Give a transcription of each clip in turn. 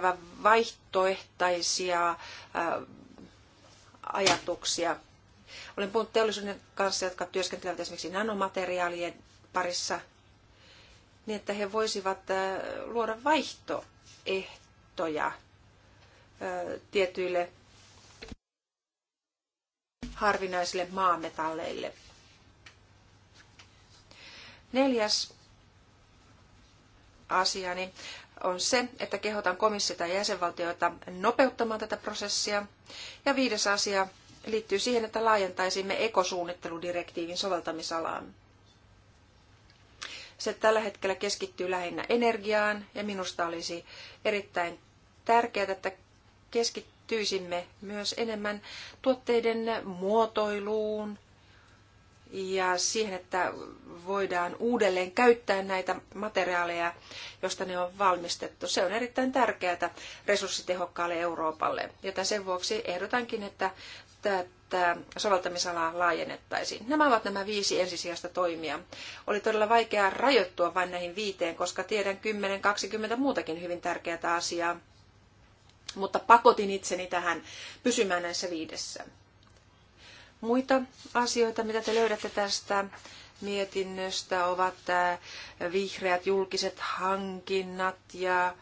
käytettävä vaihtoehtaisia ajatuksia. Olen puhunut teollisuuden kanssa, jotka työskentelevät esimerkiksi nanomateriaalien parissa, niin että he voisivat luoda vaihtoehtoja tietyille harvinaisille maametalleille. Neljäs asiani on se, että kehotan komissiota ja jäsenvaltioita nopeuttamaan tätä prosessia. Ja viides asia liittyy siihen, että laajentaisimme ekosuunnitteludirektiivin soveltamisalaan. Se tällä hetkellä keskittyy lähinnä energiaan ja minusta olisi erittäin tärkeää, että keskittyisimme myös enemmän tuotteiden muotoiluun, ja siihen, että voidaan uudelleen käyttää näitä materiaaleja, josta ne on valmistettu. Se on erittäin tärkeää resurssitehokkaalle Euroopalle, Joten sen vuoksi ehdotankin, että tätä soveltamisalaa laajennettaisiin. Nämä ovat nämä viisi ensisijaista toimia. Oli todella vaikeaa rajoittua vain näihin viiteen, koska tiedän 10-20 muutakin hyvin tärkeää asiaa, mutta pakotin itseni tähän pysymään näissä viidessä. Muita asioita, mitä te löydätte tästä mietinnöstä, ovat äh, vihreät julkiset hankinnat ja,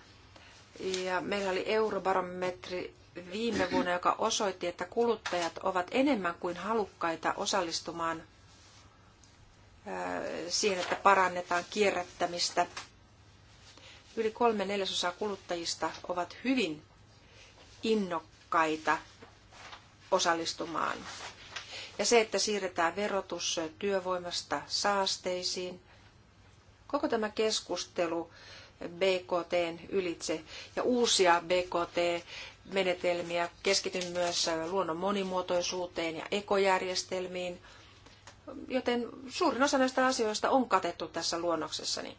ja meillä oli eurobarometri viime vuonna, joka osoitti, että kuluttajat ovat enemmän kuin halukkaita osallistumaan äh, siihen, että parannetaan kierrättämistä. Yli kolme neljäsosaa kuluttajista ovat hyvin innokkaita osallistumaan ja se, että siirretään verotus työvoimasta saasteisiin. Koko tämä keskustelu BKTn ylitse ja uusia BKT-menetelmiä. Keskityn myös luonnon monimuotoisuuteen ja ekojärjestelmiin. Joten suurin osa näistä asioista on katettu tässä luonnoksessani.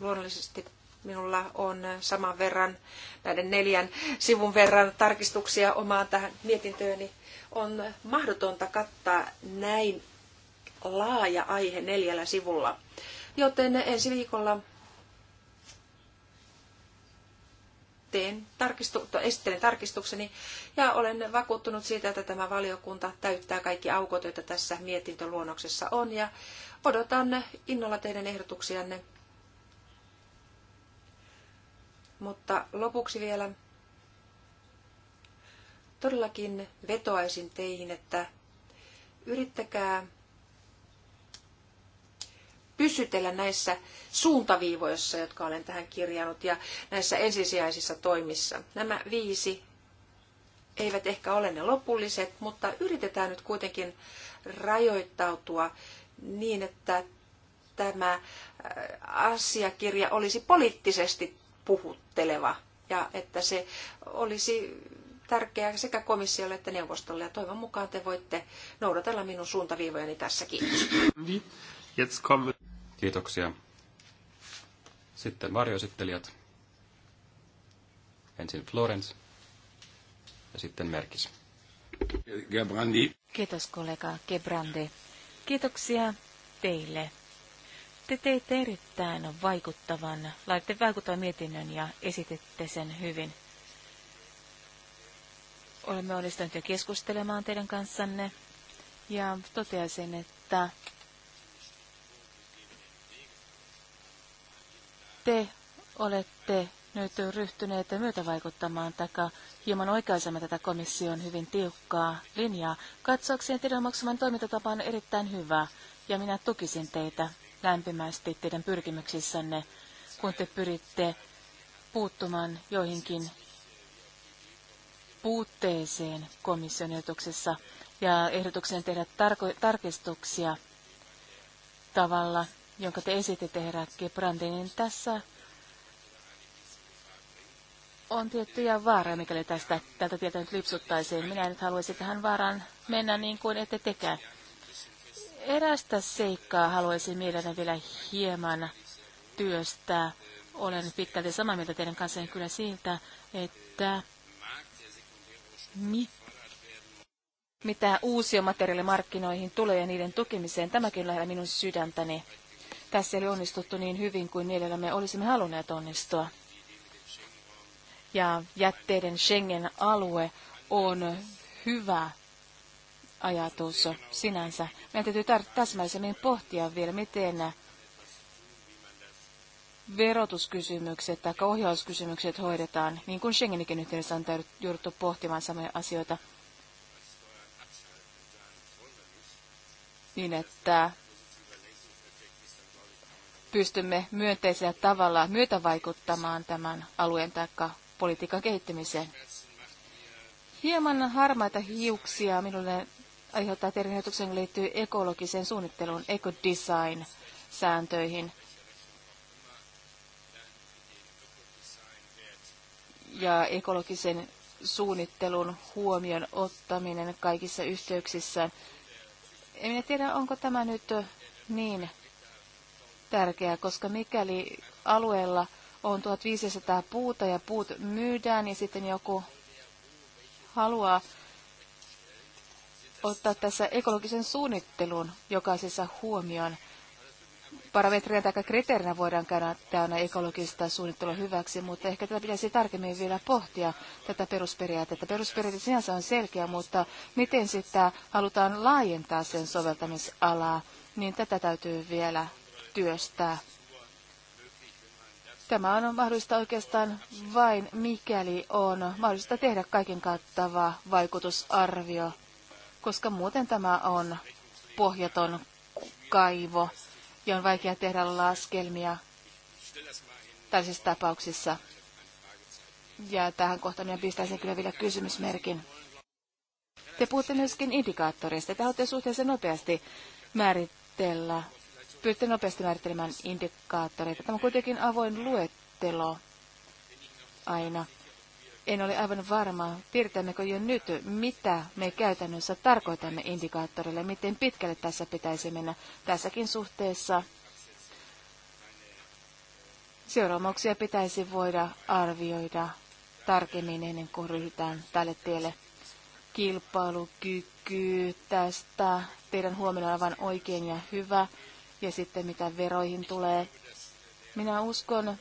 Luonnollisesti minulla on saman verran, näiden neljän sivun verran tarkistuksia omaan tähän mietintööni on mahdotonta kattaa näin laaja aihe neljällä sivulla. Joten ensi viikolla teen tarkistu, esittelen tarkistukseni ja olen vakuuttunut siitä, että tämä valiokunta täyttää kaikki aukot, joita tässä mietintöluonnoksessa on ja odotan innolla teidän ehdotuksianne. Mutta lopuksi vielä todellakin vetoaisin teihin, että yrittäkää pysytellä näissä suuntaviivoissa, jotka olen tähän kirjannut, ja näissä ensisijaisissa toimissa. Nämä viisi eivät ehkä ole ne lopulliset, mutta yritetään nyt kuitenkin rajoittautua niin, että tämä äh, asiakirja olisi poliittisesti puhutteleva ja että se olisi tärkeää sekä komissiolle että neuvostolle ja toivon mukaan te voitte noudatella minun suuntaviivojani tässäkin. Kiitoksia. Sitten varjoesittelijät. Ensin Florence ja sitten Merkis. Gebrandi. Kiitos kollega Gebrandi. Kiitoksia teille. Te teitte erittäin vaikuttavan, laitte vaikuttavan mietinnön ja esititte sen hyvin. Olemme onnistuneet jo keskustelemaan teidän kanssanne ja toteaisin, että te olette nyt ryhtyneet vaikuttamaan taka, hieman oikaisemme tätä komission hyvin tiukkaa linjaa. Katsoakseen teidän maksaman toimintatapa on erittäin hyvä, ja minä tukisin teitä lämpimästi teidän pyrkimyksissänne, kun te pyritte puuttumaan joihinkin puutteeseen komission ehdotuksessa ja ehdotukseen tehdä tarko- tarkistuksia tavalla, jonka te esititte, herra Gebrandinin tässä on tiettyjä vaaroja, mikäli tästä, tältä tietä nyt lipsuttaisiin. Minä nyt haluaisin tähän vaaraan mennä niin kuin ette tekään. Erästä seikkaa haluaisin mielellä vielä hieman työstää. Olen pitkälti samaa mieltä teidän kanssanne kyllä siitä, että mitä uusia materiaalimarkkinoihin tulee ja niiden tukemiseen. Tämäkin lähellä minun sydäntäni. Tässä ei onnistuttu niin hyvin kuin mielellämme olisimme halunneet onnistua. Ja jätteiden Schengen-alue on hyvä ajatus sinänsä. Meidän täytyy täsmällisemmin pohtia vielä, miten verotuskysymykset tai ohjauskysymykset hoidetaan, niin kuin Schengenikin yhteydessä on jouduttu pohtimaan samoja asioita, niin että pystymme myönteisellä tavalla myötävaikuttamaan tämän alueen tai politiikan kehittymiseen. Hieman harmaita hiuksia minulle aiheuttaa teidän liittyy ekologiseen suunnitteluun, ekodesign-sääntöihin – ja ekologisen suunnittelun huomion ottaminen kaikissa yhteyksissä. En tiedä, onko tämä nyt niin tärkeää, koska mikäli alueella on 1500 puuta ja puut myydään niin sitten joku haluaa ottaa tässä ekologisen suunnittelun jokaisessa huomioon, parametreja tai kriteerinä voidaan käydä täynnä ekologista suunnittelua hyväksi, mutta ehkä tätä pitäisi tarkemmin vielä pohtia, tätä perusperiaatetta. Perusperiaate sinänsä on selkeä, mutta miten sitä halutaan laajentaa sen soveltamisalaa, niin tätä täytyy vielä työstää. Tämä on mahdollista oikeastaan vain mikäli on mahdollista tehdä kaiken kattava vaikutusarvio, koska muuten tämä on pohjaton kaivo ja on vaikea tehdä laskelmia tällaisissa tapauksissa. Ja tähän kohtaan minä pistäisin kyllä vielä kysymysmerkin. Te puhutte myöskin indikaattoreista. Te haluatte suhteellisen nopeasti määritellä, pyritte nopeasti määrittelemään indikaattoreita. Tämä on kuitenkin avoin luettelo aina en ole aivan varma, tiedämmekö jo nyt, mitä me käytännössä tarkoitamme indikaattorille, miten pitkälle tässä pitäisi mennä tässäkin suhteessa. Seuraamuksia pitäisi voida arvioida tarkemmin ennen kuin ryhdytään tälle tielle. Kilpailukyky tästä, teidän huomioon aivan oikein ja hyvä, ja sitten mitä veroihin tulee. Minä uskon,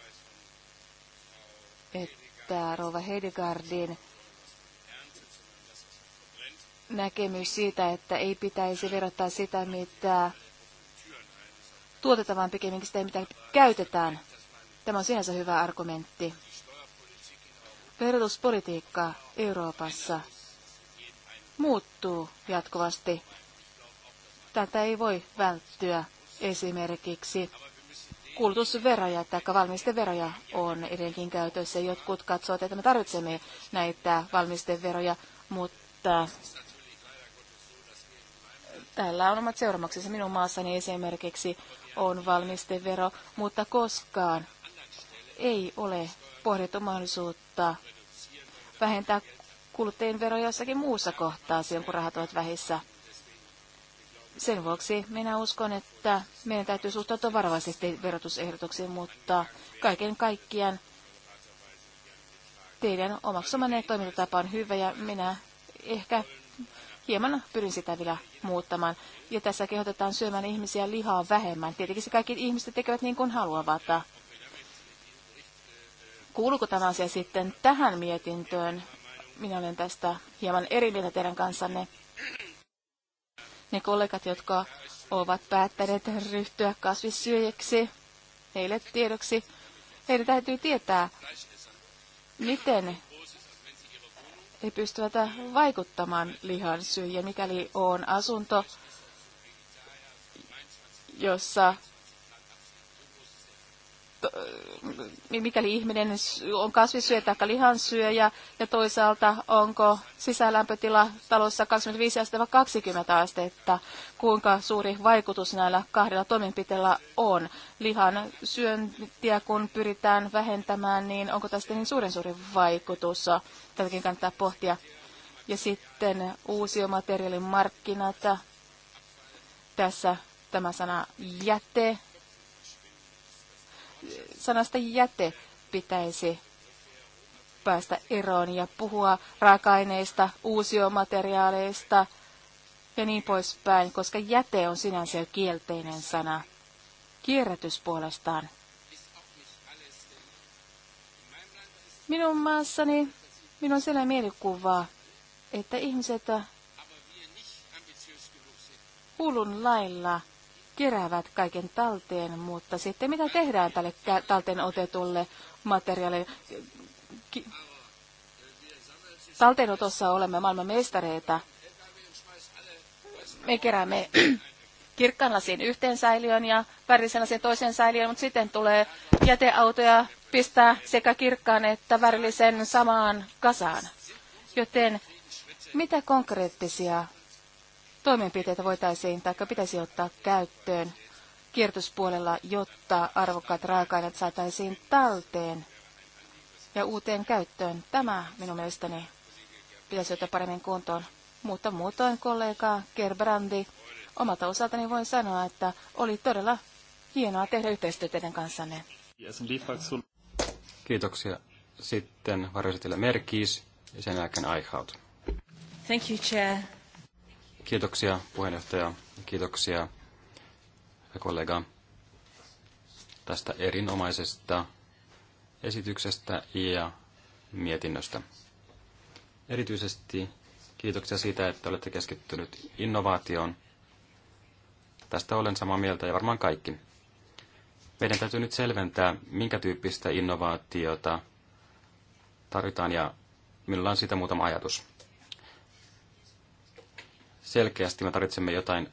että esittää Rova Hedegardin näkemys siitä, että ei pitäisi verrata sitä, mitä tuotetaan, vaan pikemminkin sitä, mitä käytetään. Tämä on sinänsä hyvä argumentti. Verotuspolitiikka Euroopassa muuttuu jatkuvasti. Tätä ei voi välttyä esimerkiksi kulutusveroja tai valmisteveroja on edelleenkin käytössä. Jotkut katsovat, että me tarvitsemme näitä valmisteveroja, mutta täällä on omat seuraamuksensa. Minun maassani esimerkiksi on valmistevero, mutta koskaan ei ole pohdittu mahdollisuutta vähentää kuluttajien veroja jossakin muussa kohtaa, silloin kun rahat ovat vähissä. Sen vuoksi minä uskon, että meidän täytyy suhtautua varovaisesti verotusehdotuksiin, mutta kaiken kaikkiaan teidän omaksumanne toimintatapa on hyvä ja minä ehkä hieman pyrin sitä vielä muuttamaan. Ja tässä kehotetaan syömään ihmisiä lihaa vähemmän. Tietenkin se kaikki ihmiset tekevät niin kuin haluavat. Kuuluuko tämä asia sitten tähän mietintöön? Minä olen tästä hieman eri mieltä teidän kanssanne. Ne kollegat, jotka ovat päättäneet ryhtyä kasvissyöjiksi, heille tiedoksi, heidän täytyy tietää, miten he pystyvät vaikuttamaan lihan syyjä, mikäli on asunto, jossa mikäli ihminen on kasvissyöjä tai lihansyöjä, ja toisaalta onko sisälämpötila talossa 25 astetta vai 20 astetta, kuinka suuri vaikutus näillä kahdella toimenpiteellä on. Lihan syöntiä, kun pyritään vähentämään, niin onko tästä niin suuren suuri vaikutus? Tätäkin kannattaa pohtia. Ja sitten uusiomateriaalin markkinat. Tässä tämä sana jäte sanasta jäte pitäisi päästä eroon ja puhua raaka-aineista, uusiomateriaaleista ja niin poispäin, koska jäte on sinänsä jo kielteinen sana. Kierrätys puolestaan. Minun maassani minun on sellainen mielikuva, että ihmiset hullun lailla – keräävät kaiken talteen, mutta sitten mitä tehdään tälle talteen otetulle materiaalille? Ki- talteenotossa olemme maailman mestareita. Me keräämme kirkkaan lasin yhteen säiliön ja värisen lasin toiseen säiliön, mutta sitten tulee jäteautoja pistää sekä kirkkaan että värillisen samaan kasaan. Joten mitä konkreettisia toimenpiteitä voitaisiin tai pitäisi ottaa käyttöön kierrätyspuolella, jotta arvokkaat raaka-aineet saataisiin talteen ja uuteen käyttöön. Tämä minun mielestäni pitäisi ottaa paremmin kuntoon. Mutta muutoin kollega Gerbrandi, omalta osaltani voin sanoa, että oli todella hienoa tehdä yhteistyötä teidän kanssanne. Kiitoksia. Sitten varjoisetille Merkis ja sen jälkeen Aihaut. Thank you, Chair. Kiitoksia puheenjohtaja, kiitoksia kollega tästä erinomaisesta esityksestä ja mietinnöstä. Erityisesti kiitoksia siitä, että olette keskittynyt innovaatioon. Tästä olen samaa mieltä ja varmaan kaikki. Meidän täytyy nyt selventää, minkä tyyppistä innovaatiota tarvitaan ja minulla on siitä muutama ajatus selkeästi me tarvitsemme jotain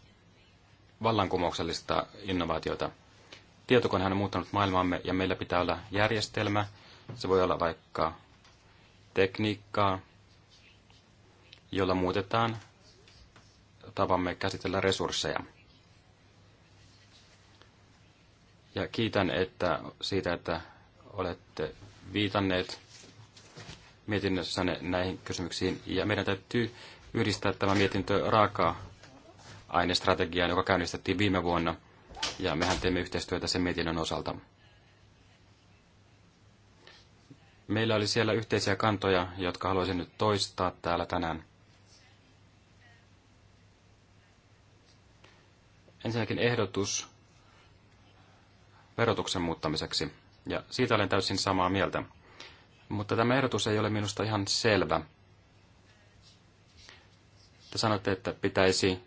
vallankumouksellista innovaatiota. Tietokonehan on muuttanut maailmaamme ja meillä pitää olla järjestelmä. Se voi olla vaikka tekniikkaa, jolla muutetaan tapamme käsitellä resursseja. Ja kiitän että siitä, että olette viitanneet mietinnössänne näihin kysymyksiin. Ja meidän täytyy yhdistää tämä mietintö raaka-ainestrategiaan, joka käynnistettiin viime vuonna, ja mehän teemme yhteistyötä sen mietinnön osalta. Meillä oli siellä yhteisiä kantoja, jotka haluaisin nyt toistaa täällä tänään. Ensinnäkin ehdotus verotuksen muuttamiseksi, ja siitä olen täysin samaa mieltä. Mutta tämä ehdotus ei ole minusta ihan selvä te sanotte, että pitäisi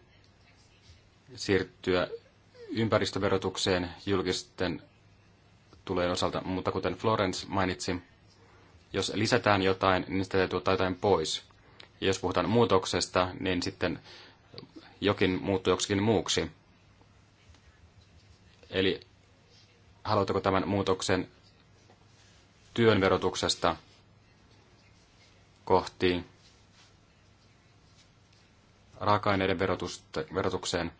siirtyä ympäristöverotukseen julkisten tulojen osalta, mutta kuten Florence mainitsi, jos lisätään jotain, niin sitä täytyy ottaa jotain pois. Ja jos puhutaan muutoksesta, niin sitten jokin muuttuu joksikin muuksi. Eli haluatteko tämän muutoksen työn verotuksesta kohti raaka-aineiden verotukseen.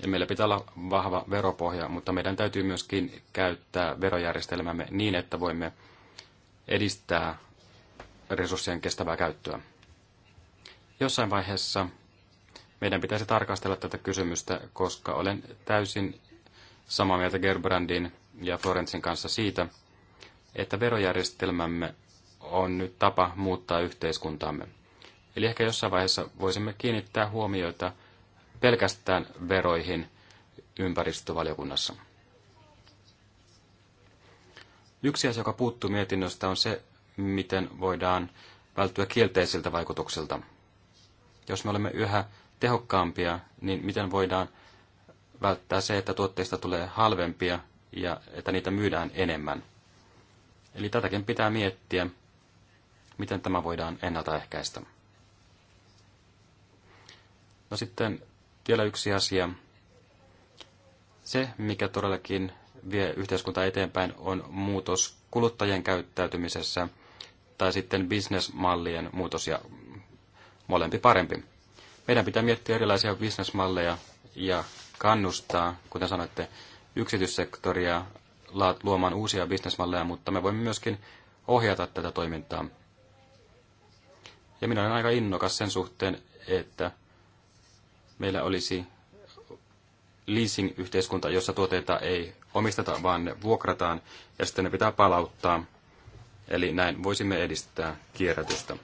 Eli meillä pitää olla vahva veropohja, mutta meidän täytyy myöskin käyttää verojärjestelmämme niin, että voimme edistää resurssien kestävää käyttöä. Jossain vaiheessa meidän pitäisi tarkastella tätä kysymystä, koska olen täysin samaa mieltä Gerbrandin ja Florensin kanssa siitä, että verojärjestelmämme on nyt tapa muuttaa yhteiskuntaamme. Eli ehkä jossain vaiheessa voisimme kiinnittää huomioita pelkästään veroihin ympäristövaliokunnassa. Yksi asia, joka puuttuu mietinnöstä, on se, miten voidaan välttyä kielteisiltä vaikutuksilta. Jos me olemme yhä tehokkaampia, niin miten voidaan välttää se, että tuotteista tulee halvempia ja että niitä myydään enemmän. Eli tätäkin pitää miettiä, miten tämä voidaan ennaltaehkäistä. No sitten vielä yksi asia. Se, mikä todellakin vie yhteiskunta eteenpäin, on muutos kuluttajien käyttäytymisessä tai sitten bisnesmallien muutos ja molempi parempi. Meidän pitää miettiä erilaisia bisnesmalleja ja kannustaa, kuten sanoitte, yksityissektoria luomaan uusia bisnesmalleja, mutta me voimme myöskin ohjata tätä toimintaa. Ja minä olen aika innokas sen suhteen, että meillä olisi leasing-yhteiskunta, jossa tuotteita ei omisteta, vaan ne vuokrataan ja sitten ne pitää palauttaa. Eli näin voisimme edistää kierrätystä.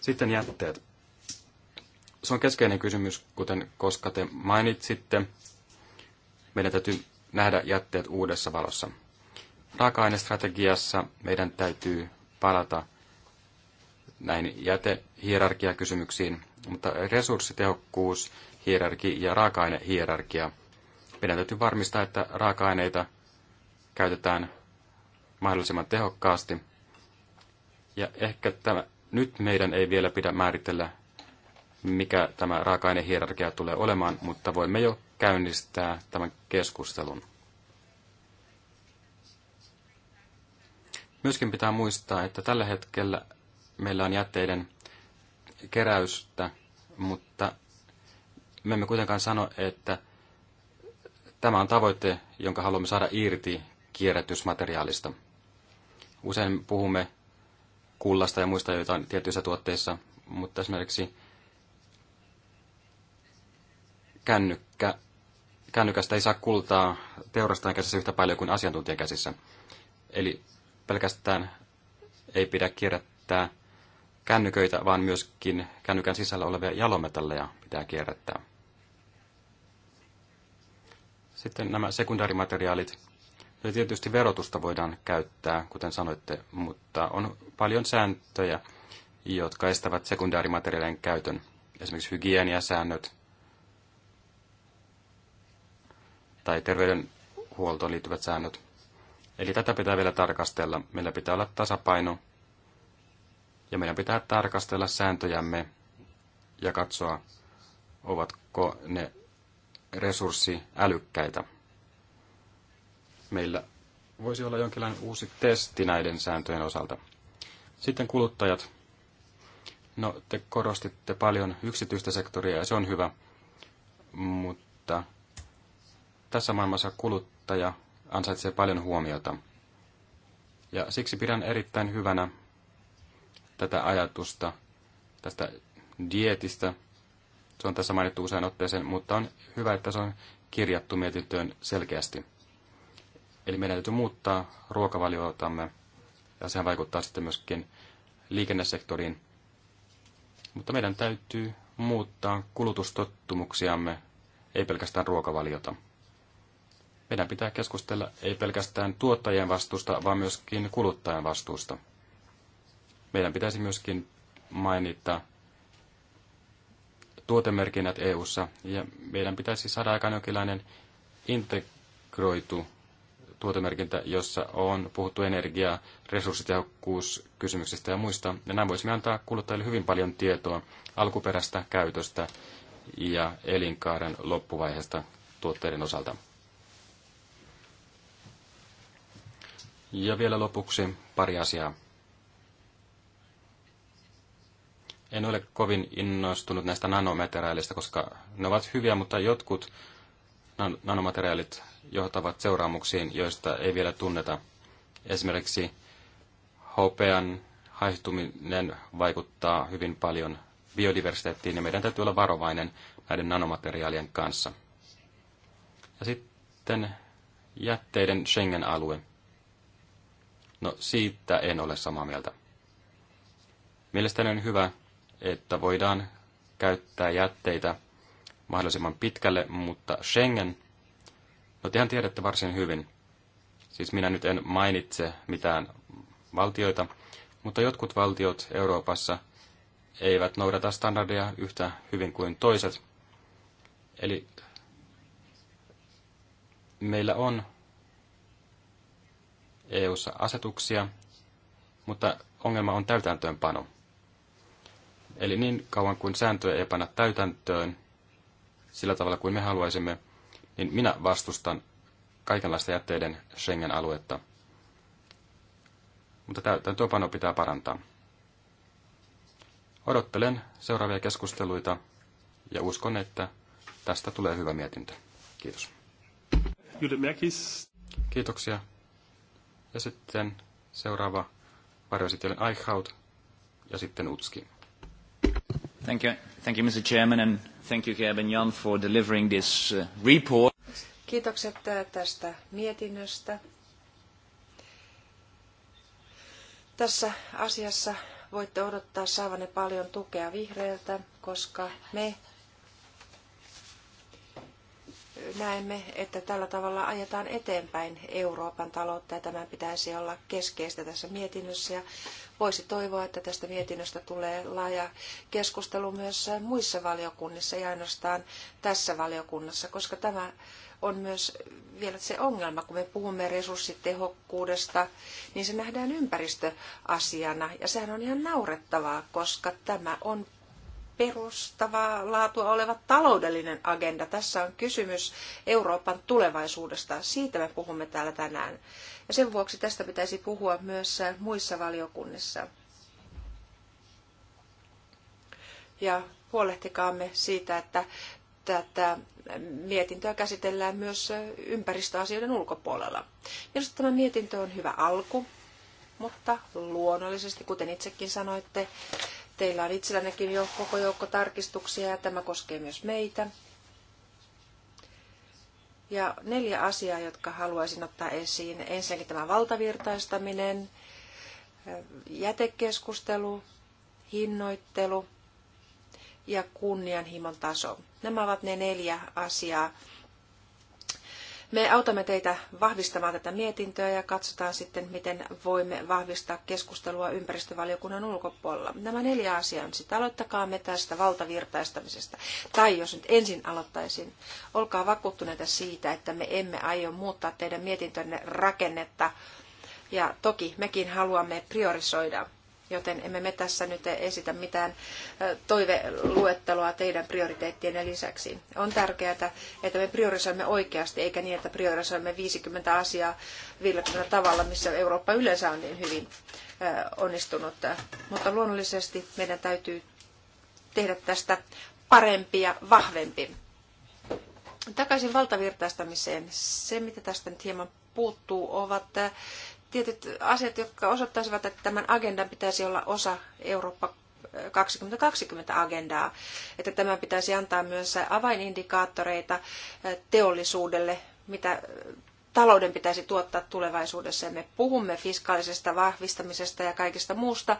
Sitten jätteet. Se on keskeinen kysymys, kuten koska te mainitsitte. Meidän täytyy nähdä jätteet uudessa valossa. Raaka-ainestrategiassa meidän täytyy palata – näihin jätehierarkiakysymyksiin, mutta resurssitehokkuus, hierarki ja raaka-ainehierarkia. Meidän täytyy varmistaa, että raaka-aineita käytetään mahdollisimman tehokkaasti. Ja ehkä tämä, nyt meidän ei vielä pidä määritellä, mikä tämä raaka-ainehierarkia tulee olemaan, mutta voimme jo käynnistää tämän keskustelun. Myöskin pitää muistaa, että tällä hetkellä meillä on jätteiden keräystä, mutta me emme kuitenkaan sano, että tämä on tavoite, jonka haluamme saada irti kierrätysmateriaalista. Usein puhumme kullasta ja muista, joita on tietyissä tuotteissa, mutta esimerkiksi kännykkä, kännykästä ei saa kultaa teurastajan käsissä yhtä paljon kuin asiantuntijan käsissä. Eli pelkästään ei pidä kierrättää kännyköitä, vaan myöskin kännykän sisällä olevia jalometalleja pitää kierrättää. Sitten nämä sekundaarimateriaalit. Ja tietysti verotusta voidaan käyttää, kuten sanoitte, mutta on paljon sääntöjä, jotka estävät sekundaarimateriaalien käytön. Esimerkiksi hygieniasäännöt tai terveydenhuoltoon liittyvät säännöt. Eli tätä pitää vielä tarkastella. Meillä pitää olla tasapaino ja meidän pitää tarkastella sääntöjämme ja katsoa, ovatko ne resurssi älykkäitä. Meillä voisi olla jonkinlainen uusi testi näiden sääntöjen osalta. Sitten kuluttajat. No, te korostitte paljon yksityistä sektoria ja se on hyvä, mutta tässä maailmassa kuluttaja ansaitsee paljon huomiota. Ja siksi pidän erittäin hyvänä tätä ajatusta tästä dietistä. Se on tässä mainittu usein otteeseen, mutta on hyvä, että se on kirjattu mietintöön selkeästi. Eli meidän täytyy muuttaa ruokavaliotamme, ja sehän vaikuttaa sitten myöskin liikennesektoriin. Mutta meidän täytyy muuttaa kulutustottumuksiamme, ei pelkästään ruokavaliota. Meidän pitää keskustella ei pelkästään tuottajien vastuusta, vaan myöskin kuluttajan vastuusta. Meidän pitäisi myöskin mainita tuotemerkinnät EU:ssa ja meidän pitäisi saada aikaan jonkinlainen integroitu tuotemerkintä, jossa on puhuttu energia, resurssitehokkuuskysymyksistä ja muista. Ja nämä voisimme antaa kuluttajille hyvin paljon tietoa alkuperästä, käytöstä ja elinkaaren loppuvaiheesta tuotteiden osalta. Ja vielä lopuksi pari asiaa. en ole kovin innostunut näistä nanomateriaaleista, koska ne ovat hyviä, mutta jotkut nanomateriaalit johtavat seuraamuksiin, joista ei vielä tunneta. Esimerkiksi hopean haihtuminen vaikuttaa hyvin paljon biodiversiteettiin ja meidän täytyy olla varovainen näiden nanomateriaalien kanssa. Ja sitten jätteiden Schengen-alue. No siitä en ole samaa mieltä. Mielestäni on hyvä, että voidaan käyttää jätteitä mahdollisimman pitkälle, mutta Schengen, no tehän tiedätte varsin hyvin, siis minä nyt en mainitse mitään valtioita, mutta jotkut valtiot Euroopassa eivät noudata standardeja yhtä hyvin kuin toiset. Eli meillä on EU-ssa asetuksia, mutta ongelma on täytäntöönpano. Eli niin kauan kuin sääntöjä ei panna täytäntöön sillä tavalla kuin me haluaisimme, niin minä vastustan kaikenlaista jätteiden Schengen-aluetta. Mutta täytäntöönpano pitää parantaa. Odottelen seuraavia keskusteluita ja uskon, että tästä tulee hyvä mietintö. Kiitos. Kiitoksia. Ja sitten seuraava varjoesittelyn Eichhaut ja sitten Utski. Thank you. Thank you, Mr. Chairman, and thank you, Gerben for delivering this uh, report. Kiitokset uh, tästä mietinnöstä. Tässä asiassa voitte odottaa saavanne paljon tukea vihreiltä, koska me näemme, että tällä tavalla ajetaan eteenpäin Euroopan taloutta ja tämän pitäisi olla keskeistä tässä mietinnössä. Ja voisi toivoa, että tästä mietinnöstä tulee laaja keskustelu myös muissa valiokunnissa ja ainoastaan tässä valiokunnassa, koska tämä on myös vielä se ongelma, kun me puhumme resurssitehokkuudesta, niin se nähdään ympäristöasiana. Ja sehän on ihan naurettavaa, koska tämä on perustavaa laatua oleva taloudellinen agenda. Tässä on kysymys Euroopan tulevaisuudesta. Siitä me puhumme täällä tänään. Ja sen vuoksi tästä pitäisi puhua myös muissa valiokunnissa. Ja huolehtikaamme siitä, että tätä mietintöä käsitellään myös ympäristöasioiden ulkopuolella. Minusta tämä mietintö on hyvä alku, mutta luonnollisesti, kuten itsekin sanoitte, Teillä on itsellännekin jo koko joukko tarkistuksia ja tämä koskee myös meitä. Ja neljä asiaa, jotka haluaisin ottaa esiin. Ensinnäkin tämä valtavirtaistaminen, jätekeskustelu, hinnoittelu ja kunnianhimon taso. Nämä ovat ne neljä asiaa, me autamme teitä vahvistamaan tätä mietintöä ja katsotaan sitten, miten voimme vahvistaa keskustelua ympäristövaliokunnan ulkopuolella. Nämä neljä asiaa on sitten. Aloittakaamme tästä valtavirtaistamisesta. Tai jos nyt ensin aloittaisin, olkaa vakuuttuneita siitä, että me emme aio muuttaa teidän mietintönne rakennetta. Ja toki mekin haluamme priorisoida joten emme me tässä nyt esitä mitään toiveluetteloa teidän prioriteettien lisäksi. On tärkeää, että me priorisoimme oikeasti, eikä niin, että priorisoimme 50 asiaa 50 tavalla, missä Eurooppa yleensä on niin hyvin onnistunut. Mutta luonnollisesti meidän täytyy tehdä tästä parempi ja vahvempi. Takaisin valtavirtaistamiseen. Se, mitä tästä nyt hieman puuttuu, ovat tietyt asiat, jotka osoittaisivat, että tämän agendan pitäisi olla osa Eurooppa 2020 eh, agendaa, että tämän pitäisi antaa myös avainindikaattoreita eh, teollisuudelle, mitä eh, talouden pitäisi tuottaa tulevaisuudessa. Ja me puhumme fiskaalisesta vahvistamisesta ja kaikesta muusta,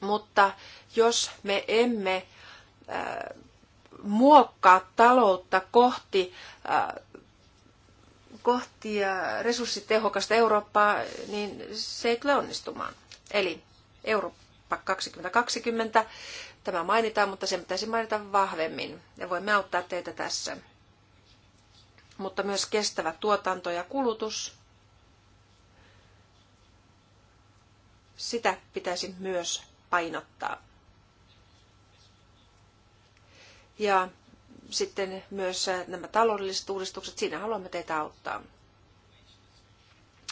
mutta jos me emme muokkaa taloutta kohti kohti ja resurssitehokasta Eurooppaa, niin se ei tule onnistumaan. Eli Eurooppa 2020, tämä mainitaan, mutta sen pitäisi mainita vahvemmin. Ja voimme auttaa teitä tässä. Mutta myös kestävä tuotanto ja kulutus. Sitä pitäisi myös painottaa. Ja sitten myös äh, nämä taloudelliset uudistukset, siinä haluamme teitä auttaa.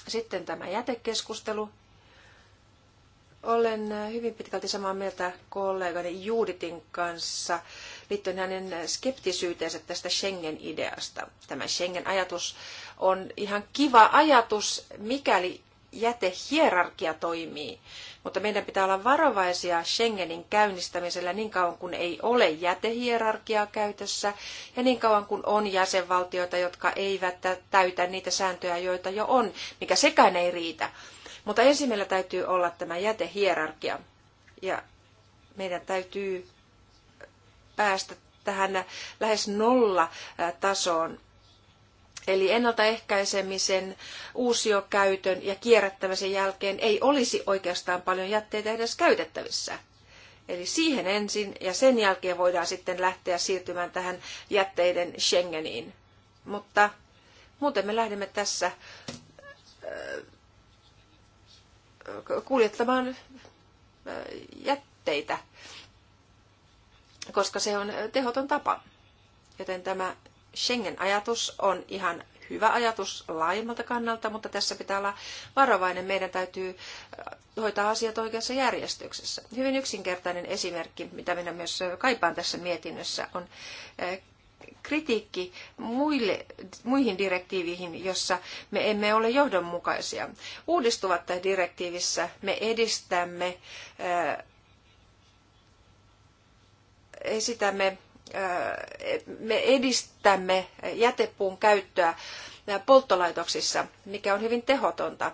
Sitten tämä jätekeskustelu. Olen äh, hyvin pitkälti samaa mieltä kollegani Juuditin kanssa liittyen hänen skeptisyyteensä tästä Schengen-ideasta. Tämä Schengen-ajatus on ihan kiva ajatus, mikäli jätehierarkia toimii. Mutta meidän pitää olla varovaisia Schengenin käynnistämisellä niin kauan kuin ei ole jätehierarkiaa käytössä ja niin kauan kuin on jäsenvaltioita, jotka eivät täytä niitä sääntöjä, joita jo on, mikä sekään ei riitä. Mutta ensin meillä täytyy olla tämä jätehierarkia ja meidän täytyy päästä tähän lähes nolla tasoon Eli ennaltaehkäisemisen, uusiokäytön ja kierrättämisen jälkeen ei olisi oikeastaan paljon jätteitä edes käytettävissä. Eli siihen ensin ja sen jälkeen voidaan sitten lähteä siirtymään tähän jätteiden Schengeniin. Mutta muuten me lähdemme tässä kuljettamaan jätteitä, koska se on tehoton tapa. Joten tämä Schengen-ajatus on ihan hyvä ajatus laajemmalta kannalta, mutta tässä pitää olla varovainen. Meidän täytyy äh, hoitaa asiat oikeassa järjestyksessä. Hyvin yksinkertainen esimerkki, mitä minä myös äh, kaipaan tässä mietinnössä, on äh, kritiikki muille, muihin direktiiviin, jossa me emme ole johdonmukaisia. Uudistuvat direktiivissä me edistämme, esitämme me edistämme jätepuun käyttöä polttolaitoksissa, mikä on hyvin tehotonta.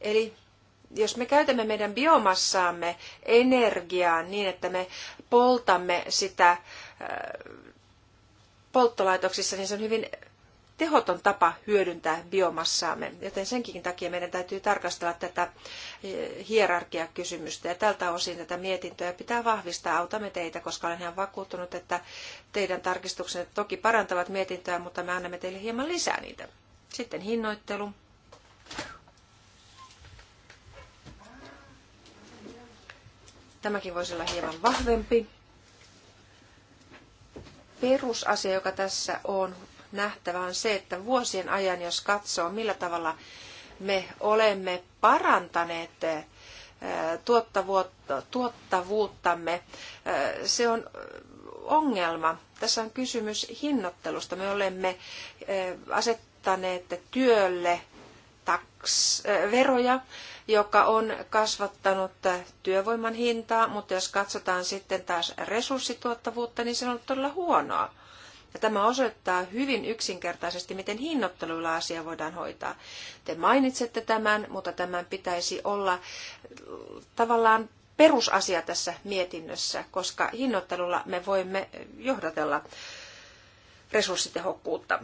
Eli jos me käytämme meidän biomassaamme energiaan niin, että me poltamme sitä polttolaitoksissa, niin se on hyvin tehoton tapa hyödyntää biomassaamme, joten senkin takia meidän täytyy tarkastella tätä eh, hierarkiakysymystä ja tältä osin tätä mietintöä pitää vahvistaa. Autamme teitä, koska olen ihan vakuuttunut, että teidän tarkistuksenne toki parantavat mietintöä, mutta me annamme teille hieman lisää niitä. Sitten hinnoittelu. Tämäkin voisi olla hieman vahvempi perusasia, joka tässä on nähtävä on se, että vuosien ajan, jos katsoo, millä tavalla me olemme parantaneet eh, tuottavuuttamme, eh, se on ongelma. Tässä on kysymys hinnoittelusta. Me olemme eh, asettaneet työlle taks, veroja, joka on kasvattanut työvoiman hintaa, mutta jos katsotaan sitten taas resurssituottavuutta, niin se on ollut todella huonoa. Ja tämä osoittaa hyvin yksinkertaisesti, miten hinnoitteluilla asia voidaan hoitaa. Te mainitsette tämän, mutta tämän pitäisi olla tavallaan perusasia tässä mietinnössä, koska hinnoittelulla me voimme johdatella resurssitehokkuutta.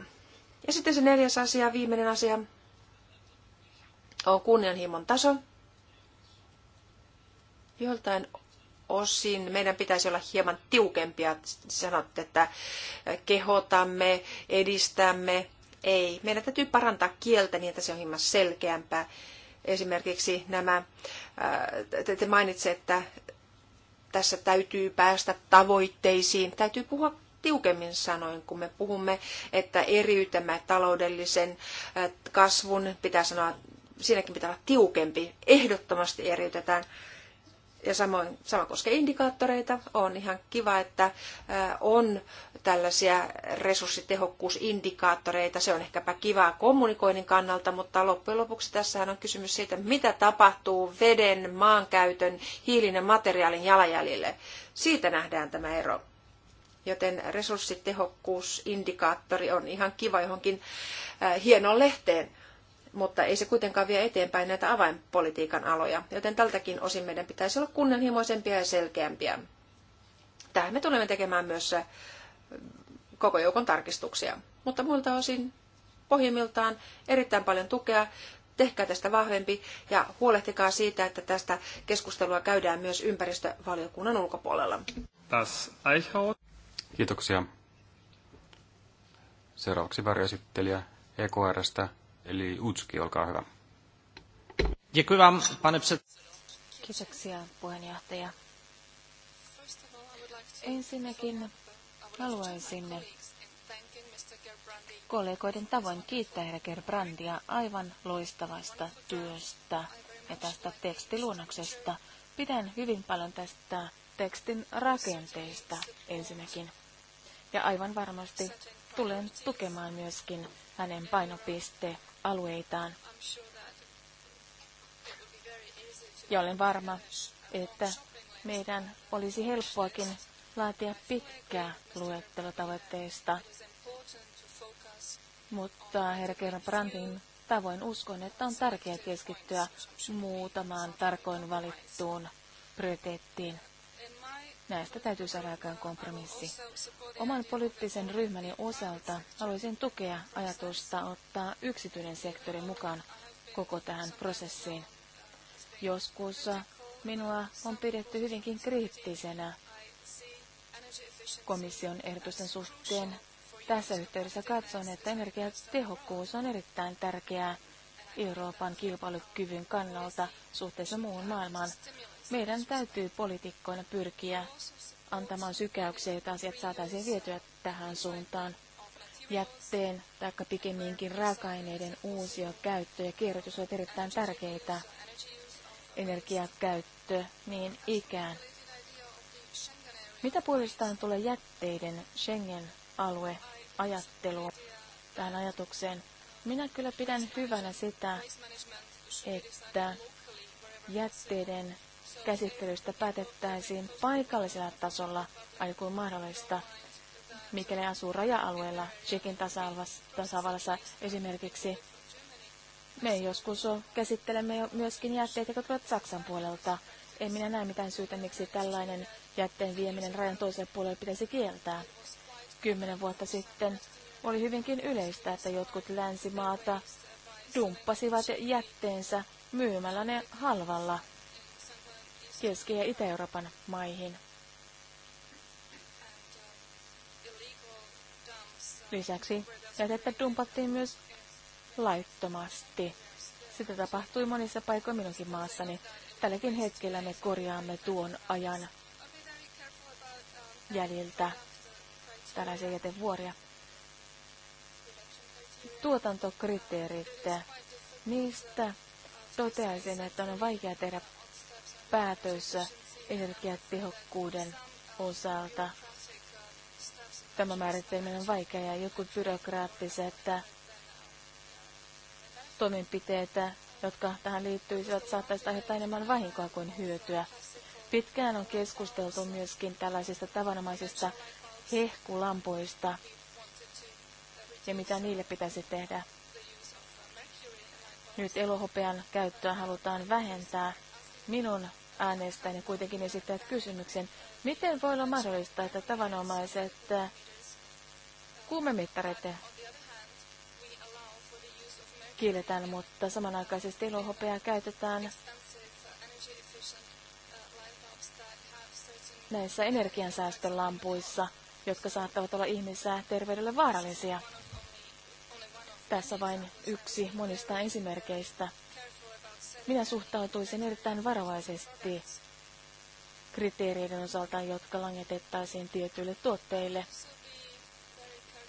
Ja sitten se neljäs asia, viimeinen asia, on kunnianhimon taso. Joltain osin meidän pitäisi olla hieman tiukempia. Sanotte, että kehotamme, edistämme. Ei, meidän täytyy parantaa kieltä niin, että se on hieman selkeämpää. Esimerkiksi nämä, te mainitsette, että tässä täytyy päästä tavoitteisiin. Täytyy puhua tiukemmin sanoin, kun me puhumme, että eriytämme taloudellisen kasvun, pitää sanoa, siinäkin pitää olla tiukempi, ehdottomasti eriytetään ja samoin, sama koskee indikaattoreita. On ihan kiva, että on tällaisia resurssitehokkuusindikaattoreita. Se on ehkäpä kivaa kommunikoinnin kannalta, mutta loppujen lopuksi tässähän on kysymys siitä, mitä tapahtuu veden, maankäytön, hiilin ja materiaalin jalanjäljille. Siitä nähdään tämä ero. Joten resurssitehokkuusindikaattori on ihan kiva johonkin hienoon lehteen mutta ei se kuitenkaan vie eteenpäin näitä avainpolitiikan aloja, joten tältäkin osin meidän pitäisi olla kunnianhimoisempia ja selkeämpiä. Tähän me tulemme tekemään myös äh, koko joukon tarkistuksia, mutta muilta osin pohjimmiltaan erittäin paljon tukea. Tehkää tästä vahvempi ja huolehtikaa siitä, että tästä keskustelua käydään myös ympäristövaliokunnan ulkopuolella. Kiitoksia. Seuraavaksi varjoesittelijä EKRstä Eli Utski, olkaa hyvä. Děkuji vám, pane puheenjohtaja. Ensinnäkin haluaisin kollegoiden tavoin kiittää herra Gerbrandia aivan loistavasta työstä ja tästä tekstiluonnoksesta. Pidän hyvin paljon tästä tekstin rakenteista ensinnäkin. Ja aivan varmasti tulen tukemaan myöskin hänen painopiste alueitaan. Ja olen varma, että meidän olisi helppoakin laatia pitkää tavoitteista. Mutta herra kerran Brandin tavoin uskon, että on tärkeää keskittyä muutamaan tarkoin valittuun prioriteettiin. Näistä täytyy saada aikaan kompromissi. Oman poliittisen ryhmäni osalta haluaisin tukea ajatusta ottaa yksityinen sektori mukaan koko tähän prosessiin. Joskus minua on pidetty hyvinkin kriittisenä komission ehdotusten suhteen. Tässä yhteydessä katson, että energiatehokkuus on erittäin tärkeää Euroopan kilpailukyvyn kannalta suhteessa muuhun maailmaan. Meidän täytyy poliitikkoina pyrkiä antamaan sykäyksiä, että asiat saataisiin vietyä tähän suuntaan. Jätteen tai pikemminkin raaka-aineiden uusio, käyttö ja kierrätys on erittäin tärkeitä. Energiakäyttö niin ikään. Mitä puolestaan tulee jätteiden Schengen-alue ajattelu tähän ajatukseen? Minä kyllä pidän hyvänä sitä, että jätteiden käsittelystä päätettäisiin paikallisella tasolla, aina mahdollista, mikäli asuu raja-alueella, Tsekin tasavallassa esimerkiksi. Me joskus käsittelemme myöskin jätteitä, jotka ovat Saksan puolelta. En minä näe mitään syytä, miksi tällainen jätteen vieminen rajan toiselle puolelle pitäisi kieltää. Kymmenen vuotta sitten oli hyvinkin yleistä, että jotkut länsimaata dumppasivat jätteensä myymällä ne halvalla Keski- ja Itä-Euroopan maihin. Lisäksi jätettä dumpattiin myös laittomasti. Sitä tapahtui monissa paikoissa minunkin maassani. Tälläkin hetkellä me korjaamme tuon ajan jäljiltä tällaisia jätevuoria. Tuotantokriteerit. Niistä toteaisin, että on vaikea tehdä päätös energiatehokkuuden osalta. Tämä määritteleminen on vaikea ja jotkut byrokraattiset toimenpiteet, jotka tähän liittyisivät, saattaisivat aiheuttaa enemmän vahinkoa kuin hyötyä. Pitkään on keskusteltu myöskin tällaisista tavanomaisista hehkulampoista ja mitä niille pitäisi tehdä. Nyt elohopean käyttöä halutaan vähentää minun äänestäni kuitenkin esittävät kysymyksen, miten voi olla mahdollista, että tavanomaiset äh, kuumemittarit kielletään, mutta samanaikaisesti ilohopeaa käytetään näissä energiansäästölampuissa, jotka saattavat olla ihmisää terveydelle vaarallisia. Tässä vain yksi monista esimerkkeistä minä suhtautuisin erittäin varovaisesti kriteereiden osalta, jotka langetettaisiin tietyille tuotteille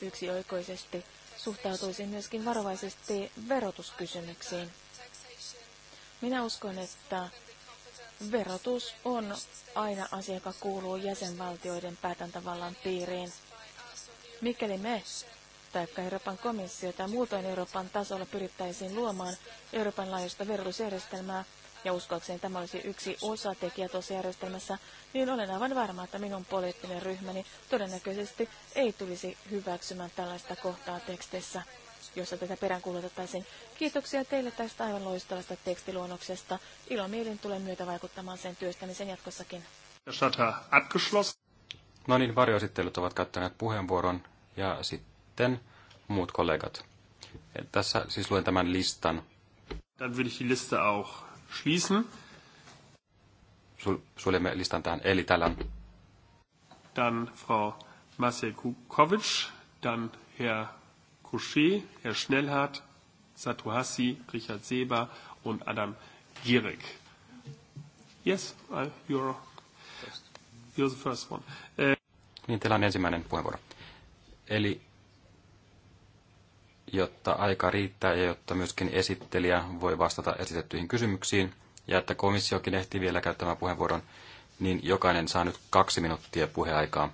yksioikoisesti. Suhtautuisin myöskin varovaisesti verotuskysymyksiin. Minä uskon, että verotus on aina asia, joka kuuluu jäsenvaltioiden päätäntävallan piiriin. Mikäli me tai Euroopan komissio tai muutoin Euroopan tasolla pyrittäisiin luomaan Euroopan laajuista verotusjärjestelmää, ja uskoakseni tämä olisi yksi osatekijä tuossa järjestelmässä, niin olen aivan varma, että minun poliittinen ryhmäni todennäköisesti ei tulisi hyväksymään tällaista kohtaa tekstissä, jossa tätä peräänkuulutettaisiin. Kiitoksia teille tästä aivan loistavasta tekstiluonnoksesta. mielin tulee myötä vaikuttamaan sen työstämisen jatkossakin. No niin, varjoesittelyt ovat kattaneet puheenvuoron ja sitten sitten muut kollegat. Tässä siis luen tämän listan. Dann würde ich die Liste auch schließen. Sul, suljemme listan tähän. Eli täällä on... Dann Frau Masekukovic, dann Herr Couchet, Herr Schnellhardt, Satuhassi, Richard Seber und Adam Gierig. Yes, I, you're, you're the first one. Eh... Niin, teillä on ensimmäinen puheenvuoro. Eli jotta aika riittää ja jotta myöskin esittelijä voi vastata esitettyihin kysymyksiin ja että komissiokin ehtii vielä käyttämään puheenvuoron, niin jokainen saa nyt kaksi minuuttia puheaikaa.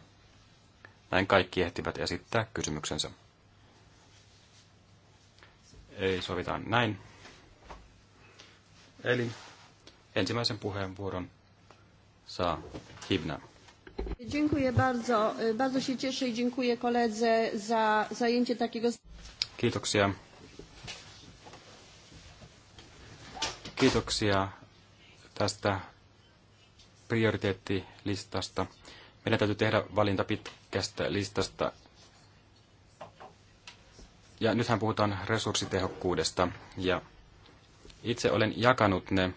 Näin kaikki ehtivät esittää kysymyksensä. Ei sovitaan näin. Eli ensimmäisen puheenvuoron saa Hivna. Dziękuję bardzo. Bardzo się cieszę i dziękuję koledze za zajęcie takiego... Kiitoksia. Kiitoksia tästä prioriteettilistasta. Meidän täytyy tehdä valinta pitkästä listasta. Ja nythän puhutaan resurssitehokkuudesta. Ja itse olen jakanut ne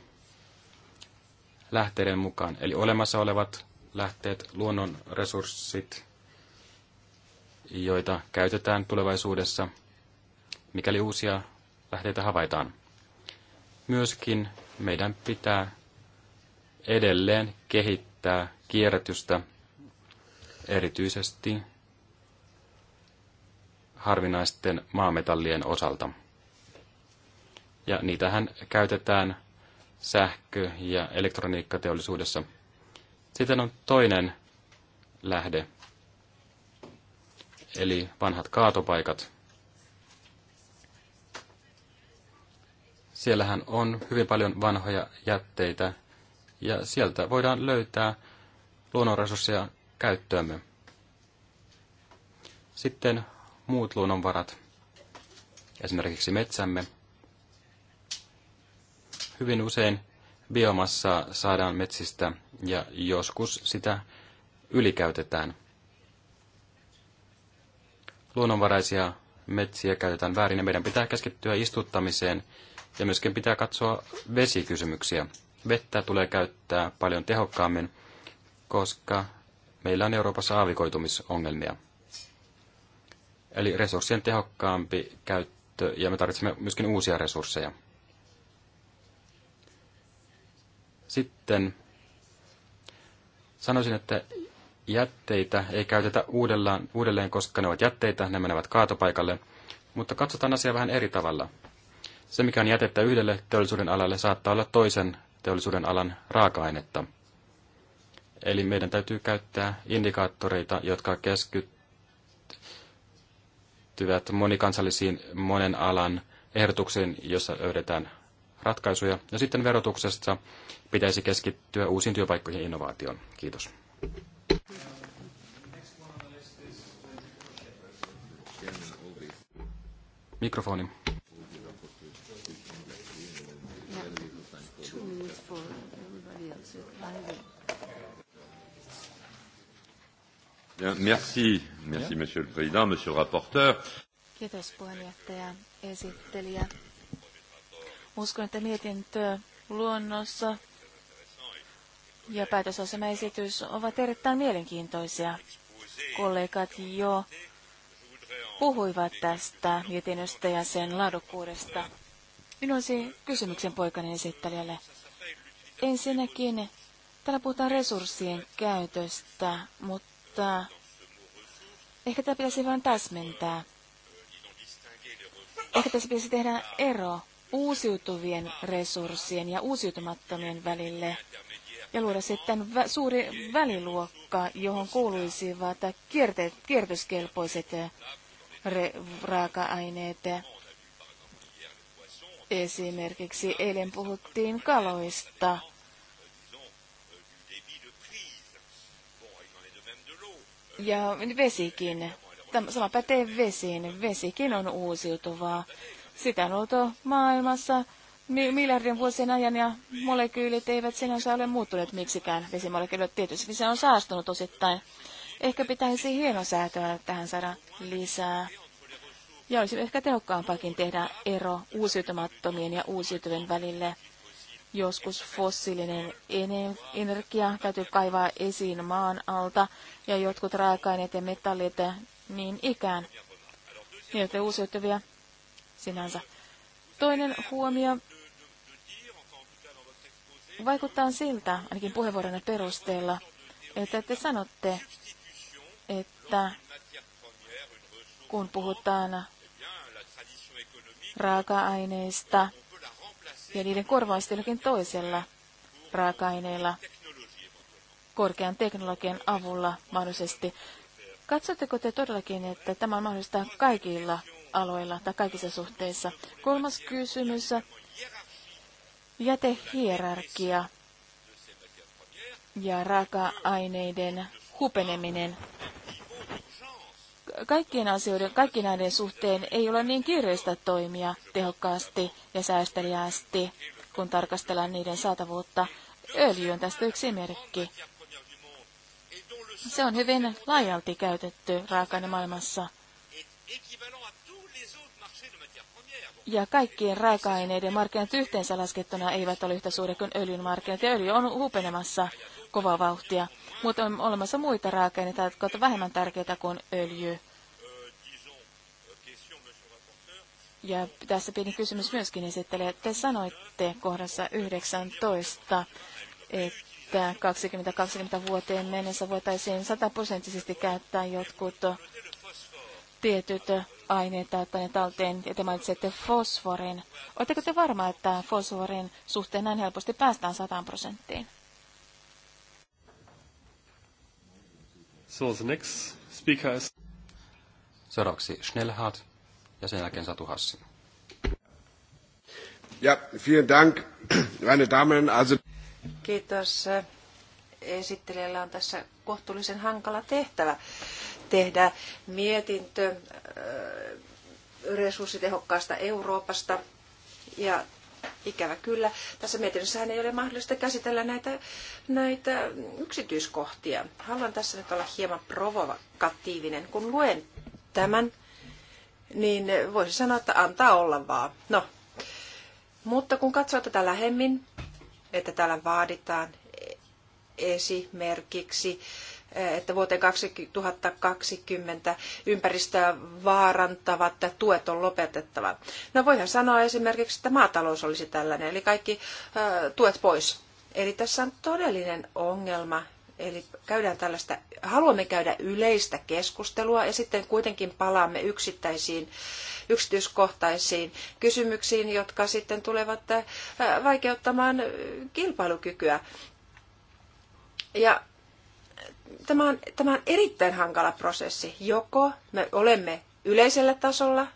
lähteiden mukaan. Eli olemassa olevat lähteet, luonnon resurssit, joita käytetään tulevaisuudessa – mikäli uusia lähteitä havaitaan. Myöskin meidän pitää edelleen kehittää kierrätystä erityisesti harvinaisten maametallien osalta. Ja niitähän käytetään sähkö- ja elektroniikkateollisuudessa. Sitten on toinen lähde, eli vanhat kaatopaikat. Siellähän on hyvin paljon vanhoja jätteitä ja sieltä voidaan löytää luonnonresursseja käyttöömme. Sitten muut luonnonvarat, esimerkiksi metsämme. Hyvin usein biomassaa saadaan metsistä ja joskus sitä ylikäytetään. Luonnonvaraisia metsiä käytetään väärin ja meidän pitää keskittyä istuttamiseen – ja myöskin pitää katsoa vesikysymyksiä. Vettä tulee käyttää paljon tehokkaammin, koska meillä on Euroopassa aavikoitumisongelmia. Eli resurssien tehokkaampi käyttö, ja me tarvitsemme myöskin uusia resursseja. Sitten sanoisin, että jätteitä ei käytetä uudelleen, uudelleen, koska ne ovat jätteitä, ne menevät kaatopaikalle, mutta katsotaan asiaa vähän eri tavalla. Se, mikä on jätettä yhdelle teollisuuden alalle, saattaa olla toisen teollisuuden alan raaka-ainetta. Eli meidän täytyy käyttää indikaattoreita, jotka keskittyvät monikansallisiin monen alan ehdotuksiin, jossa löydetään ratkaisuja. Ja sitten verotuksessa pitäisi keskittyä uusiin työpaikkoihin innovaatioon. Kiitos. Mikrofoni. Bien, merci, merci Monsieur le Président, Monsieur le rapporteur. Kiitos puheenjohtaja, esittelijä. Uskon, että mietintö luonnossa ja päätösasemaesitys ovat erittäin mielenkiintoisia. Kollegat jo puhuivat tästä mietinnöstä ja sen laadukkuudesta. Minun olisi kysymyksen poikani esittelijälle. Ensinnäkin Täällä puhutaan resurssien käytöstä, mutta ehkä tämä pitäisi vain täsmentää. Ehkä tässä pitäisi tehdä ero uusiutuvien resurssien ja uusiutumattomien välille ja luoda sitten vä- suuri väliluokka, johon kuuluisivat kierte- kierrätyskelpoiset raaka-aineet. Esimerkiksi eilen puhuttiin kaloista Ja vesikin. Tämä sama pätee vesiin. Vesikin on uusiutuvaa. Sitä on oltu maailmassa miljardin vuosien ajan ja molekyylit eivät sinänsä ole muuttuneet miksikään. Vesimolekyylit tietysti se on saastunut osittain. Ehkä pitäisi hienosäätöä tähän saada lisää. Ja olisi ehkä tehokkaampakin tehdä ero uusiutumattomien ja uusiutuvien välille joskus fossiilinen energia täytyy kaivaa esiin maan alta ja jotkut raaka-aineet ja metallit niin ikään. Ne uusiutuvia sinänsä. Toinen huomio vaikuttaa siltä, ainakin puheenvuoronne perusteella, että te sanotte, että kun puhutaan raaka-aineista, ja niiden korvaamista jokin toisella raaka-aineilla korkean teknologian avulla mahdollisesti. Katsotteko te todellakin, että tämä on mahdollista kaikilla aloilla tai kaikissa suhteissa? Kolmas kysymys, jätehierarkia ja raaka-aineiden hupeneminen kaikkien asioiden, kaikki näiden suhteen ei ole niin kiireistä toimia tehokkaasti ja säästeliästi, kun tarkastellaan niiden saatavuutta. Öljy on tästä yksi merkki. Se on hyvin laajalti käytetty raaka maailmassa. Ja kaikkien raaka-aineiden markkinat yhteensä laskettuna eivät ole yhtä suuret kuin öljyn markkinat, ja öljy on huupenemassa kovaa vauhtia mutta on olemassa muita raaka-aineita, jotka ovat vähemmän tärkeitä kuin öljy. Ja tässä pieni kysymys myöskin esittelee. Te sanoitte kohdassa 19, että 20 20-20 vuoteen mennessä voitaisiin sataprosenttisesti käyttää jotkut tietyt aineet tai ne talteen, ja te mainitsette fosforin. Oletteko te varma, että fosforin suhteen näin helposti päästään 100 prosenttiin? So the next speaker is... Seuraavaksi Schnellhardt ja sen jälkeen Satu Hassi. Ja, vielen dank, meine Damen. Also... Kiitos. Esittelijällä on tässä kohtuullisen hankala tehtävä tehdä mietintö äh, resurssitehokkaasta Euroopasta. Ja ikävä kyllä, tässä mietinnössähän ei ole mahdollista käsitellä näitä, näitä yksityiskohtia. Haluan tässä nyt olla hieman provokatiivinen. Kun luen tämän, niin voisi sanoa, että antaa olla vaan. No, mutta kun katsoo tätä lähemmin, että täällä vaaditaan esimerkiksi, että vuoteen 2020 ympäristöä vaarantavat tuet on lopetettava. No voihan sanoa esimerkiksi, että maatalous olisi tällainen, eli kaikki tuet pois. Eli tässä on todellinen ongelma Eli käydään tällaista, haluamme käydä yleistä keskustelua ja sitten kuitenkin palaamme yksittäisiin yksityiskohtaisiin kysymyksiin, jotka sitten tulevat äh, vaikeuttamaan kilpailukykyä. Ja tämä on, tämä on erittäin hankala prosessi. Joko me olemme yleisellä tasolla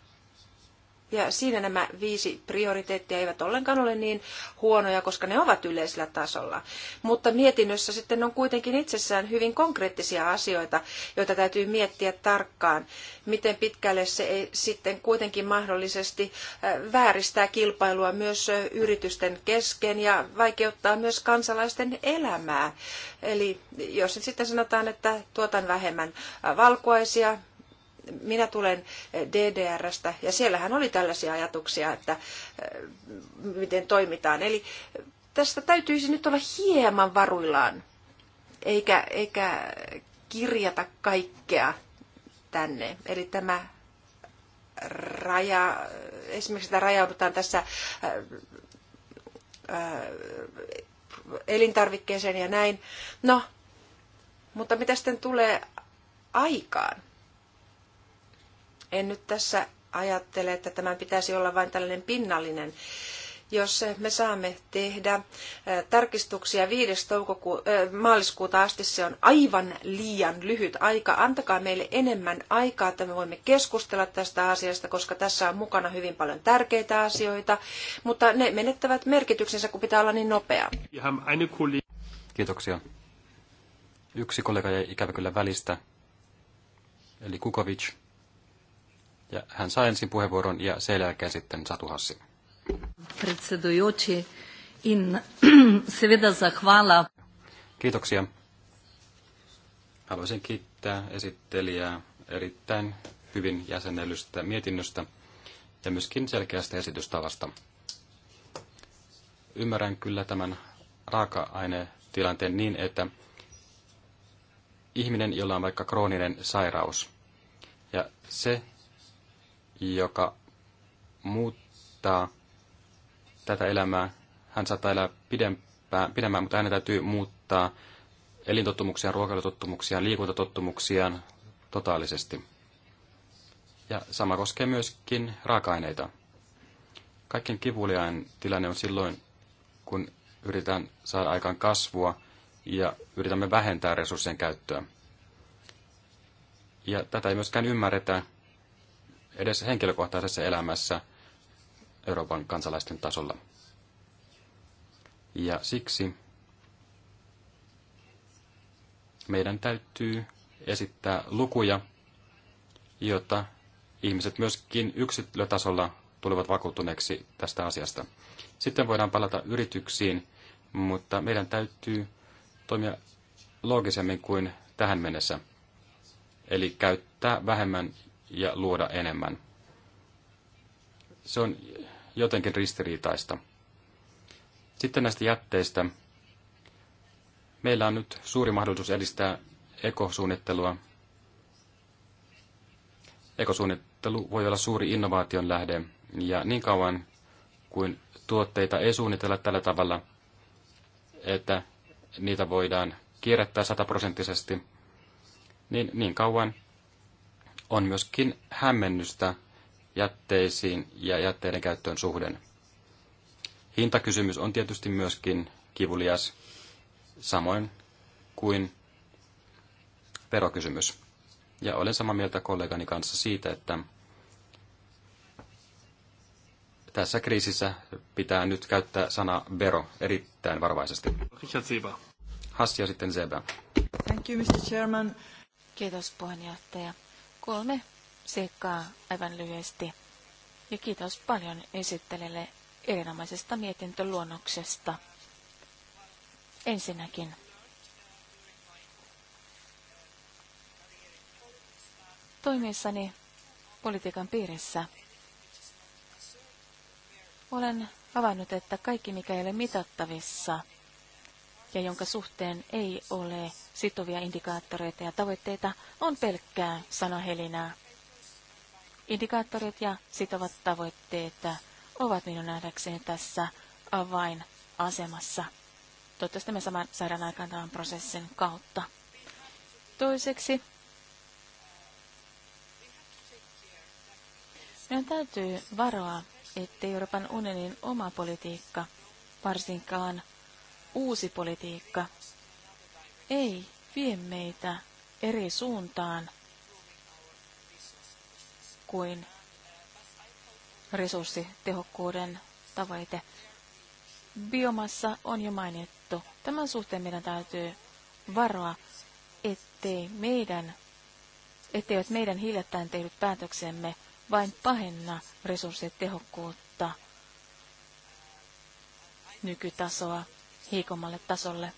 ja siinä nämä viisi prioriteettia eivät ollenkaan ole niin huonoja, koska ne ovat yleisellä tasolla. Mutta mietinnössä sitten on kuitenkin itsessään hyvin konkreettisia asioita, joita täytyy miettiä tarkkaan. Miten pitkälle se ei sitten kuitenkin mahdollisesti vääristää kilpailua myös yritysten kesken ja vaikeuttaa myös kansalaisten elämää. Eli jos sitten sanotaan, että tuotan vähemmän valkuaisia, minä tulen eh, DDRstä ja siellähän oli tällaisia ajatuksia, että eh, miten toimitaan. Eli eh, tästä täytyisi nyt olla hieman varuillaan, eikä, eikä kirjata kaikkea tänne. Eli tämä raja, esimerkiksi sitä rajaudutaan tässä elintarvikkeeseen ja näin. No, mutta mitä sitten tulee aikaan? En nyt tässä ajattele, että tämän pitäisi olla vain tällainen pinnallinen. Jos me saamme tehdä tarkistuksia 5. Toukoku- maaliskuuta asti, se on aivan liian lyhyt aika. Antakaa meille enemmän aikaa, että me voimme keskustella tästä asiasta, koska tässä on mukana hyvin paljon tärkeitä asioita, mutta ne menettävät merkityksensä, kun pitää olla niin nopea. Kiitoksia. Yksi kollega jäi ikävä kyllä välistä, eli Kukovic. Ja hän saa ensin puheenvuoron ja sen jälkeen sitten Satu Hassi. in seveda Kiitoksia. Haluaisin kiittää esittelijää erittäin hyvin jäsennellystä mietinnöstä ja myöskin selkeästä esitystavasta. Ymmärrän kyllä tämän raaka-ainetilanteen niin, että ihminen, jolla on vaikka krooninen sairaus, ja se joka muuttaa tätä elämää. Hän saattaa elää pidempään, pidemmään, mutta hänen täytyy muuttaa elintottumuksiaan, ruokailutottumuksiaan, liikuntatottumuksiaan totaalisesti. Ja sama koskee myöskin raaka-aineita. Kaikkien kivuliain tilanne on silloin, kun yritetään saada aikaan kasvua ja yritämme vähentää resurssien käyttöä. Ja tätä ei myöskään ymmärretä, edes henkilökohtaisessa elämässä Euroopan kansalaisten tasolla. Ja siksi meidän täytyy esittää lukuja, jotta ihmiset myöskin yksilötasolla tulevat vakuuttuneeksi tästä asiasta. Sitten voidaan palata yrityksiin, mutta meidän täytyy toimia loogisemmin kuin tähän mennessä. Eli käyttää vähemmän ja luoda enemmän. Se on jotenkin ristiriitaista. Sitten näistä jätteistä. Meillä on nyt suuri mahdollisuus edistää ekosuunnittelua. Ekosuunnittelu voi olla suuri innovaation lähde, ja niin kauan kuin tuotteita ei suunnitella tällä tavalla, että niitä voidaan kierrättää sataprosenttisesti, niin niin kauan on myöskin hämmennystä jätteisiin ja jätteiden käyttöön suhden. Hintakysymys on tietysti myöskin kivulias, samoin kuin verokysymys. Ja olen samaa mieltä kollegani kanssa siitä, että tässä kriisissä pitää nyt käyttää sana vero erittäin varvaisesti. Richard Hassia sitten Zeba. Thank you, Mr. Chairman. Kiitos puheenjohtaja kolme seikkaa aivan lyhyesti. Ja kiitos paljon esittelijälle erinomaisesta mietintöluonnoksesta. Ensinnäkin toimiessani politiikan piirissä olen havainnut, että kaikki mikä ei ole mitattavissa – ja jonka suhteen ei ole sitovia indikaattoreita ja tavoitteita, on pelkkää sanahelinää. Indikaattorit ja sitovat tavoitteet ovat minun nähdäkseni tässä avainasemassa. Toivottavasti me saman saadaan aikaan tämän prosessin kautta. Toiseksi, meidän täytyy varoa, ettei Euroopan unionin oma politiikka varsinkaan uusi politiikka ei vie meitä eri suuntaan kuin resurssitehokkuuden tavoite. Biomassa on jo mainittu. Tämän suhteen meidän täytyy varoa, ettei meidän, etteivät meidän hiljattain tehdyt päätöksemme vain pahenna resurssitehokkuutta nykytasoa heikommalle tasolle.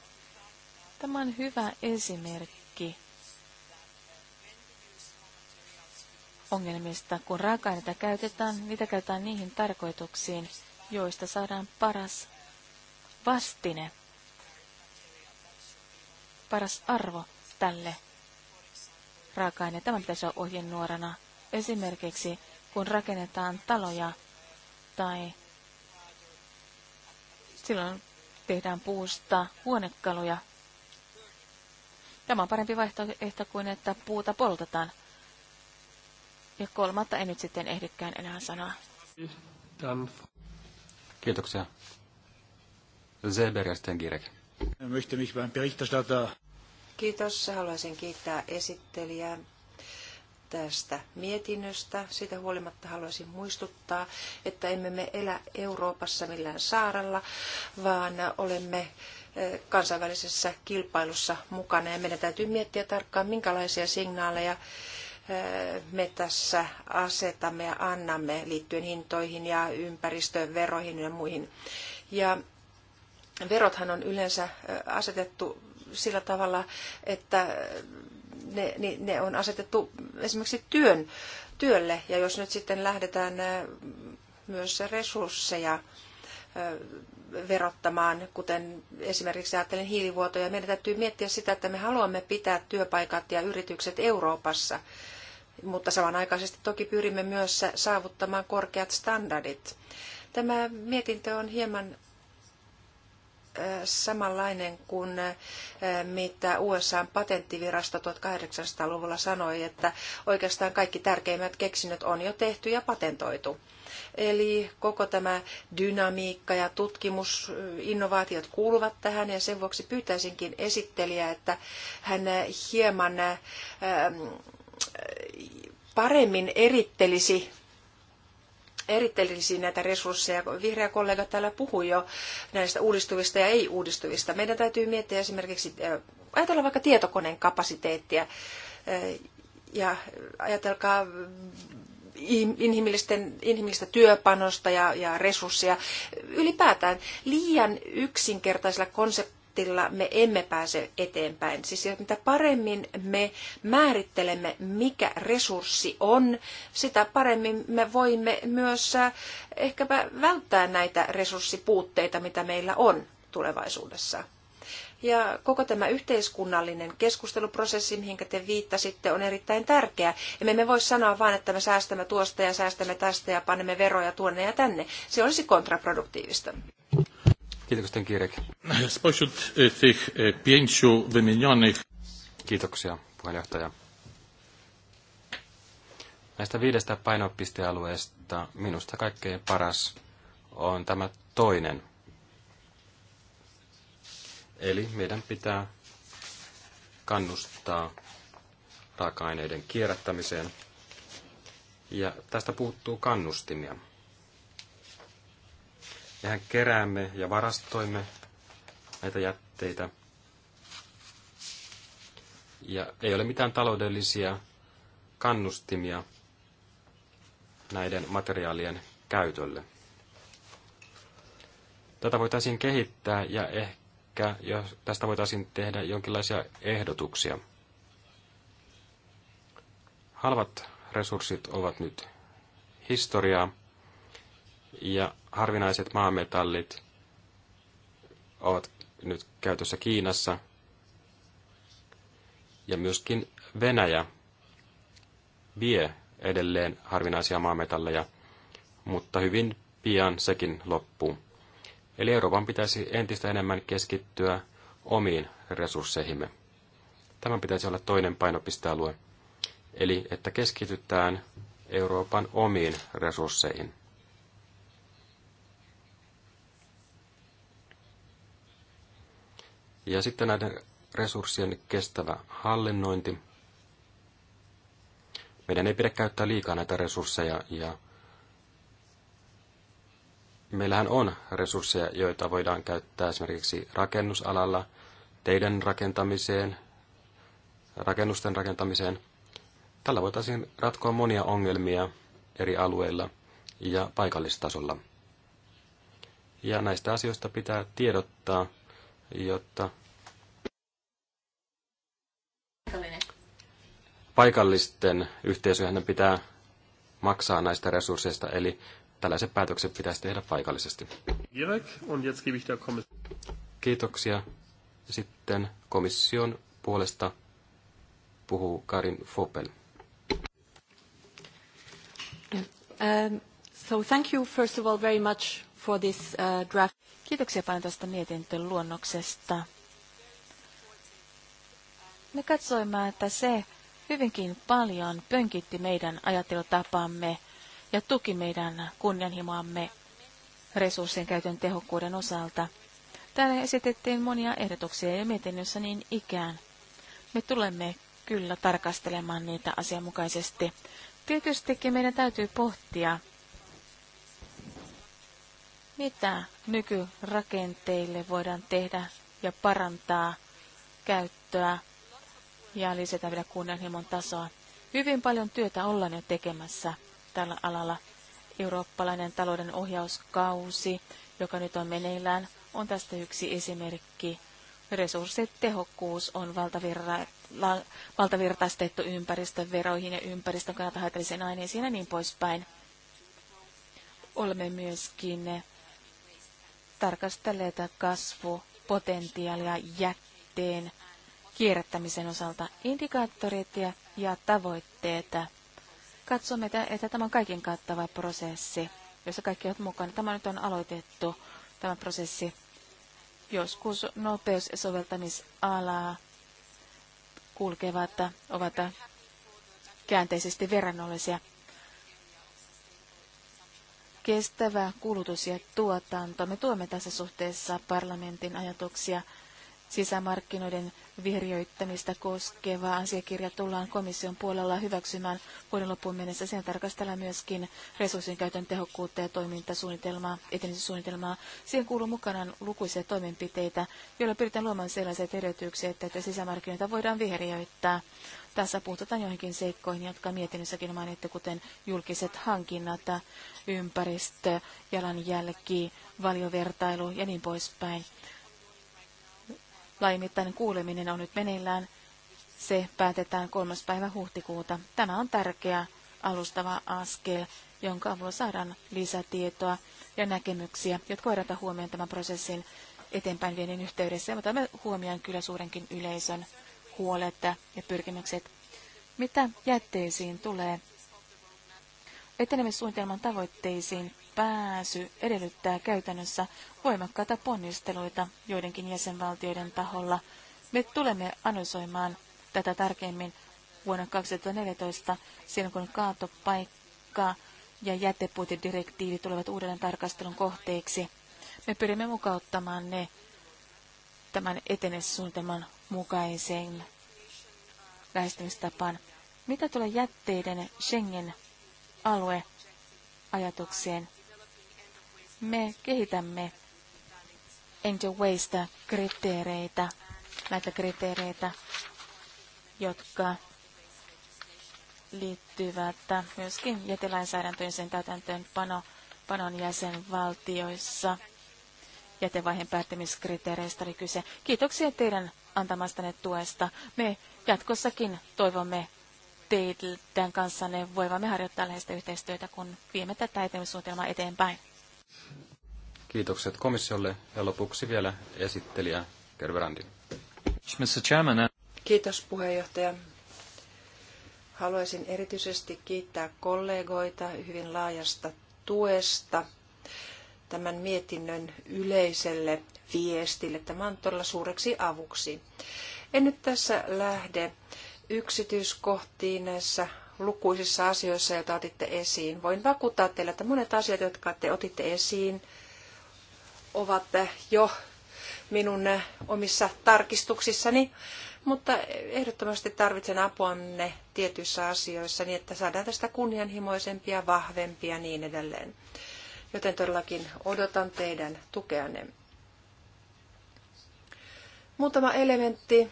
Tämä on hyvä esimerkki ongelmista. Kun raaka-aineita käytetään, niitä käytetään niihin tarkoituksiin, joista saadaan paras vastine, paras arvo tälle raaka-aine. Tämä pitäisi olla ohjenuorana. Esimerkiksi kun rakennetaan taloja tai silloin tehdään puusta huonekaluja. Tämä on parempi vaihtoehto kuin, että puuta poltetaan. Ja kolmatta en nyt sitten ehdikään enää sanoa. Kiitoksia. Kiitos. Haluaisin kiittää esittelijää tästä mietinnöstä. Sitä huolimatta haluaisin muistuttaa, että emme me elä Euroopassa millään saarella, vaan olemme eh, kansainvälisessä kilpailussa mukana ja meidän täytyy miettiä tarkkaan, minkälaisia signaaleja eh, me tässä asetamme ja annamme liittyen hintoihin ja ympäristöön, veroihin ja muihin. Ja verothan on yleensä eh, asetettu sillä tavalla, että ne, niin ne on asetettu esimerkiksi työn, työlle. Ja jos nyt sitten lähdetään myös resursseja verottamaan, kuten esimerkiksi ajattelen hiilivuotoja. Meidän täytyy miettiä sitä, että me haluamme pitää työpaikat ja yritykset Euroopassa, mutta samanaikaisesti toki pyrimme myös saavuttamaan korkeat standardit. Tämä mietintö on hieman samanlainen kuin eh, mitä USAn patenttivirasto 1800-luvulla sanoi, että oikeastaan kaikki tärkeimmät keksinnöt on jo tehty ja patentoitu. Eli koko tämä dynamiikka ja tutkimus, eh, innovaatiot kuuluvat tähän ja sen vuoksi pyytäisinkin esittelijää, että hän eh, hieman paremmin erittelisi erittelisi näitä resursseja. Vihreä kollega täällä puhui jo näistä uudistuvista ja ei-uudistuvista. Meidän täytyy miettiä esimerkiksi, ajatella vaikka tietokoneen kapasiteettia ja ajatelkaa inhimillistä työpanosta ja, ja resursseja. Ylipäätään liian yksinkertaisilla konseptilla pakettilla me emme pääse eteenpäin. Siis mitä paremmin me määrittelemme, mikä resurssi on, sitä paremmin me voimme myös äh, ehkäpä välttää näitä resurssipuutteita, mitä meillä on tulevaisuudessa. Ja koko tämä yhteiskunnallinen keskusteluprosessi, mihin te viittasitte, on erittäin tärkeä. Emme me voi sanoa vain, että me säästämme tuosta ja säästämme tästä ja panemme veroja tuonne ja tänne. Se olisi kontraproduktiivista. Kiitos, Kirek. Spośród tych pięciu wymienionych... Kiitoksia, puheenjohtaja. Näistä viidestä painopistealueesta minusta kaikkein paras on tämä toinen. Eli meidän pitää kannustaa raaka-aineiden kierrättämiseen. Ja tästä puuttuu kannustimia. Mehän keräämme ja varastoimme näitä jätteitä. Ja ei ole mitään taloudellisia kannustimia näiden materiaalien käytölle. Tätä voitaisiin kehittää ja ehkä jo tästä voitaisiin tehdä jonkinlaisia ehdotuksia. Halvat resurssit ovat nyt historiaa. Ja harvinaiset maametallit ovat nyt käytössä Kiinassa. Ja myöskin Venäjä vie edelleen harvinaisia maametalleja, mutta hyvin pian sekin loppuu. Eli Euroopan pitäisi entistä enemmän keskittyä omiin resursseihimme. Tämän pitäisi olla toinen painopistealue, eli että keskitytään Euroopan omiin resursseihin. Ja sitten näiden resurssien kestävä hallinnointi. Meidän ei pidä käyttää liikaa näitä resursseja ja meillähän on resursseja, joita voidaan käyttää esimerkiksi rakennusalalla, teidän rakentamiseen, rakennusten rakentamiseen. Tällä voitaisiin ratkoa monia ongelmia eri alueilla ja paikallistasolla. Ja näistä asioista pitää tiedottaa jotta paikallisten yhteisöjen pitää maksaa näistä resursseista, eli tällaiset päätökset pitäisi tehdä paikallisesti. Kiitoksia. Sitten komission puolesta puhuu Karin Fopel. Um, so thank you first of all very much for this uh, draft. Kiitoksia paljon tästä mietintön luonnoksesta. Me katsoimme, että se hyvinkin paljon pönkitti meidän ajattelutapamme ja tuki meidän kunnianhimoamme resurssien käytön tehokkuuden osalta. Täällä esitettiin monia ehdotuksia ja mietinnössä niin ikään. Me tulemme kyllä tarkastelemaan niitä asianmukaisesti. Tietystikin meidän täytyy pohtia, mitä nykyrakenteille voidaan tehdä ja parantaa käyttöä ja lisätä vielä kunnianhimon tasoa. Hyvin paljon työtä ollaan jo tekemässä tällä alalla. Eurooppalainen talouden ohjauskausi, joka nyt on meneillään, on tästä yksi esimerkki. Resurssitehokkuus on valtavirra, la, valtavirtaistettu veroihin ja ympäristön kannalta haitallisiin aineisiin ja niin poispäin. Olemme myöskin tarkastelee tätä kasvupotentiaalia jätteen kierrättämisen osalta indikaattorit ja, ja tavoitteet. Katsomme, että, että tämä on kaiken kattava prosessi, jossa kaikki ovat mukana. Tämä nyt on aloitettu, tämä prosessi. Joskus nopeus- ja soveltamisalaa kulkevat ovat käänteisesti verrannollisia kestävä kulutus ja tuotanto. Me tuomme tässä suhteessa parlamentin ajatuksia sisämarkkinoiden vihreyttämistä koskeva asiakirja tullaan komission puolella hyväksymään vuoden loppuun mennessä. Sen tarkastellaan myöskin resurssien käytön tehokkuutta ja toimintasuunnitelmaa, etenemissuunnitelmaa. Siihen kuuluu mukanaan lukuisia toimenpiteitä, joilla pyritään luomaan sellaiset edellytykset, että sisämarkkinoita voidaan vihreyttää. Tässä puututaan joihinkin seikkoihin, jotka mietinnössäkin mainittu, kuten julkiset hankinnat, ympäristö, jalanjälki, valiovertailu ja niin poispäin. Laimittainen kuuleminen on nyt meneillään. Se päätetään kolmas päivä huhtikuuta. Tämä on tärkeä alustava askel, jonka avulla saadaan lisätietoa ja näkemyksiä, jotka voidaan huomioon tämän prosessin eteenpäin viennin yhteydessä. Ja otamme huomioon kyllä suurenkin yleisön huolet ja pyrkimykset. Mitä jätteisiin tulee? Etenemissuunnitelman tavoitteisiin pääsy edellyttää käytännössä voimakkaita ponnisteluita joidenkin jäsenvaltioiden taholla. Me tulemme analysoimaan tätä tarkemmin vuonna 2014, silloin kun kaatopaikka ja jätepuitedirektiivi tulevat uudelleen tarkastelun kohteeksi. Me pyrimme mukauttamaan ne tämän etenesuunnitelman mukaiseen lähestymistapaan. Mitä tulee jätteiden Schengen-alue ajatukseen, me kehitämme Angel Waysta kriteereitä, näitä kriteereitä, jotka liittyvät myöskin jätelainsäädäntöön sen pano, panon jäsenvaltioissa. Jätevaiheen päättämiskriteereistä oli kyse. Kiitoksia teidän antamastanne tuesta. Me jatkossakin toivomme teidän kanssanne voivamme harjoittaa läheistä yhteistyötä, kun viemme tätä eteenpäin. Kiitokset komissiolle ja lopuksi vielä esittelijä Gerbrandi. Uh, Kiitos puheenjohtaja. Haluaisin erityisesti kiittää kollegoita hyvin laajasta tuesta tämän mietinnön yleiselle viestille. Tämä on todella suureksi avuksi. En nyt tässä lähde yksityiskohtiin näissä lukuisissa asioissa, joita otitte esiin. Voin vakuuttaa teille, että monet asiat, jotka te otitte esiin, ovat jo minun omissa tarkistuksissani, mutta ehdottomasti tarvitsen apuanne tietyissä asioissa niin, että saadaan tästä kunnianhimoisempia, vahvempia ja niin edelleen. Joten todellakin odotan teidän tukeanne. Muutama elementti,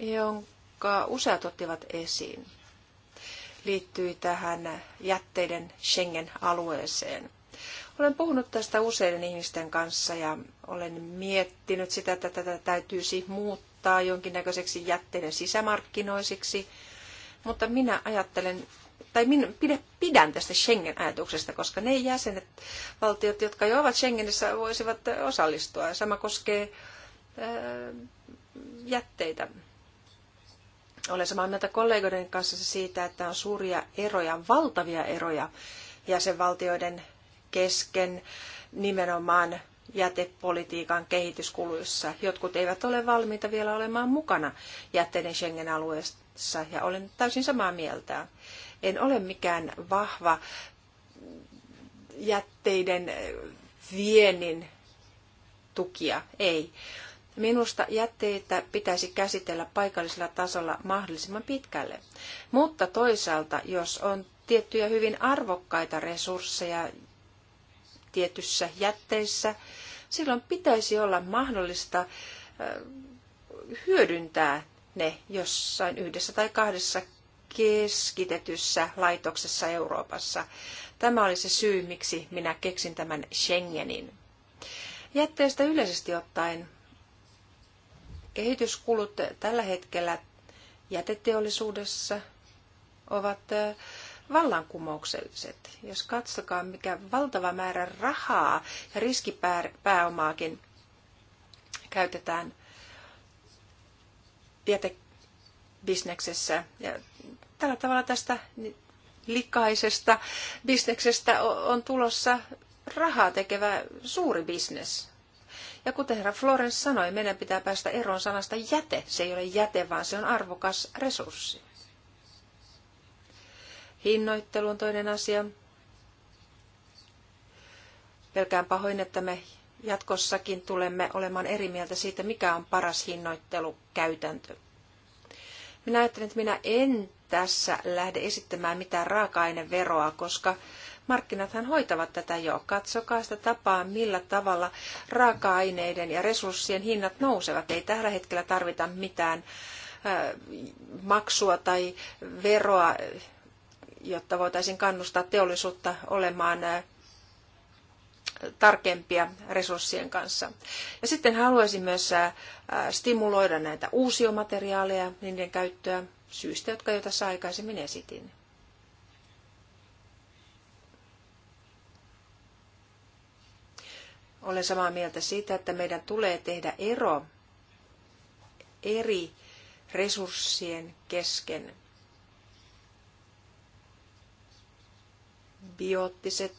jonka useat ottivat esiin liittyi tähän jätteiden Schengen-alueeseen. Olen puhunut tästä useiden ihmisten kanssa ja olen miettinyt sitä, että tätä täytyisi muuttaa jonkinnäköiseksi jätteiden sisämarkkinoisiksi. Mutta minä ajattelen, tai minä pidän tästä Schengen-ajatuksesta, koska ne jäsenet, valtiot, jotka jo ovat Schengenissä, voisivat osallistua. Ja sama koskee jätteitä. Olen samaa mieltä kollegoiden kanssa siitä, että on suuria eroja, valtavia eroja jäsenvaltioiden kesken nimenomaan jätepolitiikan kehityskuluissa. Jotkut eivät ole valmiita vielä olemaan mukana jätteiden Schengen-alueessa ja olen täysin samaa mieltä. En ole mikään vahva jätteiden viennin tukia, ei. Minusta jätteitä pitäisi käsitellä paikallisella tasolla mahdollisimman pitkälle. Mutta toisaalta, jos on tiettyjä hyvin arvokkaita resursseja tietyssä jätteissä, silloin pitäisi olla mahdollista hyödyntää ne jossain yhdessä tai kahdessa keskitetyssä laitoksessa Euroopassa. Tämä oli se syy, miksi minä keksin tämän Schengenin. Jätteestä yleisesti ottaen kehityskulut tällä hetkellä jäteteollisuudessa ovat vallankumoukselliset. Jos katsokaa, mikä valtava määrä rahaa ja riskipääomaakin käytetään jätebisneksessä. Ja tällä tavalla tästä likaisesta bisneksestä on tulossa rahaa tekevä suuri bisnes. Ja kuten herra Flores sanoi, meidän pitää päästä eroon sanasta jäte. Se ei ole jäte, vaan se on arvokas resurssi. Hinnoittelu on toinen asia. Pelkään pahoin, että me jatkossakin tulemme olemaan eri mieltä siitä, mikä on paras hinnoittelukäytäntö. Minä ajattelen, että minä en tässä lähde esittämään mitään raaka-aineveroa, koska Markkinathan hoitavat tätä jo. Katsokaa sitä tapaa, millä tavalla raaka-aineiden ja resurssien hinnat nousevat. Ei tällä hetkellä tarvita mitään maksua tai veroa, jotta voitaisiin kannustaa teollisuutta olemaan tarkempia resurssien kanssa. Ja sitten haluaisin myös stimuloida näitä uusiomateriaaleja, niiden käyttöä syystä, jotka jo tässä aikaisemmin esitin. Olen samaa mieltä siitä, että meidän tulee tehdä ero eri resurssien kesken. Bioottiset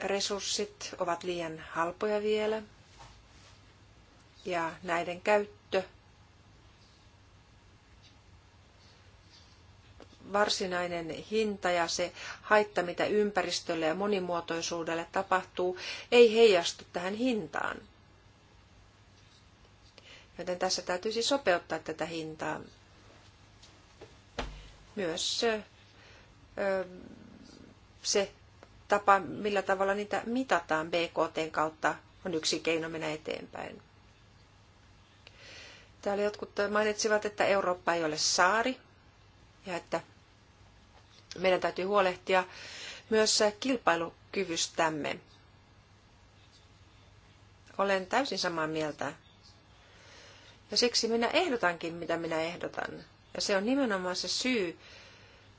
resurssit ovat liian halpoja vielä ja näiden käyttö varsinainen hinta ja se haitta, mitä ympäristölle ja monimuotoisuudelle tapahtuu, ei heijastu tähän hintaan. Joten tässä täytyisi sopeuttaa tätä hintaa myös se tapa, millä tavalla niitä mitataan BKTn kautta, on yksi keino mennä eteenpäin. Täällä jotkut mainitsivat, että Eurooppa ei ole saari ja että meidän täytyy huolehtia myös kilpailukyvystämme. Olen täysin samaa mieltä. Ja siksi minä ehdotankin, mitä minä ehdotan. Ja se on nimenomaan se syy,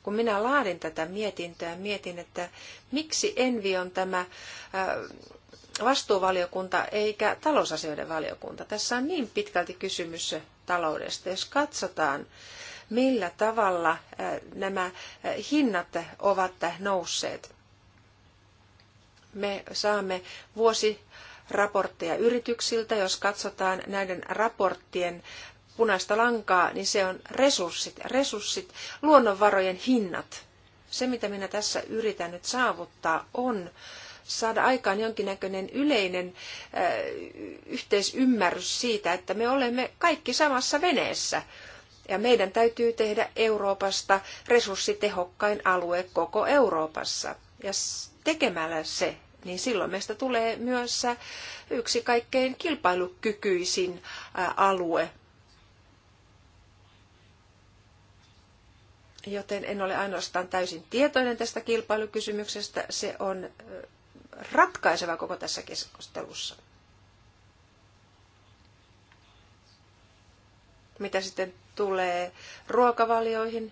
kun minä laadin tätä mietintöä, mietin, että miksi Envi on tämä vastuuvaliokunta eikä talousasioiden valiokunta. Tässä on niin pitkälti kysymys taloudesta. Jos katsotaan millä tavalla nämä hinnat ovat nousseet. Me saamme vuosiraportteja yrityksiltä. Jos katsotaan näiden raporttien punaista lankaa, niin se on resurssit, resurssit, luonnonvarojen hinnat. Se, mitä minä tässä yritän nyt saavuttaa, on saada aikaan jonkinnäköinen yleinen yhteisymmärrys siitä, että me olemme kaikki samassa veneessä. Ja meidän täytyy tehdä Euroopasta resurssitehokkain alue koko Euroopassa. Ja tekemällä se, niin silloin meistä tulee myös yksi kaikkein kilpailukykyisin alue. Joten en ole ainoastaan täysin tietoinen tästä kilpailukysymyksestä, se on ratkaiseva koko tässä keskustelussa. Mitä sitten tulee ruokavalioihin,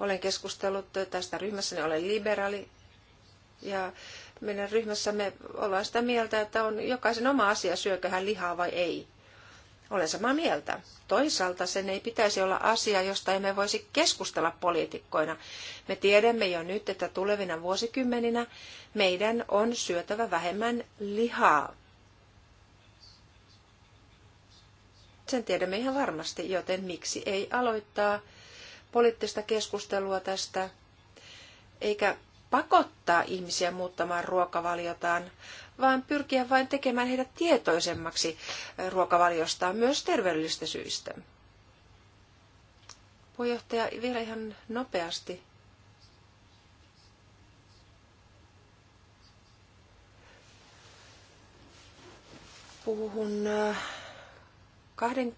olen keskustellut tästä ryhmässäni, olen liberaali ja meidän ryhmässämme ollaan sitä mieltä, että on jokaisen oma asia, syökö hän lihaa vai ei. Olen samaa mieltä. Toisaalta sen ei pitäisi olla asia, josta emme voisi keskustella poliitikkoina. Me tiedämme jo nyt, että tulevina vuosikymmeninä meidän on syötävä vähemmän lihaa. Sen tiedämme ihan varmasti, joten miksi ei aloittaa poliittista keskustelua tästä, eikä pakottaa ihmisiä muuttamaan ruokavaliotaan, vaan pyrkiä vain tekemään heidät tietoisemmaksi ruokavaliostaan myös terveydellisistä syistä. Puheenjohtaja, vielä ihan nopeasti. Puhun äh, kahden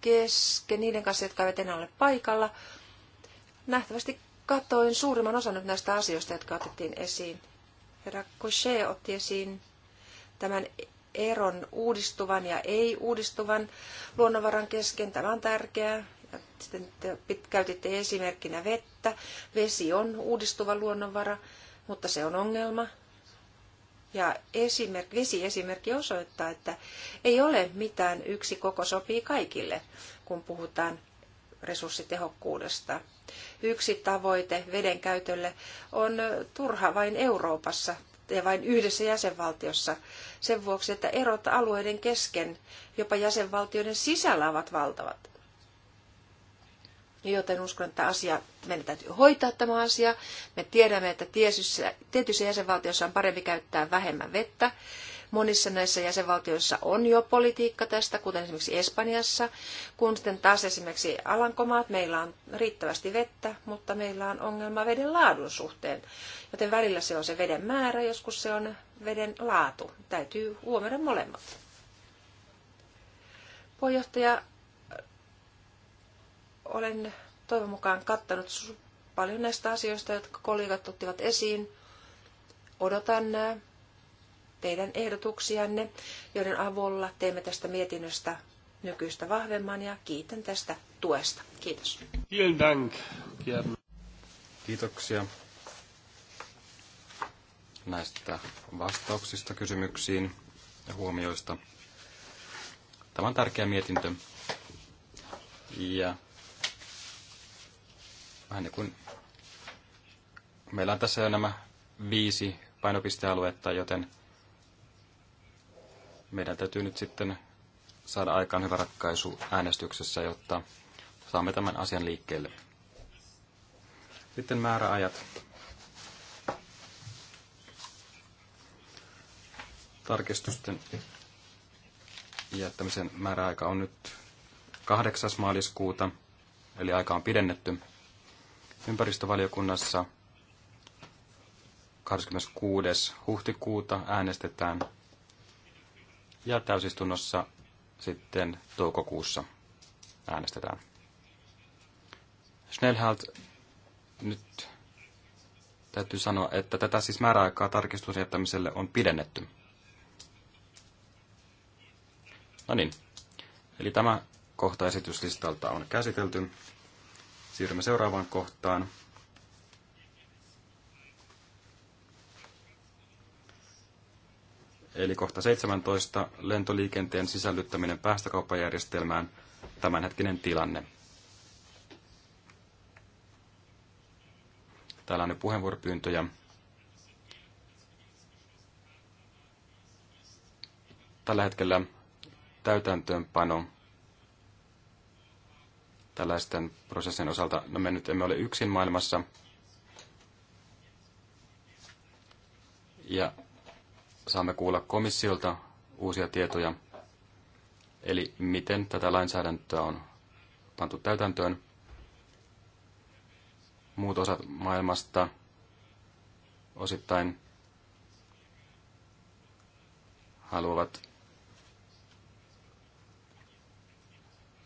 kesken niiden kanssa, jotka eivät enää ole paikalla. Nähtävästi katsoin suurimman osan nyt näistä asioista, jotka otettiin esiin. Herra Cochet otti esiin tämän eron uudistuvan ja ei-uudistuvan luonnonvaran kesken. Tämä on tärkeää. Ja sitten te käytitte esimerkkinä vettä. Vesi on uudistuva luonnonvara, mutta se on ongelma. Ja esimerk, esimerkki osoittaa, että ei ole mitään yksi koko sopii kaikille, kun puhutaan resurssitehokkuudesta. Yksi tavoite veden käytölle on turha vain Euroopassa ja vain yhdessä jäsenvaltiossa sen vuoksi, että erot alueiden kesken, jopa jäsenvaltioiden sisällä ovat valtavat. Joten uskon, että asia, meidän täytyy hoitaa tämä asia. Me tiedämme, että tietyissä, tietyissä jäsenvaltioissa on parempi käyttää vähemmän vettä. Monissa näissä jäsenvaltioissa on jo politiikka tästä, kuten esimerkiksi Espanjassa, kun sitten taas esimerkiksi Alankomaat, meillä on riittävästi vettä, mutta meillä on ongelma veden laadun suhteen. Joten välillä se on se veden määrä, joskus se on veden laatu. Täytyy huomioida molemmat. Puheenjohtaja, olen toivon mukaan kattanut paljon näistä asioista, jotka kollegat ottivat esiin. Odotan äh, teidän ehdotuksianne, joiden avulla teemme tästä mietinnöstä nykyistä vahvemman ja kiitän tästä tuesta. Kiitos. Kiitoksia näistä vastauksista kysymyksiin ja huomioista. Tämä on tärkeä mietintö. Ja vähän niin kuin meillä on tässä jo nämä viisi painopistealuetta, joten meidän täytyy nyt sitten saada aikaan hyvä ratkaisu äänestyksessä, jotta saamme tämän asian liikkeelle. Sitten määräajat. Tarkistusten jättämisen määräaika on nyt 8. maaliskuuta, eli aika on pidennetty. Ympäristövaliokunnassa 26. huhtikuuta äänestetään ja täysistunnossa sitten toukokuussa äänestetään. Schnellhalt, nyt täytyy sanoa, että tätä siis määräaikaa tarkistusjättämiselle on pidennetty. No niin, eli tämä kohta esityslistalta on käsitelty. Siirrymme seuraavaan kohtaan. Eli kohta 17, lentoliikenteen sisällyttäminen päästökauppajärjestelmään, tämänhetkinen tilanne. Täällä on nyt puheenvuoropyyntöjä. Tällä hetkellä täytäntöönpano tällaisten prosessien osalta. No me nyt emme ole yksin maailmassa. Ja saamme kuulla komissiolta uusia tietoja, eli miten tätä lainsäädäntöä on pantu täytäntöön. Muut osat maailmasta osittain haluavat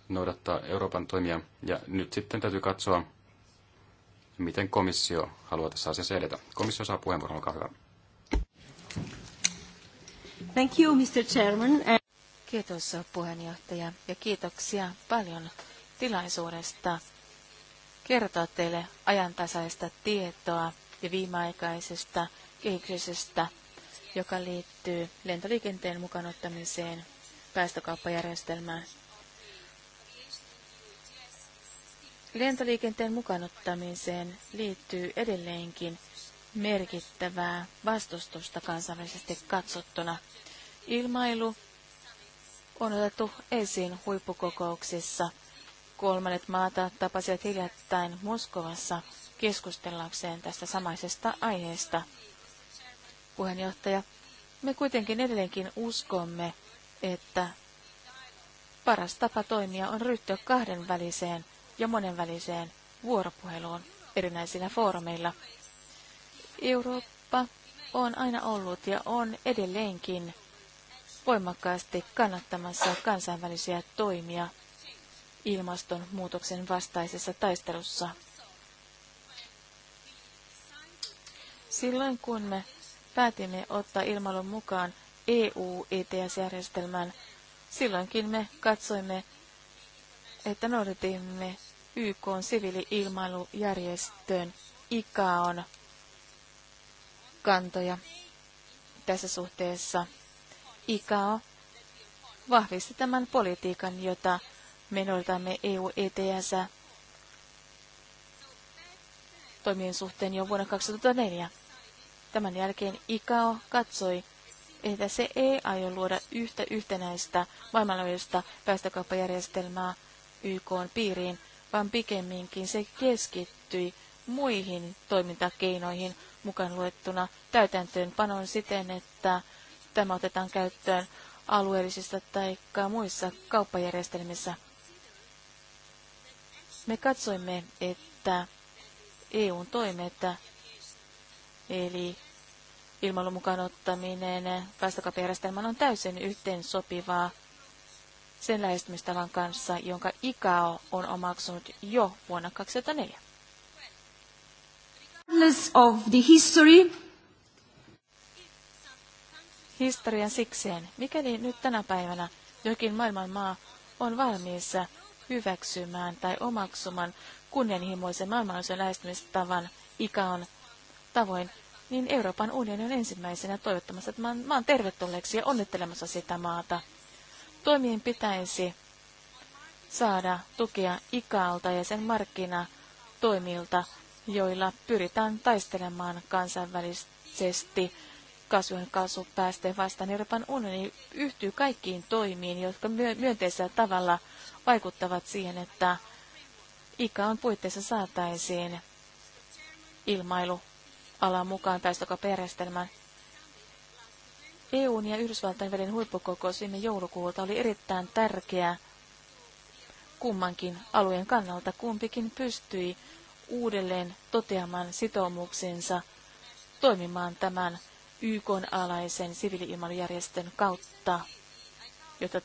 noudattaa Euroopan toimia. Ja nyt sitten täytyy katsoa, miten komissio haluaa tässä asiassa edetä. Komissio saa puheenvuoron, olkaa hyvä. Thank you, Mr. Chairman. Kiitos puheenjohtaja ja kiitoksia paljon tilaisuudesta kertoa teille ajantasaista tietoa ja viimeaikaisesta kehityksestä, joka liittyy lentoliikenteen ottamiseen päästökauppajärjestelmään Lentoliikenteen mukaanottamiseen liittyy edelleenkin merkittävää vastustusta kansainvälisesti katsottuna. Ilmailu on otettu esiin huippukokouksissa. Kolmannet maata tapasivat hiljattain Moskovassa keskustellakseen tästä samaisesta aiheesta. Puheenjohtaja, me kuitenkin edelleenkin uskomme, että paras tapa toimia on ryhtyä kahdenväliseen ja monenväliseen vuoropuheluun erinäisillä foorumeilla. Eurooppa on aina ollut ja on edelleenkin voimakkaasti kannattamassa kansainvälisiä toimia ilmastonmuutoksen vastaisessa taistelussa. Silloin kun me päätimme ottaa ilmailun mukaan EU-ETS-järjestelmään, silloinkin me katsoimme, että noudatimme YK on siviili-ilmailujärjestön ICAon kantoja tässä suhteessa. ICAO vahvisti tämän politiikan, jota me noudatamme EU-ETS toimien suhteen jo vuonna 2004. Tämän jälkeen ICAO katsoi, että se ei aio luoda yhtä yhtenäistä maailmanlaajuista päästökauppajärjestelmää YK piiriin, vaan pikemminkin se keskittyi muihin toimintakeinoihin mukaan luettuna täytäntöönpanoon siten, että tämä otetaan käyttöön alueellisissa tai muissa kauppajärjestelmissä. Me katsoimme, että EUn toimet, eli ilmailun mukaan ottaminen on täysin sopivaa sen lähestymistavan kanssa, jonka ICAO on omaksunut jo vuonna 2004. Of the history. Historian sikseen, mikäli nyt tänä päivänä jokin maailman maa on valmis hyväksymään tai omaksumaan kunnianhimoisen maailmanlaisen lähestymistavan ikaon tavoin, niin Euroopan unioni on ensimmäisenä toivottamassa että maan tervetulleeksi ja onnittelemassa sitä maata – Toimien pitäisi saada tukea ikalta ja sen markkinatoimilta, joilla pyritään taistelemaan kansainvälisesti kasvupäästöjen vastaan. Euroopan unioni yhtyy kaikkiin toimiin, jotka myönteisellä tavalla vaikuttavat siihen, että ikä on puitteissa saataisiin ilmailualan mukaan päästökauppajärjestelmään. EUn ja Yhdysvaltain välinen huippukokous viime joulukuulta oli erittäin tärkeä kummankin alueen kannalta. Kumpikin pystyi uudelleen toteamaan sitoumuksensa toimimaan tämän YK-alaisen siviiliilmailujärjestön kautta, jotta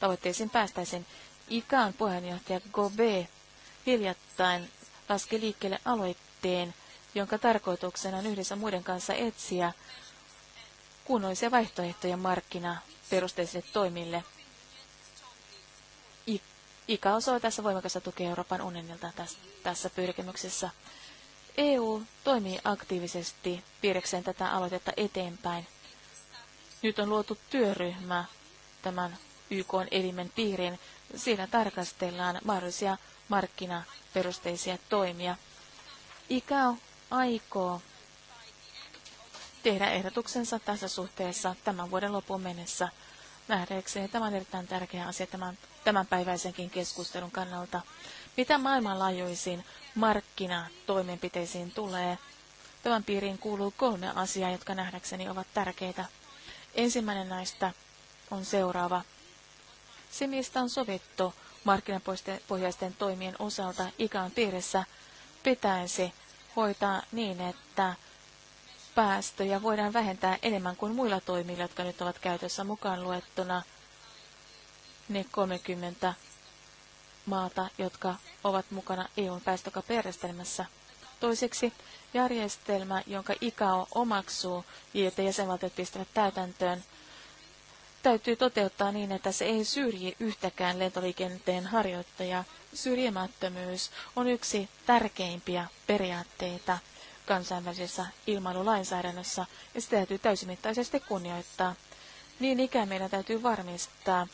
tavoitteisiin päästäisiin. ICAN puheenjohtaja Gobe hiljattain laski liikkeelle aloitteen, jonka tarkoituksena on yhdessä muiden kanssa etsiä kunnollisia vaihtoehtoja markkinaperusteisille toimille. IKA osoi tässä voimakasta tukea Euroopan unionilta tässä pyrkimyksessä. EU toimii aktiivisesti piirrekseen tätä aloitetta eteenpäin. Nyt on luotu työryhmä tämän YK-elimen piiriin. Siinä tarkastellaan mahdollisia markkinaperusteisia toimia. ICAO aikoo tehdä ehdotuksensa tässä suhteessa tämän vuoden lopun mennessä. Nähdäkseni tämä on erittäin tärkeä asia tämän, tämänpäiväisenkin keskustelun kannalta. Mitä maailmanlaajuisiin markkinatoimenpiteisiin tulee? Tämän piiriin kuuluu kolme asiaa, jotka nähdäkseni ovat tärkeitä. Ensimmäinen näistä on seuraava. Se, mistä on sovittu markkinapohjaisten toimien osalta ikään piirissä, pitäisi hoitaa niin, että päästöjä voidaan vähentää enemmän kuin muilla toimilla, jotka nyt ovat käytössä mukaan luettuna ne 30 maata, jotka ovat mukana EUn päästökauppajärjestelmässä. Toiseksi järjestelmä, jonka ICAO omaksuu, että jäsenvaltiot pistävät täytäntöön, täytyy toteuttaa niin, että se ei syrji yhtäkään lentoliikenteen harjoittajaa. Syrjimättömyys on yksi tärkeimpiä periaatteita kansainvälisessä ilmailulainsäädännössä, ja sitä täytyy täysimittaisesti kunnioittaa. Niin ikään meidän täytyy varmistaa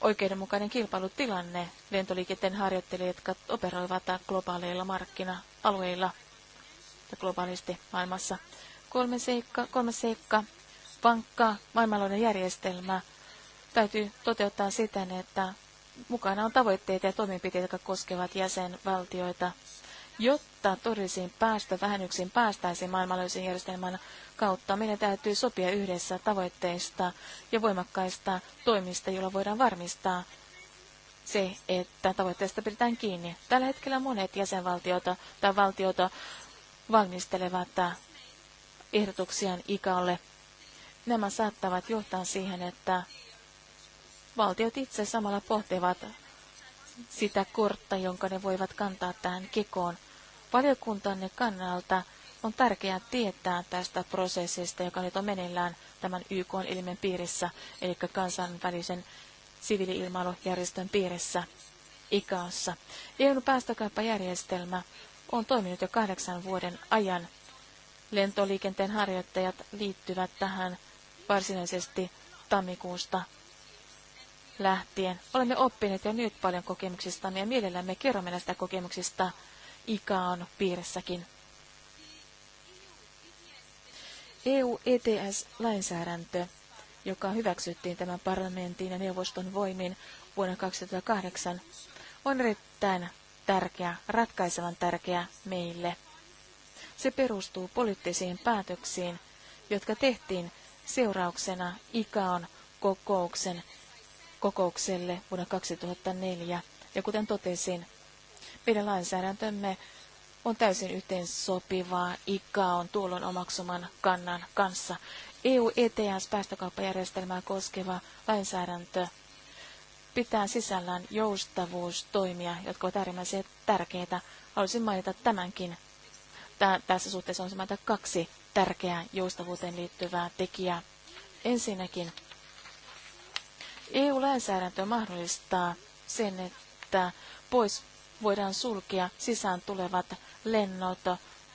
oikeudenmukainen kilpailutilanne lentoliikenteen harjoittelijat, jotka operoivat globaaleilla markkina-alueilla ja globaalisti maailmassa. Kolme seikka, kolme seikka vankka maailmanlainen järjestelmä täytyy toteuttaa siten, että mukana on tavoitteita ja toimenpiteitä, jotka koskevat jäsenvaltioita Jotta todellisiin päästä vähennyksiin päästäisiin maailmanlaajuisen järjestelmän kautta, meidän täytyy sopia yhdessä tavoitteista ja voimakkaista toimista, joilla voidaan varmistaa se, että tavoitteesta pidetään kiinni. Tällä hetkellä monet jäsenvaltiota tai valtiota valmistelevat ehdotuksiaan ikalle. Nämä saattavat johtaa siihen, että valtiot itse samalla pohtivat sitä kortta, jonka ne voivat kantaa tähän kikoon. Valiokuntanne kannalta on tärkeää tietää tästä prosessista, joka nyt on meneillään tämän yk ilmen piirissä, eli kansainvälisen siviiliilmailujärjestön piirissä ikaassa. EUn päästökauppajärjestelmä on toiminut jo kahdeksan vuoden ajan. Lentoliikenteen harjoittajat liittyvät tähän varsinaisesti tammikuusta lähtien. Olemme oppineet jo nyt paljon kokemuksista, ja mielellämme kerromme näistä kokemuksista ikaan piirissäkin. EU-ETS-lainsäädäntö, joka hyväksyttiin tämän parlamentin ja neuvoston voimin vuonna 2008, on erittäin tärkeä, ratkaisevan tärkeä meille. Se perustuu poliittisiin päätöksiin, jotka tehtiin seurauksena ICAon kokouksen kokoukselle vuonna 2004. Ja kuten totesin, meidän lainsäädäntömme on täysin yhteen sopivaa on tuolloin omaksuman kannan kanssa. EU ETS päästökauppajärjestelmää koskeva lainsäädäntö pitää sisällään joustavuustoimia, jotka ovat äärimmäisen tärkeitä. Haluaisin mainita tämänkin. Tää, tässä suhteessa on samalta kaksi tärkeää joustavuuteen liittyvää tekijää. Ensinnäkin EU-lainsäädäntö mahdollistaa sen, että pois voidaan sulkea sisään tulevat lennot,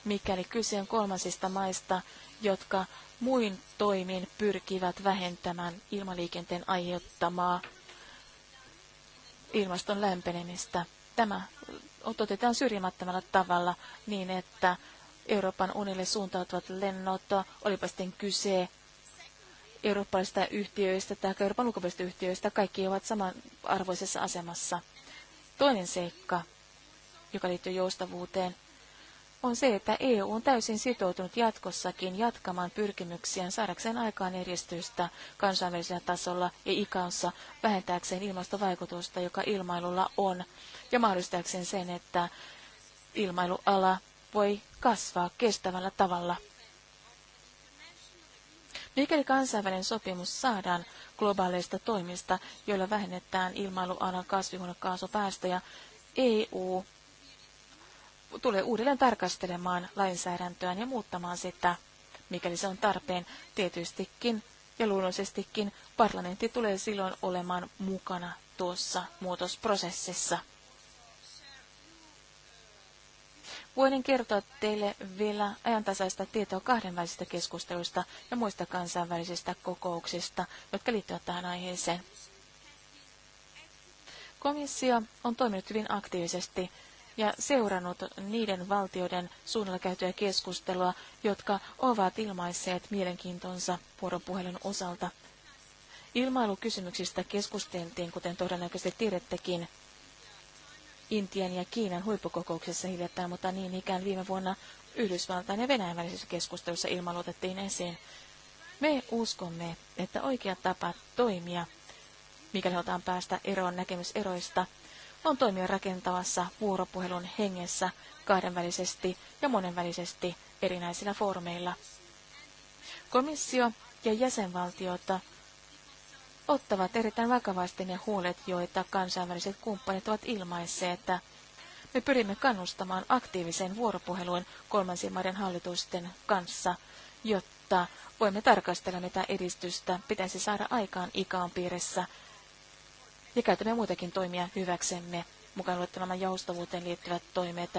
mikäli kyse on kolmansista maista, jotka muin toimin pyrkivät vähentämään ilmaliikenteen aiheuttamaa ilmaston lämpenemistä. Tämä otetaan syrjimättömällä tavalla niin, että Euroopan unille suuntautuvat lennot, olipa sitten kyse eurooppalaisista yhtiöistä tai Euroopan ulkopuolisista yhtiöistä, kaikki ovat samanarvoisessa asemassa. Toinen seikka, joka liittyy joustavuuteen, on se, että EU on täysin sitoutunut jatkossakin jatkamaan pyrkimyksiään saadakseen aikaan eristystä kansainvälisellä tasolla ja ikansa vähentääkseen ilmastovaikutusta, joka ilmailulla on, ja mahdollistaakseen sen, että ilmailuala voi kasvaa kestävällä tavalla. Mikäli kansainvälinen sopimus saadaan globaaleista toimista, joilla vähennetään ilmailualan kasvihuonekaasupäästöjä, EU tulee uudelleen tarkastelemaan lainsäädäntöään ja muuttamaan sitä, mikäli se on tarpeen tietystikin ja luonnollisestikin parlamentti tulee silloin olemaan mukana tuossa muutosprosessissa. Voin kertoa teille vielä ajantasaista tietoa kahdenvälisistä keskusteluista ja muista kansainvälisistä kokouksista, jotka liittyvät tähän aiheeseen. Komissio on toiminut hyvin aktiivisesti ja seurannut niiden valtioiden suunnalla käytyä keskustelua, jotka ovat ilmaisseet mielenkiintonsa vuoropuhelun osalta. Ilmailukysymyksistä keskusteltiin, kuten todennäköisesti tiedettekin, Intian ja Kiinan huippukokouksessa hiljattain, mutta niin ikään viime vuonna Yhdysvaltain ja Venäjän välisessä keskustelussa ilmaluotettiin esiin. Me uskomme, että oikea tapa toimia, mikäli halutaan päästä eroon näkemyseroista, on toimia rakentavassa vuoropuhelun hengessä kahdenvälisesti ja monenvälisesti erinäisillä foorumeilla. Komissio ja jäsenvaltiota ottavat erittäin vakavasti ne huolet, joita kansainväliset kumppanit ovat ilmaisseet, että me pyrimme kannustamaan aktiiviseen vuoropuheluun kolmansien maiden hallitusten kanssa, jotta voimme tarkastella, mitä edistystä pitäisi saada aikaan ikaan piirissä ja käytämme muitakin toimia hyväksemme, mukaan luettelemaan joustavuuteen liittyvät toimet,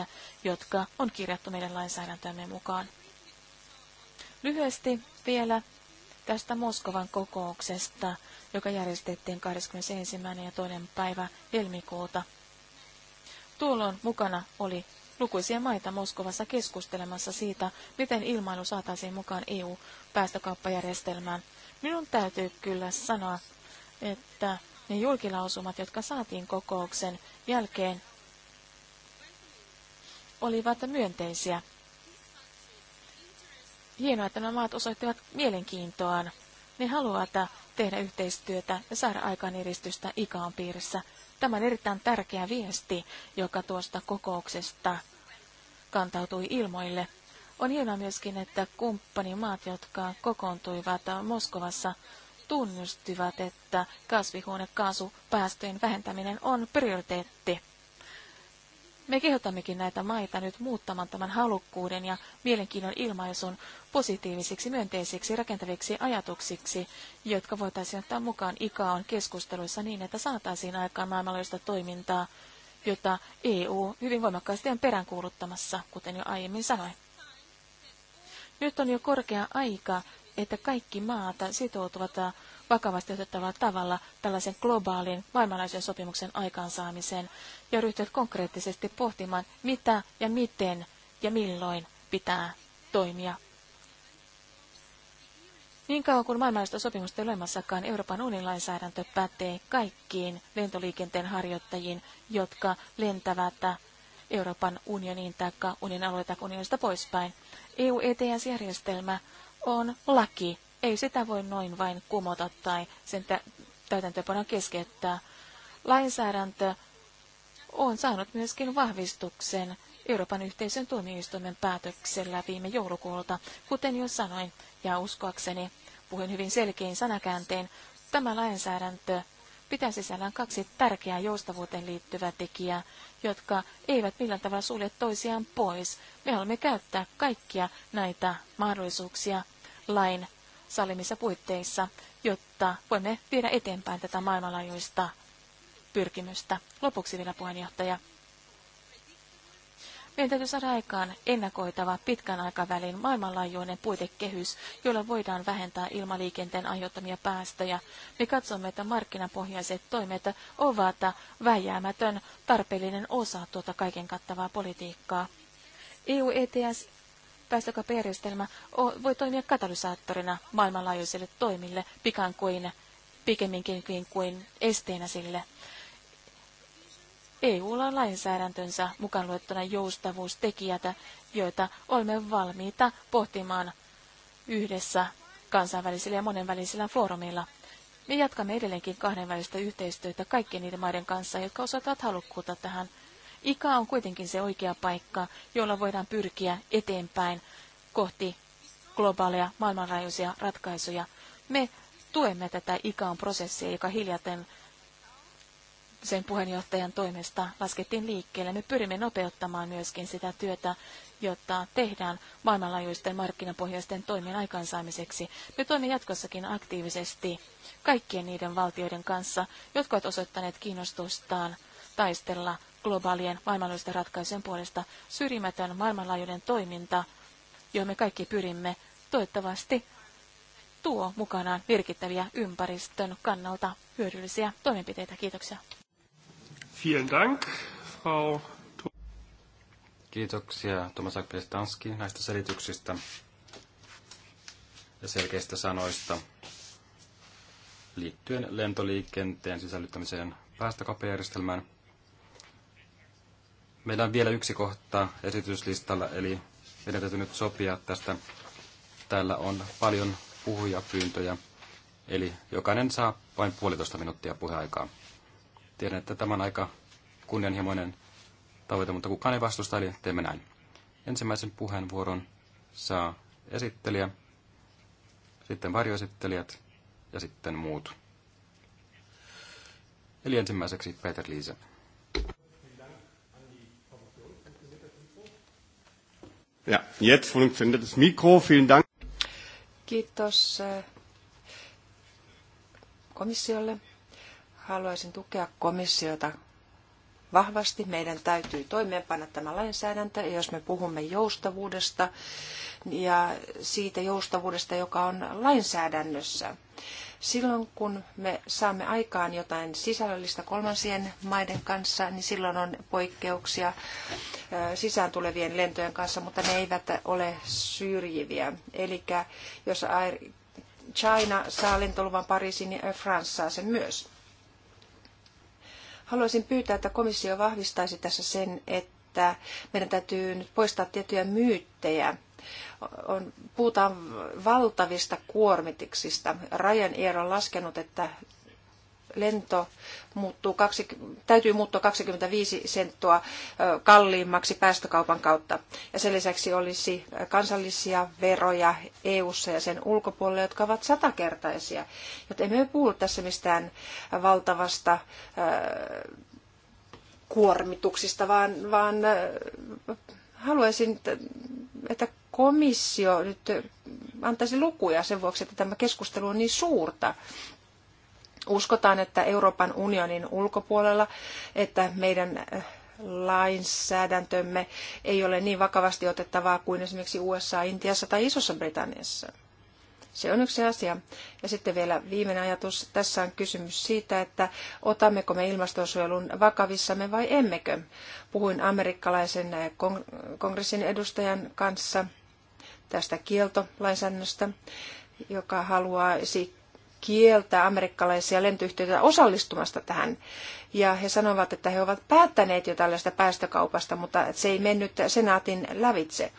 jotka on kirjattu meidän lainsäädäntömme mukaan. Lyhyesti vielä tästä Moskovan kokouksesta, joka järjestettiin 21. ja 2. päivä helmikuuta. Tuolloin mukana oli lukuisia maita Moskovassa keskustelemassa siitä, miten ilmailu saataisiin mukaan EU-päästökauppajärjestelmään. Minun täytyy kyllä sanoa, että ne julkilausumat, jotka saatiin kokouksen jälkeen, olivat myönteisiä. Hienoa, että nämä maat osoittivat mielenkiintoaan. Ne haluavat tehdä yhteistyötä ja saada aikaan edistystä ikaan piirissä. Tämä on erittäin tärkeä viesti, joka tuosta kokouksesta kantautui ilmoille. On hienoa myöskin, että kumppanimaat, jotka kokoontuivat Moskovassa, tunnustivat, että kasvihuonekaasupäästöjen vähentäminen on prioriteetti. Me kehotammekin näitä maita nyt muuttamaan tämän halukkuuden ja mielenkiinnon ilmaisun positiivisiksi, myönteisiksi, rakentaviksi ajatuksiksi, jotka voitaisiin ottaa mukaan ikaan keskusteluissa niin, että saataisiin aikaan maailmanlaajuista toimintaa, jota EU hyvin voimakkaasti on peräänkuuluttamassa, kuten jo aiemmin sanoin. Nyt on jo korkea aika että kaikki maat sitoutuvat vakavasti otettavalla tavalla tällaisen globaalin maailmanlaajuisen sopimuksen aikaansaamiseen ja ryhtyvät konkreettisesti pohtimaan, mitä ja miten ja milloin pitää toimia. Niin kauan kuin maailmanlaista sopimusta ei olemassakaan, Euroopan unionin lainsäädäntö pätee kaikkiin lentoliikenteen harjoittajiin, jotka lentävät Euroopan unioniin tai unionin alueelta unionista poispäin. EU-ETS-järjestelmä on laki. Ei sitä voi noin vain kumota tai sen täytäntöpano täytäntöönpanon keskeyttää. Lainsäädäntö on saanut myöskin vahvistuksen Euroopan yhteisön tuomioistuimen päätöksellä viime joulukuulta, kuten jo sanoin, ja uskoakseni puhuin hyvin selkein sanakäänteen. tämä lainsäädäntö pitää sisällään kaksi tärkeää joustavuuteen liittyvää tekijää, jotka eivät millään tavalla sulje toisiaan pois. Me haluamme käyttää kaikkia näitä mahdollisuuksia lain salimissa puitteissa, jotta voimme viedä eteenpäin tätä maailmanlaajuista pyrkimystä. Lopuksi vielä puheenjohtaja. Meidän täytyy saada aikaan ennakoitava pitkän aikavälin maailmanlaajuinen puitekehys, jolla voidaan vähentää ilmaliikenteen aiheuttamia päästöjä. Me katsomme, että markkinapohjaiset toimet ovat väjäämätön tarpeellinen osa tuota kaiken kattavaa politiikkaa. EU ETS päästökauppajärjestelmä voi toimia katalysaattorina maailmanlaajuisille toimille pikan kuin pikemminkin kuin esteenä sille. EUlla on lainsäädäntönsä mukaan luettuna joustavuustekijätä, joita olemme valmiita pohtimaan yhdessä kansainvälisillä ja monenvälisillä foorumilla. Me jatkamme edelleenkin kahdenvälistä yhteistyötä kaikkien niiden maiden kanssa, jotka osoittavat halukkuutta tähän ika on kuitenkin se oikea paikka, jolla voidaan pyrkiä eteenpäin kohti globaaleja maailmanlaajuisia ratkaisuja. Me tuemme tätä ikaan prosessia, joka hiljaten sen puheenjohtajan toimesta laskettiin liikkeelle. Me pyrimme nopeuttamaan myöskin sitä työtä, jotta tehdään maailmanlaajuisten markkinapohjaisten toimien aikaansaamiseksi. Me toimimme jatkossakin aktiivisesti kaikkien niiden valtioiden kanssa, jotka ovat osoittaneet kiinnostustaan taistella globaalien maailmanlaajuisten ratkaisujen puolesta syrjimätön maailmanlaajuinen toiminta, johon me kaikki pyrimme, toivottavasti tuo mukanaan merkittäviä ympäristön kannalta hyödyllisiä toimenpiteitä. Kiitoksia. Vielen Dank, Frau Kiitoksia Tomas Akpestanski näistä selityksistä ja selkeistä sanoista liittyen lentoliikenteen sisällyttämiseen päästökauppajärjestelmään. Meillä on vielä yksi kohta esityslistalla, eli meidän täytyy nyt sopia tästä. Täällä on paljon puhujapyyntöjä, eli jokainen saa vain puolitoista minuuttia puheaikaa. Tiedän, että tämä on aika kunnianhimoinen tavoite, mutta kukaan ei vastusta, eli teemme näin. Ensimmäisen puheenvuoron saa esittelijä, sitten varjoesittelijät ja sitten muut. Eli ensimmäiseksi Peter Liise. Ja, jetzt funktioniert das Mikro. Vielen Dank. Kiitos äh, komissiolle. Haluaisin tukea komissiota vahvasti. Meidän täytyy toimeenpanna tämä lainsäädäntö. Ja jos me puhumme joustavuudesta ja siitä joustavuudesta, joka on lainsäädännössä, Silloin kun me saamme aikaan jotain sisällöllistä kolmansien maiden kanssa, niin silloin on poikkeuksia sisään tulevien lentojen kanssa, mutta ne eivät ole syrjiviä. Eli jos China saa lentoluvan Pariisiin, niin Air France saa sen myös. Haluaisin pyytää, että komissio vahvistaisi tässä sen, että meidän täytyy nyt poistaa tiettyjä myyttejä on, puhutaan valtavista rajan Ryanair on laskenut, että lento muuttuu 20, täytyy muuttua 25 senttua kalliimmaksi päästökaupan kautta. Ja sen lisäksi olisi kansallisia veroja eu ja sen ulkopuolelle, jotka ovat satakertaisia. Joten emme puhu tässä mistään valtavasta kuormituksista, vaan, vaan haluaisin, että komissio nyt antaisi lukuja sen vuoksi, että tämä keskustelu on niin suurta. Uskotaan, että Euroopan unionin ulkopuolella, että meidän äh, lainsäädäntömme ei ole niin vakavasti otettavaa kuin esimerkiksi USA, Intiassa tai Isossa Britanniassa. Se on yksi asia. Ja sitten vielä viimeinen ajatus. Tässä on kysymys siitä, että otammeko me ilmastonsuojelun vakavissamme vai emmekö. Puhuin amerikkalaisen eh, kongressin edustajan kanssa tästä kieltolainsäädännöstä, joka haluaa kieltää amerikkalaisia lentoyhtiöitä osallistumasta tähän. Ja he sanovat, että he ovat päättäneet jo tällaista päästökaupasta, mutta se ei mennyt senaatin lävitse.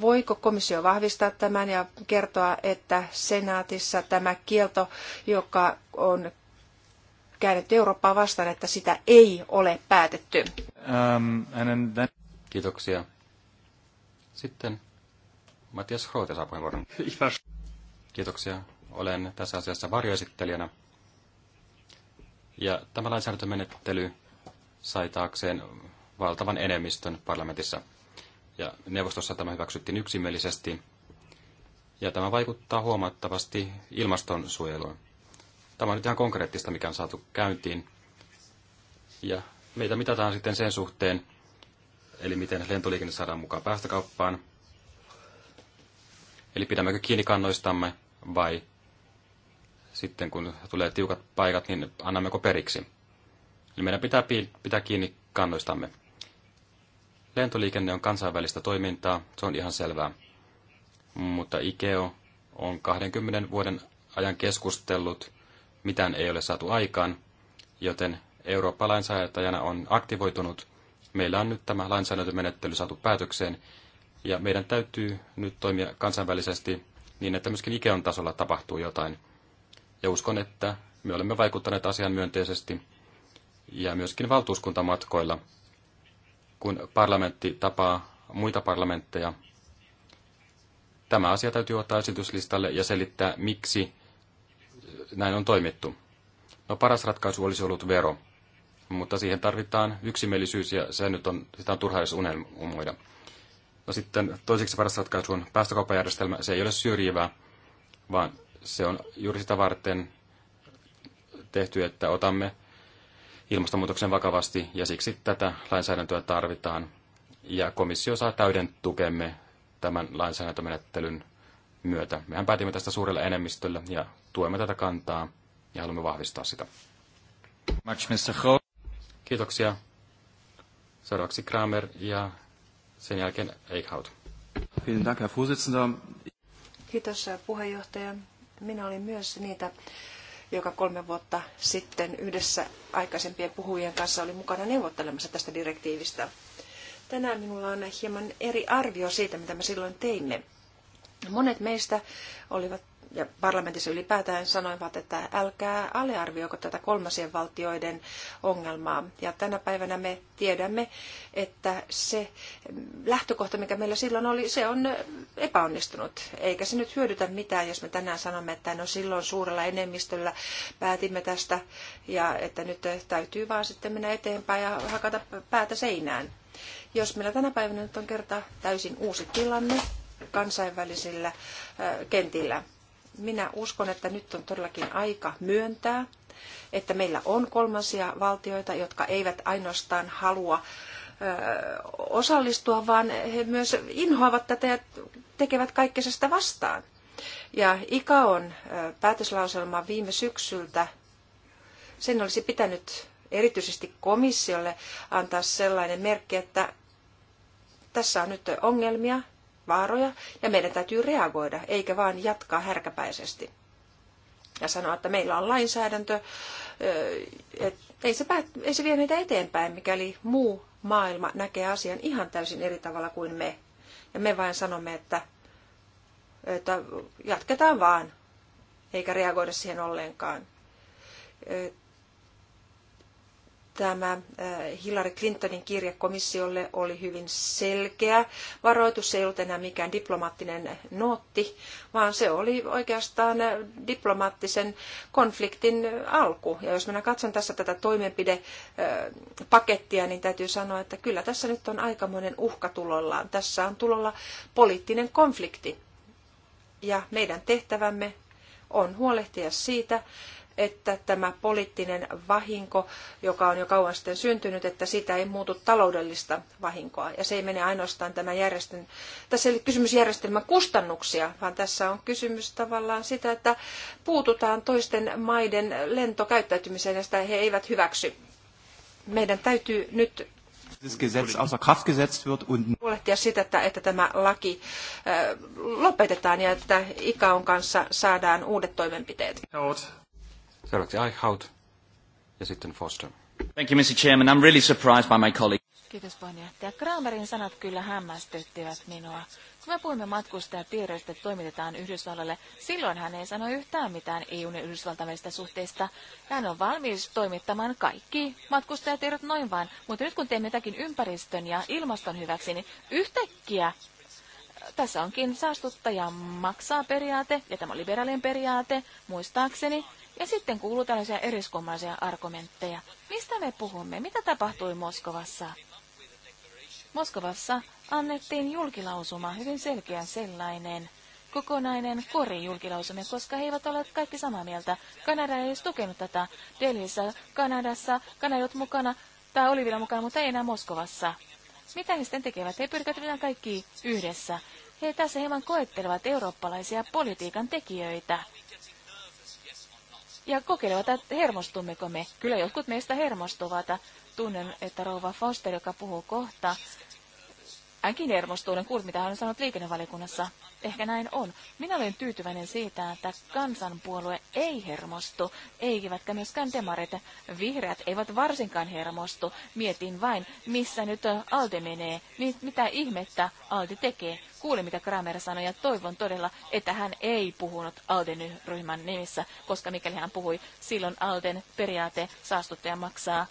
Voiko komissio vahvistaa tämän ja kertoa, että senaatissa tämä kielto, joka on käännetty Eurooppaa vastaan, että sitä ei ole päätetty? Um, then... Kiitoksia. Sitten Matias Roote saa puheenvuoron. Kiitoksia. Olen tässä asiassa varjoesittelijänä. Ja tämä lainsäädäntömenettely sai taakseen valtavan enemmistön parlamentissa ja neuvostossa tämä hyväksyttiin yksimielisesti. Ja tämä vaikuttaa huomattavasti ilmastonsuojeluun. Tämä on nyt ihan konkreettista, mikä on saatu käyntiin. Ja meitä mitataan sitten sen suhteen, eli miten lentoliikenne saadaan mukaan päästökauppaan. Eli pidämmekö kiinni kannoistamme vai sitten kun tulee tiukat paikat, niin annammeko periksi. Eli meidän pitää pitää kiinni kannoistamme. Lentoliikenne on kansainvälistä toimintaa, se on ihan selvää. Mutta IKEO on 20 vuoden ajan keskustellut, mitään ei ole saatu aikaan, joten Eurooppa lainsäätäjänä on aktivoitunut. Meillä on nyt tämä lainsäädäntömenettely saatu päätökseen, ja meidän täytyy nyt toimia kansainvälisesti niin, että myöskin Ikeon tasolla tapahtuu jotain. Ja uskon, että me olemme vaikuttaneet asiaan myönteisesti, ja myöskin valtuuskuntamatkoilla – kun parlamentti tapaa muita parlamentteja. Tämä asia täytyy ottaa esityslistalle ja selittää, miksi näin on toimittu. No paras ratkaisu olisi ollut vero, mutta siihen tarvitaan yksimielisyys ja se nyt on, sitä on turha edes unelmoida. No sitten toiseksi paras ratkaisu on päästökauppajärjestelmä. Se ei ole syrjivää, vaan se on juuri sitä varten tehty, että otamme ilmastonmuutoksen vakavasti ja siksi tätä lainsäädäntöä tarvitaan. Ja komissio saa täyden tukemme tämän lainsäädäntömenettelyn myötä. Mehän päätimme tästä suurella enemmistöllä ja tuemme tätä kantaa ja haluamme vahvistaa sitä. Kiitoksia. Seuraavaksi Kramer ja sen jälkeen Eichhout. Kiitos puheenjohtaja. Minä olin myös niitä joka kolme vuotta sitten yhdessä aikaisempien puhujien kanssa oli mukana neuvottelemassa tästä direktiivistä. Tänään minulla on hieman eri arvio siitä, mitä me silloin teimme. Monet meistä olivat ja parlamentissa ylipäätään sanoivat, että älkää aliarvioiko tätä kolmasien valtioiden ongelmaa. Ja tänä päivänä me tiedämme, että se lähtökohta, mikä meillä silloin oli, se on epäonnistunut. Eikä se nyt hyödytä mitään, jos me tänään sanomme, että no silloin suurella enemmistöllä päätimme tästä ja että nyt täytyy vaan sitten mennä eteenpäin ja hakata päätä seinään. Jos meillä tänä päivänä nyt on kerta täysin uusi tilanne kansainvälisillä kentillä, minä uskon, että nyt on todellakin aika myöntää, että meillä on kolmansia valtioita, jotka eivät ainoastaan halua osallistua, vaan he myös inhoavat tätä ja tekevät kaikkensa sitä vastaan. Ja ICAON päätöslauselma viime syksyltä, sen olisi pitänyt erityisesti komissiolle antaa sellainen merkki, että tässä on nyt ongelmia, vaaroja ja meidän täytyy reagoida, eikä vain jatkaa härkäpäisesti. Ja sanoa, että meillä on lainsäädäntö, että ei se, päät, ei se vie meitä eteenpäin, mikäli muu maailma näkee asian ihan täysin eri tavalla kuin me. Ja me vain sanomme, että, että jatketaan vaan, eikä reagoida siihen ollenkaan tämä äh, Hillary Clintonin kirje komissiolle oli hyvin selkeä varoitus. Se ei ollut enää mikään diplomaattinen nootti, vaan se oli oikeastaan äh, diplomaattisen konfliktin äh, alku. Ja jos minä katson tässä tätä toimenpidepakettia, niin täytyy sanoa, että kyllä tässä nyt on aikamoinen uhka tulollaan. Tässä on tulolla poliittinen konflikti. Ja meidän tehtävämme on huolehtia siitä, että tämä poliittinen vahinko, joka on jo kauan sitten syntynyt, että sitä ei muutu taloudellista vahinkoa. Ja se ei mene ainoastaan tämän järjestön tässä ei ole kysymys järjestelmän kustannuksia, vaan tässä on kysymys tavallaan sitä, että puututaan toisten maiden lentokäyttäytymiseen ja sitä he eivät hyväksy. Meidän täytyy nyt huolehtia sitä, että, että tämä laki äh, lopetetaan ja että ICAOn kanssa saadaan uudet toimenpiteet. Seuraavaksi Eichhout ja sitten Foster. Thank you, Mr. Chairman. I'm really surprised by my colleague. Kiitos puheenjohtaja. Kramerin sanat kyllä hämmästyttivät minua. Kun me puhumme matkustajatiedoista, että toimitetaan Yhdysvallalle, silloin hän ei sano yhtään mitään EUn ja Yhdysvaltain välisistä suhteista. Hän on valmis toimittamaan kaikki matkustajatiedot noin vaan, mutta nyt kun teemme jotakin ympäristön ja ilmaston hyväksi, niin yhtäkkiä äh, tässä onkin saastuttaja maksaa periaate, ja tämä on liberaalien periaate, muistaakseni. Ja sitten kuuluu tällaisia eriskomaisia argumentteja. Mistä me puhumme? Mitä tapahtui Moskovassa? Moskovassa annettiin julkilausuma, hyvin selkeä sellainen, kokonainen kori julkilausuma, koska he eivät ole kaikki samaa mieltä. Kanada ei olisi tukenut tätä. Delhissä, Kanadassa, Kanadot mukana, tai oli vielä mukana, mutta ei enää Moskovassa. Mitä he sitten tekevät? He pyrkivät pitämään kaikki yhdessä. He tässä hieman koettelevat eurooppalaisia politiikan tekijöitä ja kokeilevat, että hermostummeko me. Kyllä jotkut meistä hermostuvat. Tunnen, että rouva Foster, joka puhuu kohta, Hänkin hermostuuden kuulut, mitä hän on sanonut liikennevaliokunnassa. Ehkä näin on. Minä olen tyytyväinen siitä, että kansanpuolue ei hermostu, eivätkä myöskään demarit. Vihreät eivät varsinkaan hermostu. Mietin vain, missä nyt Alde menee, niin mitä ihmettä Alde tekee. Kuulin, mitä Kramer sanoi, ja toivon todella, että hän ei puhunut Alden ryhmän nimissä, koska mikäli hän puhui, silloin Alden periaate saastuttaja maksaa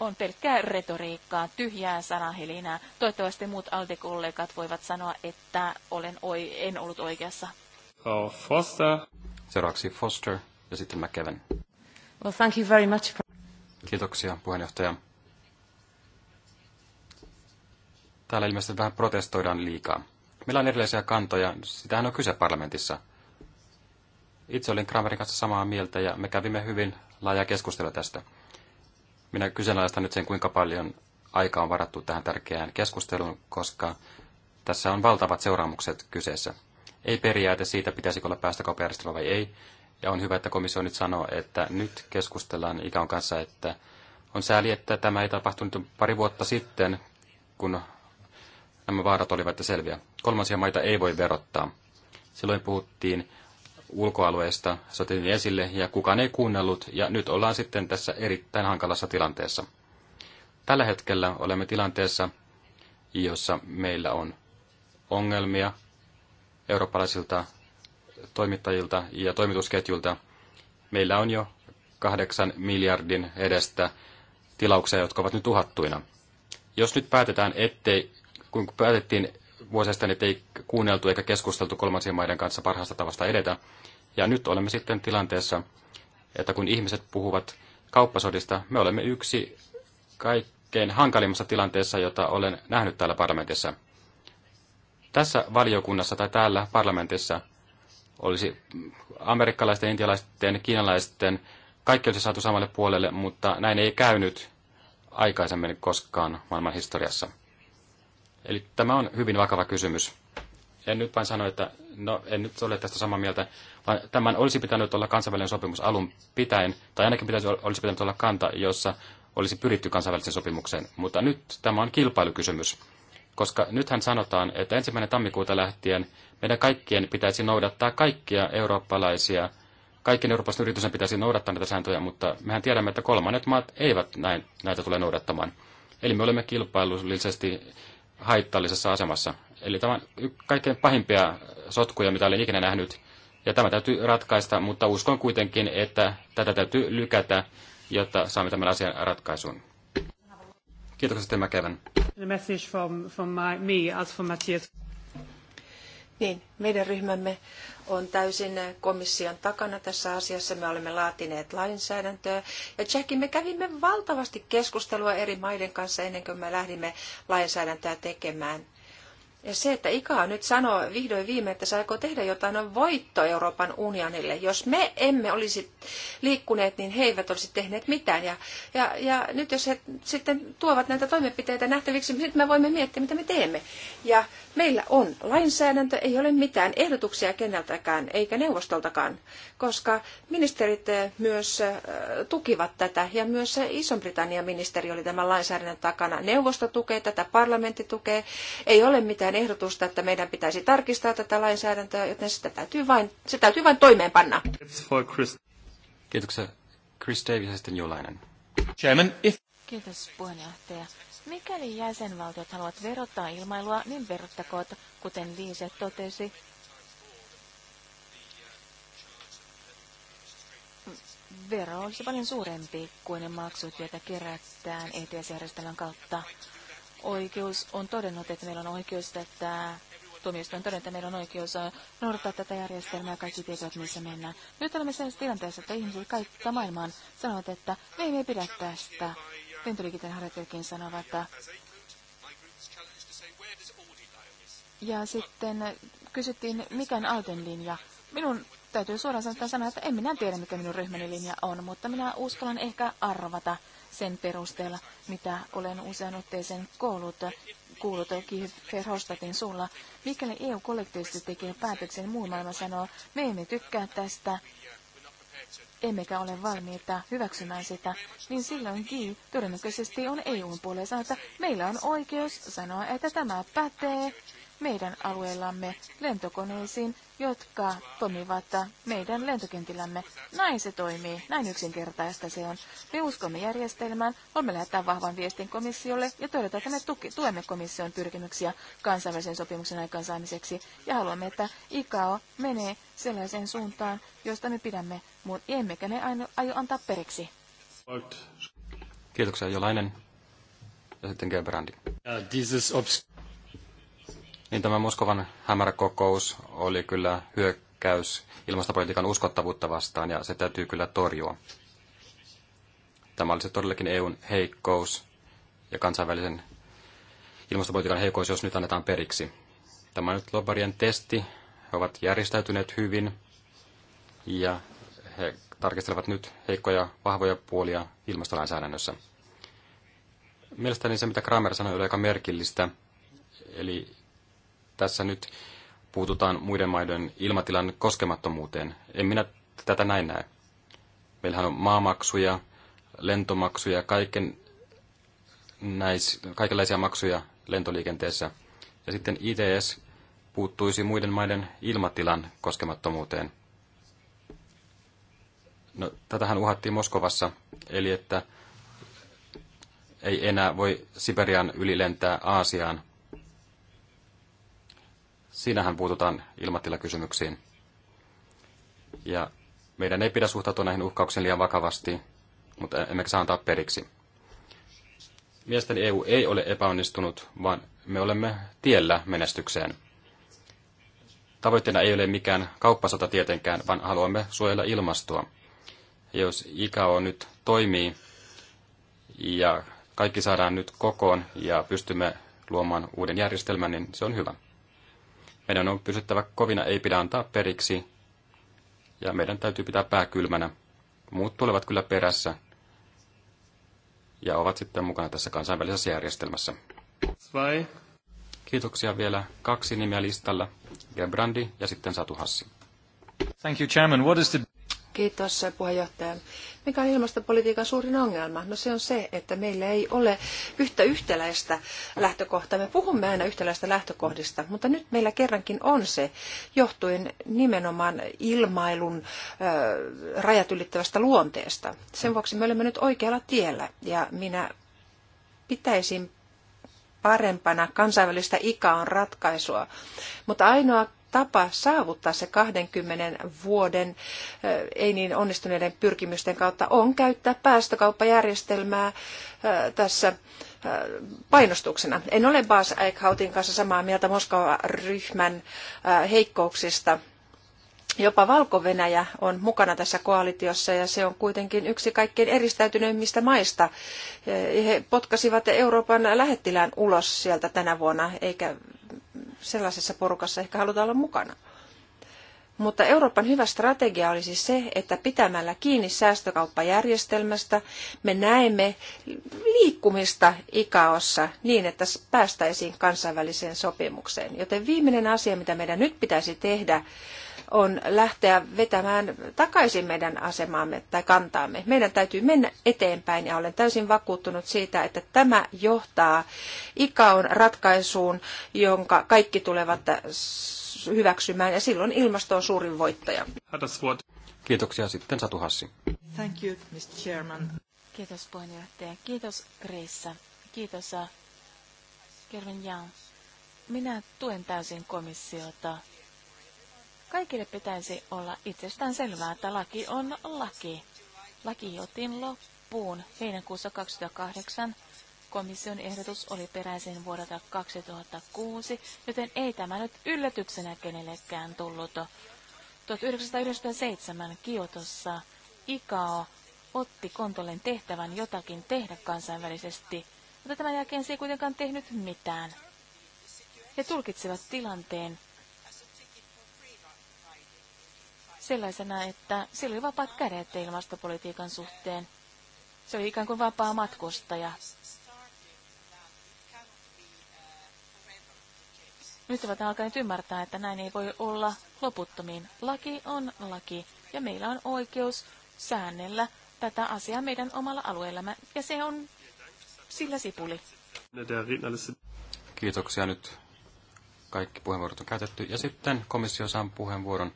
on pelkkää retoriikkaa, tyhjää sanahelinää. Toivottavasti muut Alde-kollegat voivat sanoa, että olen oi, en ollut oikeassa. Oh, Foster. Seuraavaksi Foster ja sitten McKeven. Well, thank you very much. Kiitoksia, puheenjohtaja. Täällä ilmeisesti vähän protestoidaan liikaa. Meillä on erilaisia kantoja, sitähän on kyse parlamentissa. Itse olin Kramerin kanssa samaa mieltä ja me kävimme hyvin laajaa keskustelua tästä. Minä kyseenalaistan nyt sen, kuinka paljon aikaa on varattu tähän tärkeään keskusteluun, koska tässä on valtavat seuraamukset kyseessä. Ei periaate siitä, pitäisikö olla päästökauppajärjestelmä vai ei. Ja on hyvä, että komissio nyt sanoo, että nyt keskustellaan ikään kanssa, että on sääli, että tämä ei tapahtunut pari vuotta sitten, kun nämä vaarat olivat selviä. Kolmansia maita ei voi verottaa. Silloin puhuttiin ulkoalueesta. Se otettiin esille ja kukaan ei kuunnellut ja nyt ollaan sitten tässä erittäin hankalassa tilanteessa. Tällä hetkellä olemme tilanteessa, jossa meillä on ongelmia eurooppalaisilta toimittajilta ja toimitusketjulta. Meillä on jo kahdeksan miljardin edestä tilauksia, jotka ovat nyt uhattuina. Jos nyt päätetään, ettei, kun päätettiin, vuosia sitten ei kuunneltu eikä keskusteltu kolmansien maiden kanssa parhaasta tavasta edetä. Ja nyt olemme sitten tilanteessa, että kun ihmiset puhuvat kauppasodista, me olemme yksi kaikkein hankalimmassa tilanteessa, jota olen nähnyt täällä parlamentissa. Tässä valiokunnassa tai täällä parlamentissa olisi amerikkalaisten, intialaisten, kiinalaisten, kaikki olisi saatu samalle puolelle, mutta näin ei käynyt aikaisemmin koskaan maailman historiassa. Eli tämä on hyvin vakava kysymys. En nyt vain sano, että no en nyt ole tästä samaa mieltä, vaan tämän olisi pitänyt olla kansainvälinen sopimus alun pitäen, tai ainakin pitäisi, olisi pitänyt olla kanta, jossa olisi pyritty kansainväliseen sopimukseen. Mutta nyt tämä on kilpailukysymys, koska nythän sanotaan, että ensimmäinen tammikuuta lähtien meidän kaikkien pitäisi noudattaa kaikkia eurooppalaisia, kaikkien eurooppalaisten yritysten pitäisi noudattaa näitä sääntöjä, mutta mehän tiedämme, että kolmannet maat eivät näin, näitä tule noudattamaan. Eli me olemme kilpailullisesti haittallisessa asemassa. Eli tämä on kaikkein pahimpia sotkuja, mitä olen ikinä nähnyt. Ja tämä täytyy ratkaista, mutta uskon kuitenkin, että tätä täytyy lykätä, jotta saamme tämän asian ratkaisuun. Kiitoksia, Tim Mäkevän. Niin, meidän ryhmämme on täysin komission takana tässä asiassa. Me olemme laatineet lainsäädäntöä. Ja Jackie, me kävimme valtavasti keskustelua eri maiden kanssa ennen kuin me lähdimme lainsäädäntöä tekemään. Ja se, että IKA nyt sanoo vihdoin viime, että se aikoo tehdä jotain, on voitto Euroopan unionille. Jos me emme olisi liikkuneet, niin he eivät olisi tehneet mitään. Ja, ja, ja nyt jos he sitten tuovat näitä toimenpiteitä nähtäviksi, niin sitten me voimme miettiä, mitä me teemme. Ja meillä on lainsäädäntö, ei ole mitään ehdotuksia keneltäkään, eikä neuvostoltakaan, koska ministerit eh, myös eh, tukivat tätä, ja myös eh, Iso-Britannian ministeri oli tämän lainsäädännön takana. Neuvosto tukee tätä, parlamentti tukee, ei ole mitään ehdotusta, että meidän pitäisi tarkistaa tätä lainsäädäntöä, joten sitä täytyy vain, se täytyy vain toimeenpanna. Kiitoksia. Chris Davis ja sitten Jolainen. Chairman, if... Kiitos puheenjohtaja. Mikäli jäsenvaltiot haluavat verottaa ilmailua, niin verottakoot, kuten Liise totesi. Vero olisi paljon suurempi kuin ne maksut, joita kerätään ETS-järjestelmän kautta oikeus on todennut, että meillä on oikeus tätä tuomioistuin todennut, että meillä on oikeus äh, noudattaa tätä järjestelmää ja kaikki tietävät, missä mennään. Nyt olemme sellaisessa tilanteessa, että ihmiset kaikkia maailmaan sanovat, että me ei pidä tästä. Venturikiten harjoittajatkin sanovat, että äh. ja sitten äh, kysyttiin, mikä on Alden linja. Minun täytyy suoraan sanoa, sanoa, että en minä tiedä, mikä minun ryhmäni linja on, mutta minä uskallan ehkä arvata, sen perusteella, mitä olen usein otteeseen kuullut, kuullut Verhofstadtin suulla. Mikäli EU kollektiivisesti tekee päätöksen, muu maailma sanoo, me emme tykkää tästä, emmekä ole valmiita hyväksymään sitä, niin silloin G todennäköisesti on EUn puolella sanoa, että meillä on oikeus sanoa, että tämä pätee meidän alueellamme lentokoneisiin, jotka toimivat meidän lentokentillämme. Näin se toimii, näin yksinkertaista se on. Me uskomme järjestelmään, olemme lähettää vahvan viestin komissiolle ja todeta, että me tuki, tuemme komission pyrkimyksiä kansainvälisen sopimuksen aikaansaamiseksi ja haluamme, että ICAO menee sellaiseen suuntaan, josta me pidämme, mutta emmekä me aio, aio antaa periksi. Kiitoksia Jolainen ja sitten Gerbrandi. Ja, obs- niin tämä Moskovan hämäräkokous oli kyllä hyökkäys ilmastopolitiikan uskottavuutta vastaan ja se täytyy kyllä torjua. Tämä oli se todellakin EUn heikkous ja kansainvälisen ilmastopolitiikan heikkous, jos nyt annetaan periksi. Tämä on nyt lobbarien testi. He ovat järjestäytyneet hyvin ja he tarkistelevat nyt heikkoja, vahvoja puolia ilmastolainsäädännössä. Mielestäni se, mitä Kramer sanoi, oli aika merkillistä. Eli tässä nyt puututaan muiden maiden ilmatilan koskemattomuuteen. En minä tätä näin näe. Meillähän on maamaksuja, lentomaksuja, kaiken näis, kaikenlaisia maksuja lentoliikenteessä. Ja sitten ITS puuttuisi muiden maiden ilmatilan koskemattomuuteen. No, tätähän uhattiin Moskovassa, eli että ei enää voi Siberian yli lentää Aasiaan, Siinähän puututaan ilmatilakysymyksiin. Ja meidän ei pidä suhtautua näihin uhkauksiin liian vakavasti, mutta e- emmekä saa antaa periksi. Mielestäni EU ei ole epäonnistunut, vaan me olemme tiellä menestykseen. Tavoitteena ei ole mikään kauppasota tietenkään, vaan haluamme suojella ilmastoa. Ja jos IKO nyt toimii ja kaikki saadaan nyt kokoon ja pystymme luomaan uuden järjestelmän, niin se on hyvä. Meidän on pysyttävä kovina, ei pidä antaa periksi. Ja meidän täytyy pitää pää kylmänä. Muut tulevat kyllä perässä ja ovat sitten mukana tässä kansainvälisessä järjestelmässä. Vai. Kiitoksia vielä kaksi nimeä listalla, Gebrandi ja sitten Satu Hassi. Thank you, Chairman. What is the... Kiitos puheenjohtaja. Mikä on ilmastopolitiikan suurin ongelma? No se on se, että meillä ei ole yhtä yhtäläistä lähtökohtaa. Me puhumme aina yhtäläistä lähtökohdista, mutta nyt meillä kerrankin on se, johtuen nimenomaan ilmailun ö, rajat ylittävästä luonteesta. Sen vuoksi me olemme nyt oikealla tiellä ja minä pitäisin parempana kansainvälistä ikaon ratkaisua. Mutta ainoa tapa saavuttaa se 20 vuoden ei niin onnistuneiden pyrkimysten kautta on käyttää päästökauppajärjestelmää tässä painostuksena. En ole Bas Eichhautin kanssa samaa mieltä Moskova-ryhmän heikkouksista. Jopa valko on mukana tässä koalitiossa ja se on kuitenkin yksi kaikkein eristäytyneimmistä maista. He potkasivat Euroopan lähettilään ulos sieltä tänä vuonna, eikä sellaisessa porukassa ehkä halutaan olla mukana. Mutta Euroopan hyvä strategia olisi siis se, että pitämällä kiinni säästökauppajärjestelmästä me näemme liikkumista ikaossa niin, että päästäisiin kansainväliseen sopimukseen. Joten viimeinen asia, mitä meidän nyt pitäisi tehdä, on lähteä vetämään takaisin meidän asemaamme tai kantaamme. Meidän täytyy mennä eteenpäin ja olen täysin vakuuttunut siitä, että tämä johtaa ikaon ratkaisuun, jonka kaikki tulevat hyväksymään ja silloin ilmasto on suurin voittaja. Kiitoksia sitten Satu Hassi. Thank you, Mr. Chairman. Kiitos puheenjohtaja. Kiitos Kreissa. Kiitos Kervin Jan. Minä tuen täysin komissiota Kaikille pitäisi olla itsestään selvää, että laki on laki. Laki otin loppuun heinäkuussa 2008. Komission ehdotus oli peräisin vuodelta 2006, joten ei tämä nyt yllätyksenä kenellekään tullut. 1997 Kiotossa ICAO otti kontollen tehtävän jotakin tehdä kansainvälisesti, mutta tämän jälkeen se ei kuitenkaan tehnyt mitään. He tulkitsivat tilanteen sellaisena, että sillä oli vapaat kädet ilmastopolitiikan suhteen. Se oli ikään kuin vapaa matkustaja. Nyt ovat alkaneet ymmärtää, että näin ei voi olla loputtomiin. Laki on laki, ja meillä on oikeus säännellä tätä asiaa meidän omalla alueellamme, ja se on sillä sipuli. Kiitoksia nyt. Kaikki puheenvuorot on käytetty, ja sitten komissio saa puheenvuoron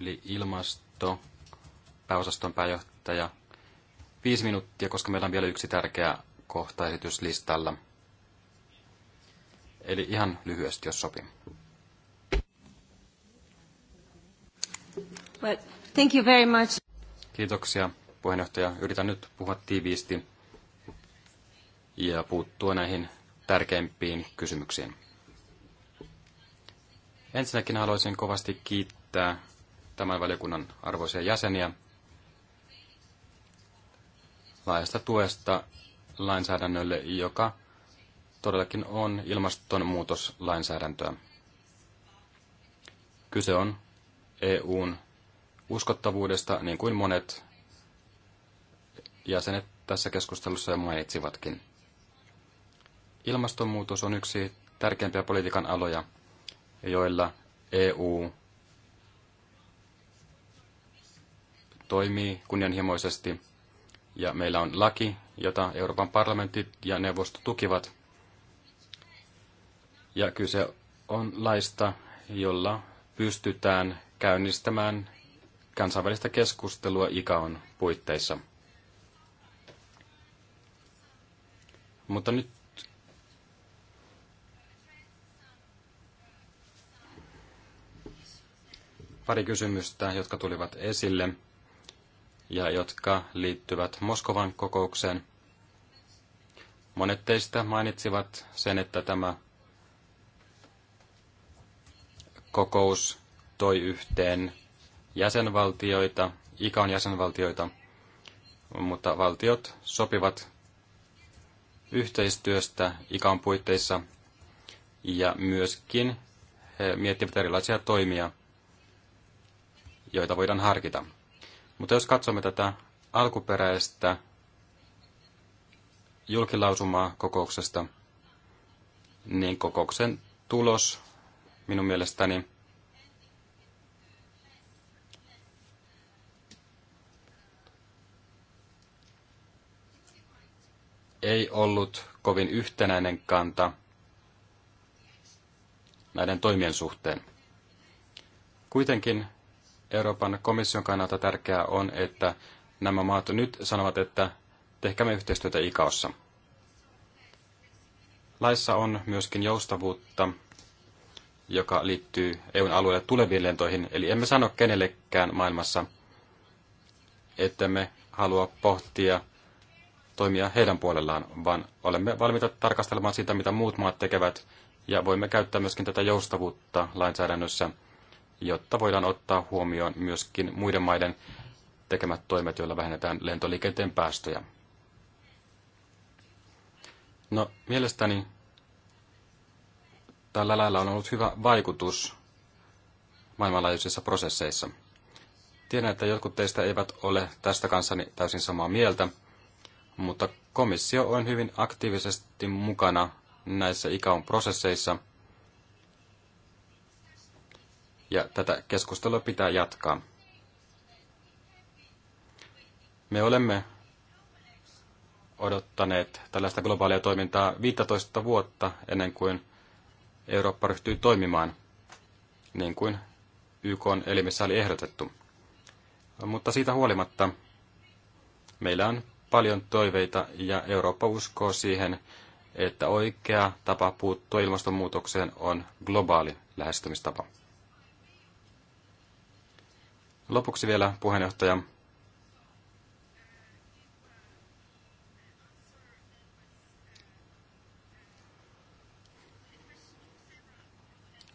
eli ilmasto, pääosaston pääjohtaja. Viisi minuuttia, koska meillä on vielä yksi tärkeä kohta esityslistalla. Eli ihan lyhyesti, jos sopii. Well, thank you very much. Kiitoksia puheenjohtaja. Yritän nyt puhua tiiviisti ja puuttua näihin tärkeimpiin kysymyksiin. Ensinnäkin haluaisin kovasti kiittää tämän valiokunnan arvoisia jäseniä laajasta tuesta lainsäädännölle, joka todellakin on ilmastonmuutoslainsäädäntöä. Kyse on EUn uskottavuudesta, niin kuin monet jäsenet tässä keskustelussa jo mainitsivatkin. Ilmastonmuutos on yksi tärkeimpiä politiikan aloja, joilla EU toimii kunnianhimoisesti ja meillä on laki, jota Euroopan parlamentti ja neuvosto tukivat. Ja kyse on laista, jolla pystytään käynnistämään kansainvälistä keskustelua ICAON puitteissa. Mutta nyt pari kysymystä, jotka tulivat esille ja jotka liittyvät Moskovan kokoukseen. Monet teistä mainitsivat sen, että tämä kokous toi yhteen jäsenvaltioita, ikan jäsenvaltioita, mutta valtiot sopivat yhteistyöstä ikan puitteissa ja myöskin he miettivät erilaisia toimia, joita voidaan harkita. Mutta jos katsomme tätä alkuperäistä julkilausumaa kokouksesta, niin kokouksen tulos minun mielestäni ei ollut kovin yhtenäinen kanta näiden toimien suhteen. Kuitenkin Euroopan komission kannalta tärkeää on, että nämä maat nyt sanovat, että tehkäämme yhteistyötä ikaossa. Laissa on myöskin joustavuutta, joka liittyy EUn alueelle tuleviin lentoihin. Eli emme sano kenellekään maailmassa, että me halua pohtia toimia heidän puolellaan, vaan olemme valmiita tarkastelemaan sitä, mitä muut maat tekevät, ja voimme käyttää myöskin tätä joustavuutta lainsäädännössä – jotta voidaan ottaa huomioon myöskin muiden maiden tekemät toimet, joilla vähennetään lentoliikenteen päästöjä. No, mielestäni tällä lailla on ollut hyvä vaikutus maailmanlaajuisissa prosesseissa. Tiedän, että jotkut teistä eivät ole tästä kanssani täysin samaa mieltä, mutta komissio on hyvin aktiivisesti mukana näissä ICAOn prosesseissa – ja tätä keskustelua pitää jatkaa. Me olemme odottaneet tällaista globaalia toimintaa 15 vuotta ennen kuin Eurooppa ryhtyi toimimaan, niin kuin YK elimissä oli ehdotettu. Mutta siitä huolimatta meillä on paljon toiveita ja Eurooppa uskoo siihen, että oikea tapa puuttua ilmastonmuutokseen on globaali lähestymistapa. Lopuksi vielä puheenjohtaja.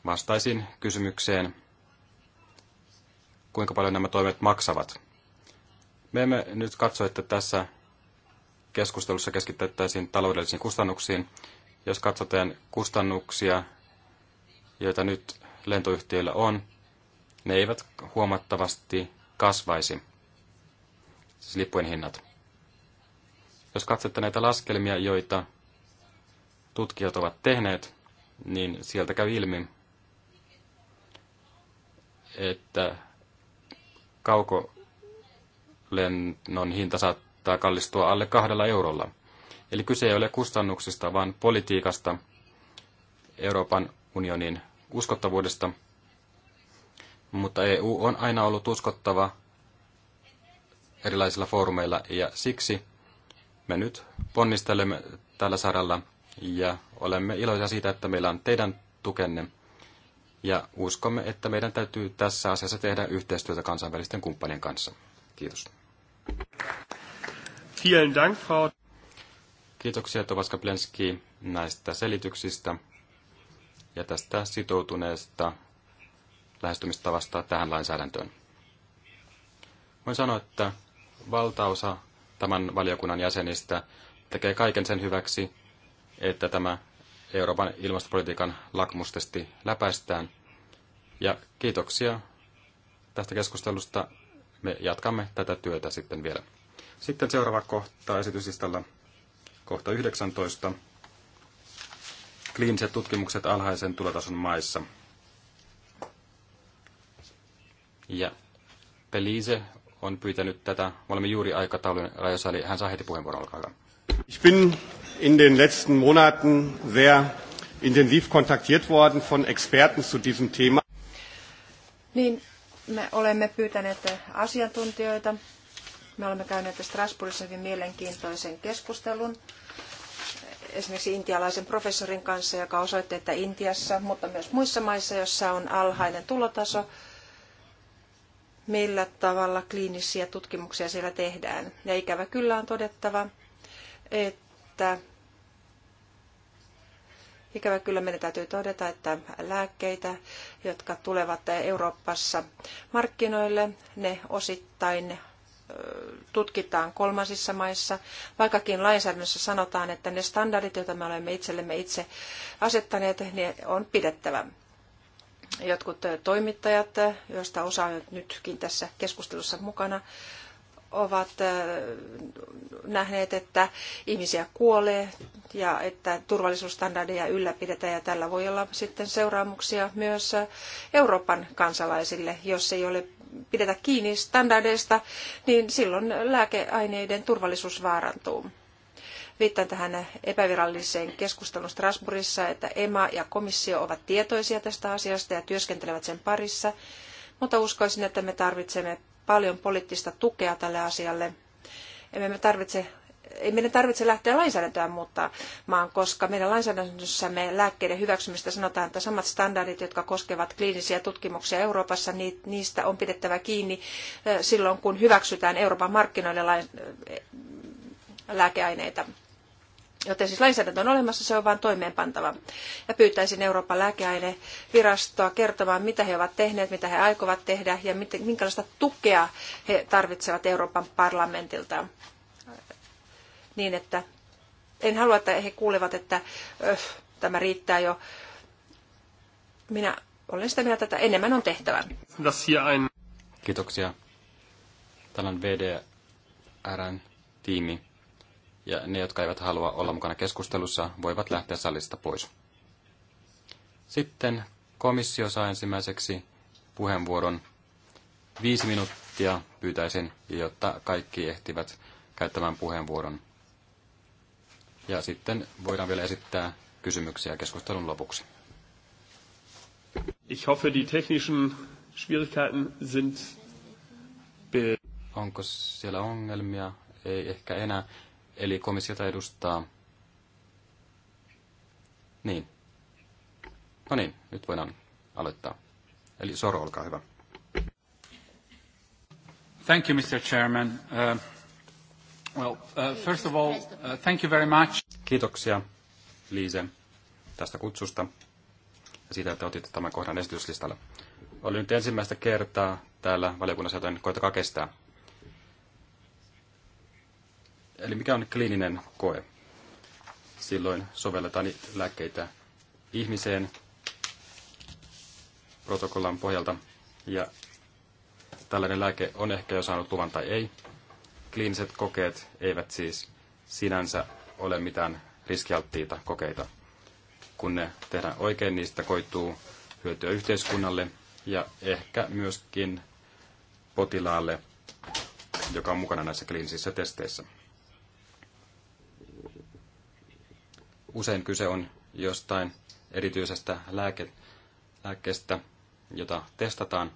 Vastaisin kysymykseen, kuinka paljon nämä toimet maksavat. Me emme nyt katso, että tässä keskustelussa keskittäisiin taloudellisiin kustannuksiin. Jos katsotaan kustannuksia, joita nyt lentoyhtiöillä on, ne eivät huomattavasti kasvaisi, siis lippujen hinnat. Jos katsotte näitä laskelmia, joita tutkijat ovat tehneet, niin sieltä käy ilmi, että kaukolennon hinta saattaa kallistua alle kahdella eurolla. Eli kyse ei ole kustannuksista, vaan politiikasta, Euroopan unionin uskottavuudesta – mutta EU on aina ollut uskottava erilaisilla foorumeilla ja siksi me nyt ponnistelemme tällä saralla ja olemme iloisia siitä, että meillä on teidän tukenne ja uskomme, että meidän täytyy tässä asiassa tehdä yhteistyötä kansainvälisten kumppanien kanssa. Kiitos. Vielen Dank, Frau. Kiitoksia Tovaska Plenski näistä selityksistä ja tästä sitoutuneesta lähestymistavasta tähän lainsäädäntöön. Voin sanoa, että valtaosa tämän valiokunnan jäsenistä tekee kaiken sen hyväksi, että tämä Euroopan ilmastopolitiikan lakmustesti läpäistään. Ja kiitoksia tästä keskustelusta. Me jatkamme tätä työtä sitten vielä. Sitten seuraava kohta esityslistalla, kohta 19. Kliiniset tutkimukset alhaisen tulotason maissa. Ja Belize on pyytänyt tätä. Me olemme juuri aikataulun rajoissa, eli hän saa heti puheenvuoron. alkaa. hyvä. Ich bin in den letzten Monaten sehr intensiv kontaktiert worden von Experten zu diesem Thema. Niin, me olemme pyytäneet asiantuntijoita. Me olemme käyneet Strasbourgissa hyvin mielenkiintoisen keskustelun esimerkiksi intialaisen professorin kanssa, joka osoitti, että Intiassa, mutta myös muissa maissa, joissa on alhainen tulotaso, millä tavalla kliinisiä tutkimuksia siellä tehdään. Ja ikävä kyllä on todettava, että Ikävä kyllä meidän täytyy todeta, että lääkkeitä, jotka tulevat Euroopassa markkinoille, ne osittain tutkitaan kolmansissa maissa, vaikkakin lainsäädännössä sanotaan, että ne standardit, joita me olemme itsellemme itse asettaneet, ne on pidettävä. Jotkut eh, toimittajat, eh, joista osa on nytkin tässä keskustelussa mukana, ovat eh, nähneet, että ihmisiä kuolee ja että turvallisuusstandardeja ylläpidetään ja tällä voi olla sitten seuraamuksia myös Euroopan kansalaisille, jos ei ole pidetä kiinni standardeista, niin silloin lääkeaineiden turvallisuus vaarantuu. Viittaan tähän epäviralliseen keskusteluun Strasbourgissa, että EMA ja komissio ovat tietoisia tästä asiasta ja työskentelevät sen parissa, mutta uskoisin, että me tarvitsemme paljon poliittista tukea tälle asialle. Emme me tarvitse ei meidän tarvitse lähteä lainsäädäntöä muuttamaan, koska meidän lainsäädännössämme lääkkeiden hyväksymistä sanotaan, että samat standardit, jotka koskevat kliinisiä tutkimuksia Euroopassa, niistä on pidettävä kiinni eh, silloin, kun hyväksytään Euroopan markkinoille eh, lääkeaineita. Joten siis lainsäädäntö on olemassa, se on vain toimeenpantava. Ja pyytäisin Euroopan lääkeainevirastoa kertomaan, mitä he ovat tehneet, mitä he aikovat tehdä ja minkälaista tukea he tarvitsevat Euroopan parlamentilta. Niin, että en halua, että he kuulevat, että öh, tämä riittää jo. Minä olen sitä mieltä, että enemmän on tehtävä. Kiitoksia. Tällainen VDRn tiimi ja ne, jotka eivät halua olla mukana keskustelussa, voivat lähteä salista pois. Sitten komissio saa ensimmäiseksi puheenvuoron. Viisi minuuttia pyytäisin, jotta kaikki ehtivät käyttämään puheenvuoron. Ja sitten voidaan vielä esittää kysymyksiä keskustelun lopuksi. Ich hoffe, die technischen Schwierigkeiten sind Onko siellä ongelmia? Ei ehkä enää. Eli komissiota edustaa... Niin. No niin, nyt voidaan aloittaa. Eli Soro, olkaa hyvä. Thank you, Mr. Chairman. Uh, well, uh, first of all, uh, thank you very much. Kiitoksia, Liise, tästä kutsusta ja siitä, että otitte tämän kohdan esityslistalle. Olin nyt ensimmäistä kertaa täällä valiokunnassa, joten koitakaa kestää. Eli mikä on kliininen koe? Silloin sovelletaan lääkkeitä ihmiseen protokollan pohjalta. Ja tällainen lääke on ehkä jo saanut luvan tai ei. Kliiniset kokeet eivät siis sinänsä ole mitään riskialttiita kokeita. Kun ne tehdään oikein, niistä koituu hyötyä yhteiskunnalle ja ehkä myöskin potilaalle, joka on mukana näissä kliinisissä testeissä. Usein kyse on jostain erityisestä lääke, lääkkeestä, jota testataan.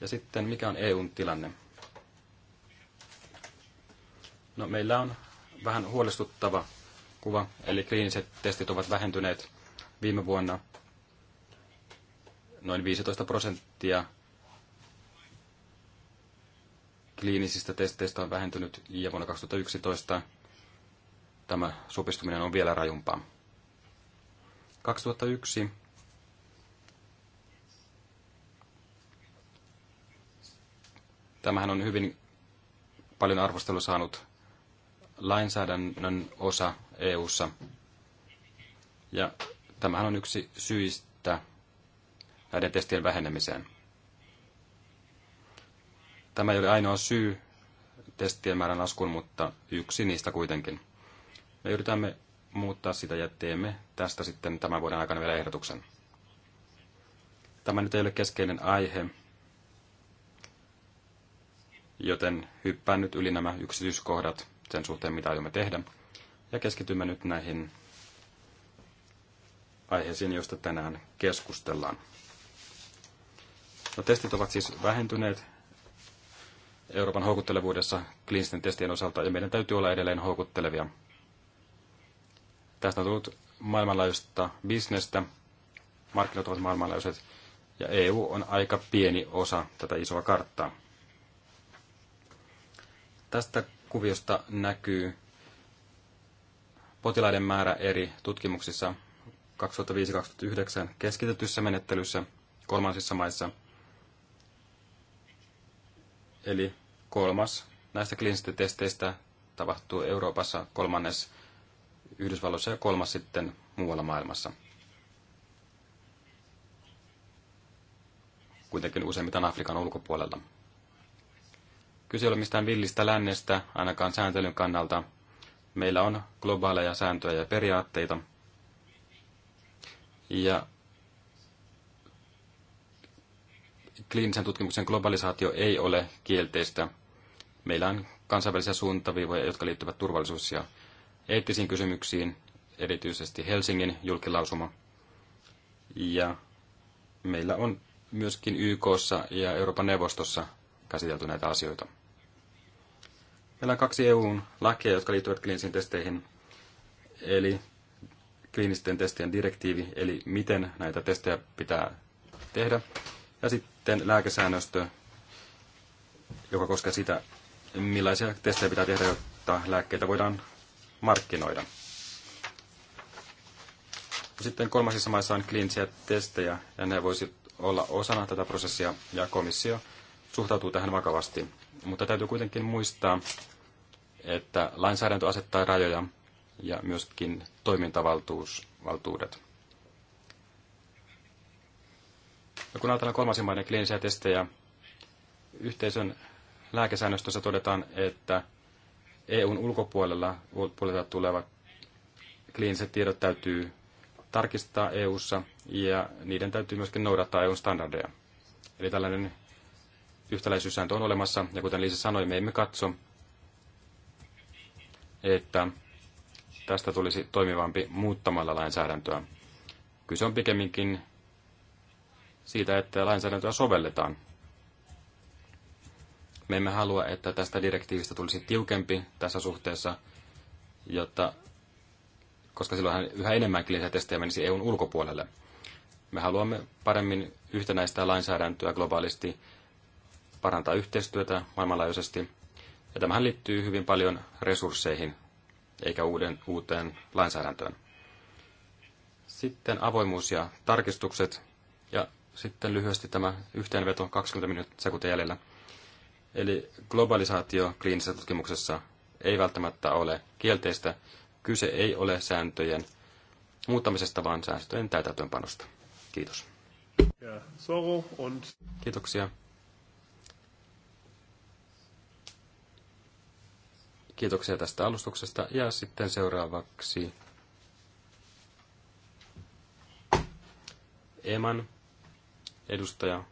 Ja sitten mikä on EUn tilanne? No, meillä on vähän huolestuttava kuva, eli kliiniset testit ovat vähentyneet viime vuonna noin 15 prosenttia kliinisistä testeistä on vähentynyt ja vuonna 2011 tämä supistuminen on vielä rajumpaa. 2001 tämähän on hyvin paljon arvostelua saanut lainsäädännön osa EU:ssa. Ja tämähän on yksi syistä näiden testien vähenemiseen. Tämä ei ole ainoa syy testien määrän laskuun, mutta yksi niistä kuitenkin. Me yritämme muuttaa sitä ja teemme tästä sitten tämän vuoden aikana vielä ehdotuksen. Tämä nyt ei ole keskeinen aihe, joten hyppään nyt yli nämä yksityiskohdat sen suhteen, mitä aiomme tehdä, ja keskitymme nyt näihin aiheisiin, joista tänään keskustellaan. No, testit ovat siis vähentyneet Euroopan houkuttelevuudessa kliinisten testien osalta, ja meidän täytyy olla edelleen houkuttelevia – Tästä on tullut maailmanlaajuista bisnestä, markkinat ovat maailmanlaajuiset, ja EU on aika pieni osa tätä isoa karttaa. Tästä kuviosta näkyy potilaiden määrä eri tutkimuksissa 2005-2009 keskitetyssä menettelyssä kolmansissa maissa. Eli kolmas näistä klinisistä testeistä tapahtuu Euroopassa, kolmannes Yhdysvalloissa ja kolmas sitten muualla maailmassa. Kuitenkin useimmiten Afrikan ulkopuolella. Kyse ei ole mistään villistä lännestä, ainakaan sääntelyn kannalta. Meillä on globaaleja sääntöjä ja periaatteita. Ja kliinisen tutkimuksen globalisaatio ei ole kielteistä. Meillä on kansainvälisiä suuntaviivoja, jotka liittyvät turvallisuus- ja eettisiin kysymyksiin, erityisesti Helsingin julkilausuma. Ja meillä on myöskin YKssa ja Euroopan neuvostossa käsitelty näitä asioita. Meillä on kaksi EUn lakia, jotka liittyvät kliinisiin testeihin, eli kliinisten testien direktiivi, eli miten näitä testejä pitää tehdä, ja sitten lääkesäännöstö, joka koskee sitä, millaisia testejä pitää tehdä, jotta lääkkeitä voidaan markkinoida. Sitten kolmasissa maissa on kliinisiä testejä ja ne voisi olla osana tätä prosessia ja komissio suhtautuu tähän vakavasti. Mutta täytyy kuitenkin muistaa, että lainsäädäntö asettaa rajoja ja myöskin toimintavaltuudet. Ja kun ajatellaan kolmasin maiden kliinisiä testejä, yhteisön lääkesäännöstössä todetaan, että EUn ulkopuolella ulkopuolelta tuleva kliiniset tiedot täytyy tarkistaa EUssa ja niiden täytyy myöskin noudattaa EUn standardeja. Eli tällainen yhtäläisyyssääntö on olemassa ja kuten Liisa sanoi, me emme katso, että tästä tulisi toimivampi muuttamalla lainsäädäntöä. Kyse on pikemminkin siitä, että lainsäädäntöä sovelletaan me emme halua, että tästä direktiivistä tulisi tiukempi tässä suhteessa, jotta, koska silloinhan yhä enemmän testejä menisi EUn ulkopuolelle. Me haluamme paremmin yhtenäistää lainsäädäntöä globaalisti, parantaa yhteistyötä maailmanlaajuisesti, ja tämähän liittyy hyvin paljon resursseihin eikä uuden, uuteen lainsäädäntöön. Sitten avoimuus ja tarkistukset, ja sitten lyhyesti tämä yhteenveto 20 minuuttia sekuntia jäljellä – Eli globalisaatio kliinisessä tutkimuksessa ei välttämättä ole kielteistä. Kyse ei ole sääntöjen muuttamisesta, vaan sääntöjen täytäntöönpanosta. Kiitos. Kiitoksia. Kiitoksia tästä alustuksesta ja sitten seuraavaksi Eman edustaja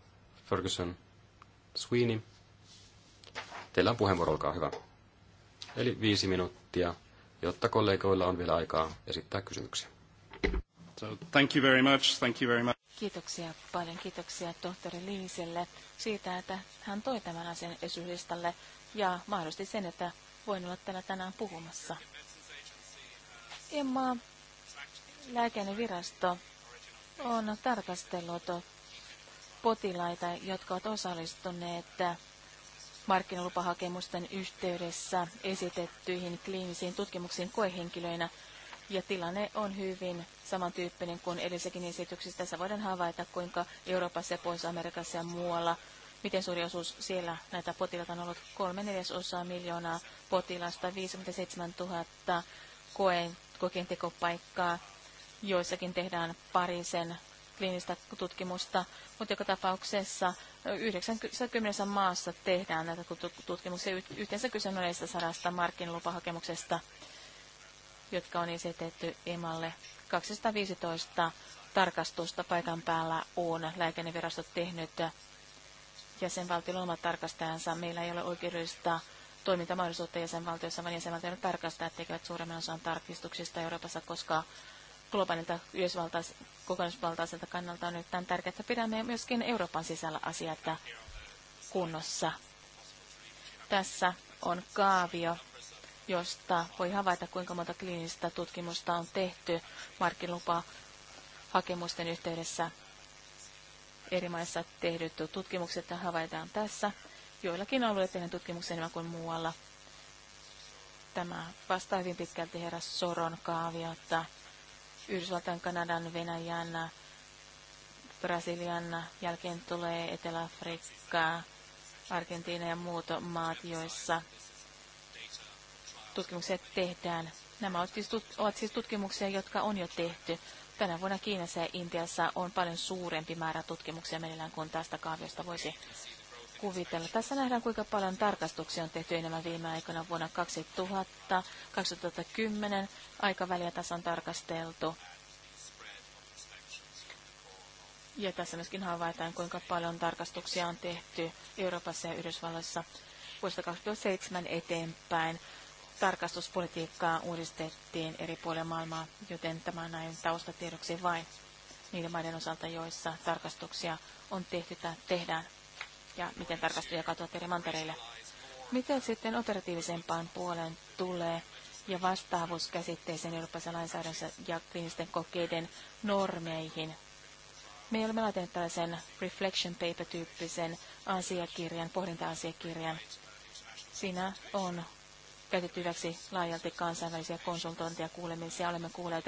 Ferguson Sweeney. Teillä on puheenvuoro, olkaa hyvä. Eli viisi minuuttia, jotta kollegoilla on vielä aikaa esittää kysymyksiä. So, thank you very much. Thank you very much. Kiitoksia paljon. Kiitoksia tohtori Liiselle siitä, että hän toi tämän asian esilistalle ja mahdollisesti sen, että voin olla täällä tänään puhumassa. Emma, lääkennevirasto on tarkastellut potilaita, jotka ovat osallistuneet markkinalupahakemusten yhteydessä esitettyihin kliinisiin tutkimuksiin koehenkilöinä. Ja tilanne on hyvin samantyyppinen kuin edellisekin esityksessä. Tässä voidaan havaita, kuinka Euroopassa ja Pohjois-Amerikassa ja muualla, miten suuri osuus siellä näitä potilaita on ollut. Kolme neljäsosaa miljoonaa potilasta, 57 000 koen, kokeentekopaikkaa, joissakin tehdään parisen kliinistä tutkimusta, mutta joka tapauksessa 90 maassa tehdään näitä tutkimuksia. Yhteensä kyse on yleistä sadasta jotka on esitetty EMAlle. 215 tarkastusta paikan päällä on lääkennevirasto tehnyt jäsenvaltion omat tarkastajansa. Meillä ei ole oikeudellista toimintamahdollisuutta jäsenvaltiossa, vaan jäsenvaltioiden tarkastajat tekevät suuremman osan tarkistuksista Euroopassa, koska globaalilta kokonaisvaltaiselta kannalta on nyt tärkeää, että pidämme myöskin Euroopan sisällä asiat kunnossa. Tässä on kaavio, josta voi havaita, kuinka monta kliinistä tutkimusta on tehty markkinlupa hakemusten yhteydessä. Eri maissa tehdyt tutkimukset havaitaan tässä. Joillakin alueilla tehdään tutkimuksia enemmän kuin muualla. Tämä vastaa hyvin pitkälti herra Soron kaaviota. Yhdysvaltain, Kanadan, Venäjän, Brasilian jälkeen tulee Etelä-Afrikka, Argentiina ja muut maat, joissa tutkimukset tehdään. Nämä siis ovat siis tutkimuksia, jotka on jo tehty. Tänä vuonna Kiinassa ja Intiassa on paljon suurempi määrä tutkimuksia meneillään kuin tästä kaaviosta voisi kuvitella. Tässä nähdään, kuinka paljon tarkastuksia on tehty enemmän viime aikoina vuonna 2000, 2010 aikaväliä tässä on tarkasteltu. Ja tässä myöskin havaitaan, kuinka paljon tarkastuksia on tehty Euroopassa ja Yhdysvalloissa vuodesta 2007 eteenpäin. Tarkastuspolitiikkaa uudistettiin eri puolilla maailmaa, joten tämä näin taustatiedoksi vain niiden maiden osalta, joissa tarkastuksia on tehty tai tehdään ja miten tarkastuja jakautuvat eri mantereille. Miten sitten operatiivisempaan puoleen tulee ja käsitteeseen Euroopassa lainsäädännössä ja kliinisten kokeiden normeihin? Me olemme laatineet tällaisen reflection paper-tyyppisen asiakirjan, pohdinta-asiakirjan. Siinä on käytetty hyväksi laajalti kansainvälisiä konsultointia kuulemisia. Olemme kuulleet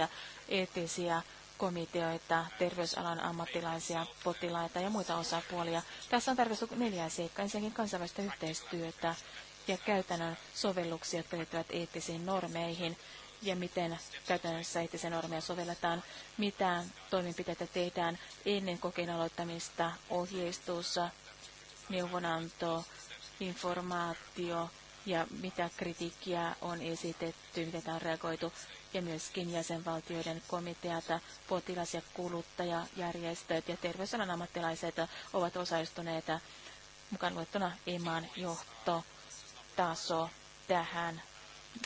eettisiä komiteoita, terveysalan ammattilaisia, potilaita ja muita osapuolia. Tässä on tarkastettu neljä seikkaa. Ensinnäkin kansainvälistä yhteistyötä ja käytännön sovelluksia, jotka liittyvät eettisiin normeihin ja miten käytännössä eettisiä normeja sovelletaan, mitä toimenpiteitä tehdään ennen kokeen aloittamista, ohjeistus, neuvonanto, informaatio, ja mitä kritiikkiä on esitetty, tämä on reagoitu, ja myöskin jäsenvaltioiden komiteata, potilas- ja kuluttajajärjestöt ja terveysalan ammattilaiset ovat osallistuneet mukaan luettuna EMAan johtotaso tähän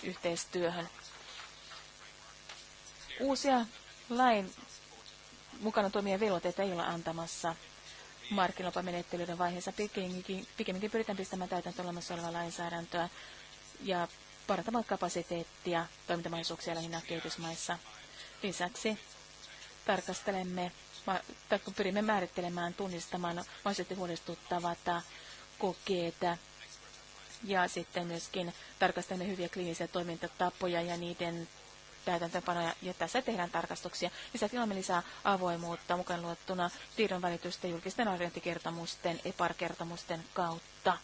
yhteistyöhön. Uusia lain mukana toimia velvoitteita ei olla antamassa markkinapamenettelyiden vaiheessa. Pikemminkin, pikemminkin pyritään pistämään täytäntö olemassa olevaa lainsäädäntöä ja parantamaan kapasiteettia toimintamahdollisuuksia lähinnä kehitysmaissa. Lisäksi tarkastelemme, tai pyrimme määrittelemään, tunnistamaan mahdollisesti huolestuttavat kokeet ja sitten myöskin tarkastelemme hyviä kliinisiä toimintatapoja ja niiden täytäntöpanoja ja tässä tehdään tarkastuksia. Lisäksi olemme lisää avoimuutta mukaan luettuna välitystä julkisten arviointikertomusten, EPAR-kertomusten kautta.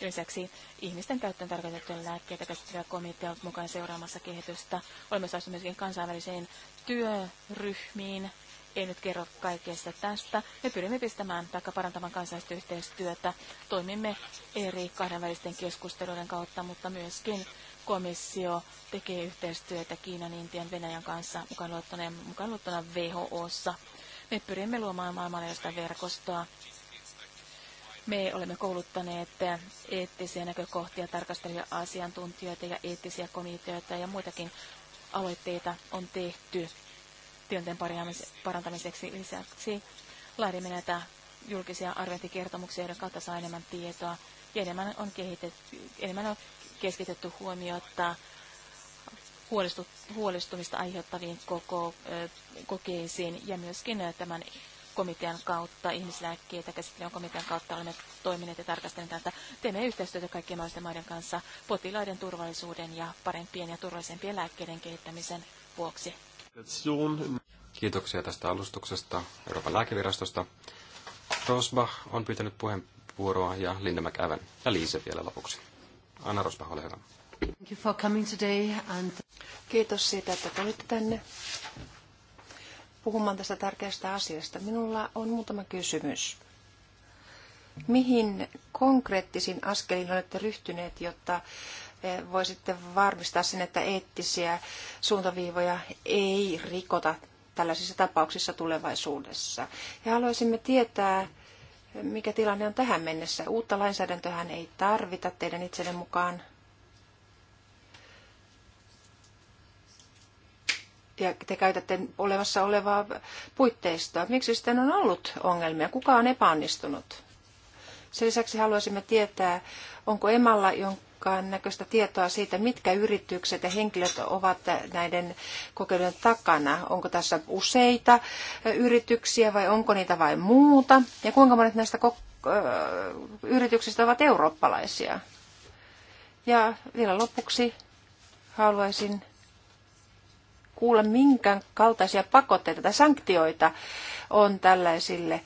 Lisäksi ihmisten käyttöön tarkoitettuja lääkkeitä käsittelevä komitea on mukaan seuraamassa kehitystä. Olemme saaneet myöskin kansainväliseen työryhmiin. Ei nyt kerro kaikesta tästä. Me pyrimme pistämään tai parantamaan kansainvälistä yhteistyötä. Toimimme eri kahdenvälisten keskusteluiden kautta, mutta myöskin komissio tekee yhteistyötä Kiinan, Intian, Venäjän kanssa, mukaan luottuna, mukaan luottuna WHOssa. Me pyrimme luomaan maailmanlaajuista verkostoa. Me olemme kouluttaneet eettisiä näkökohtia tarkastelevia asiantuntijoita ja eettisiä komiteoita ja muitakin aloitteita on tehty työnten parantamiseksi lisäksi. Laadimme näitä julkisia arviointikertomuksia, joiden kautta saa enemmän tietoa ja enemmän on, kehitetty, enemmän on keskitetty huomiota huolestumista aiheuttaviin koko, kokeisiin ja myöskin tämän komitean kautta, ihmislääkkeitä käsittelevän komitean kautta olemme toimineet ja tarkastelleet, että teemme yhteistyötä kaikkien mahdollisten maiden kanssa potilaiden turvallisuuden ja parempien ja turvallisempien lääkkeiden kehittämisen vuoksi. Kiitoksia tästä alustuksesta Euroopan lääkevirastosta. Rosbach on pyytänyt puheenvuoroa ja Linda McAvan ja Liise vielä lopuksi. Anna Rospa, Thank you for coming today and... Kiitos siitä, että tulitte tänne puhumaan tästä tärkeästä asiasta. Minulla on muutama kysymys. Mihin konkreettisiin askelin olette ryhtyneet, jotta eh, voisitte varmistaa sen, että eettisiä suuntaviivoja ei rikota tällaisissa tapauksissa tulevaisuudessa? Ja haluaisimme tietää, mikä tilanne on tähän mennessä. Uutta lainsäädäntöhän ei tarvita teidän itsenne mukaan. Ja te käytätte olemassa olevaa puitteistoa. Miksi sitten on ollut ongelmia? Kuka on epäonnistunut? Sen lisäksi haluaisimme tietää, onko emalla jonkun tarkkaan näköistä tietoa siitä, mitkä yritykset ja henkilöt ovat näiden kokeilujen takana. Onko tässä useita yrityksiä vai onko niitä vain muuta? Ja kuinka monet näistä yrityksistä ovat eurooppalaisia? Ja vielä lopuksi haluaisin kuulla, minkä kaltaisia pakotteita tai sanktioita on tällaisille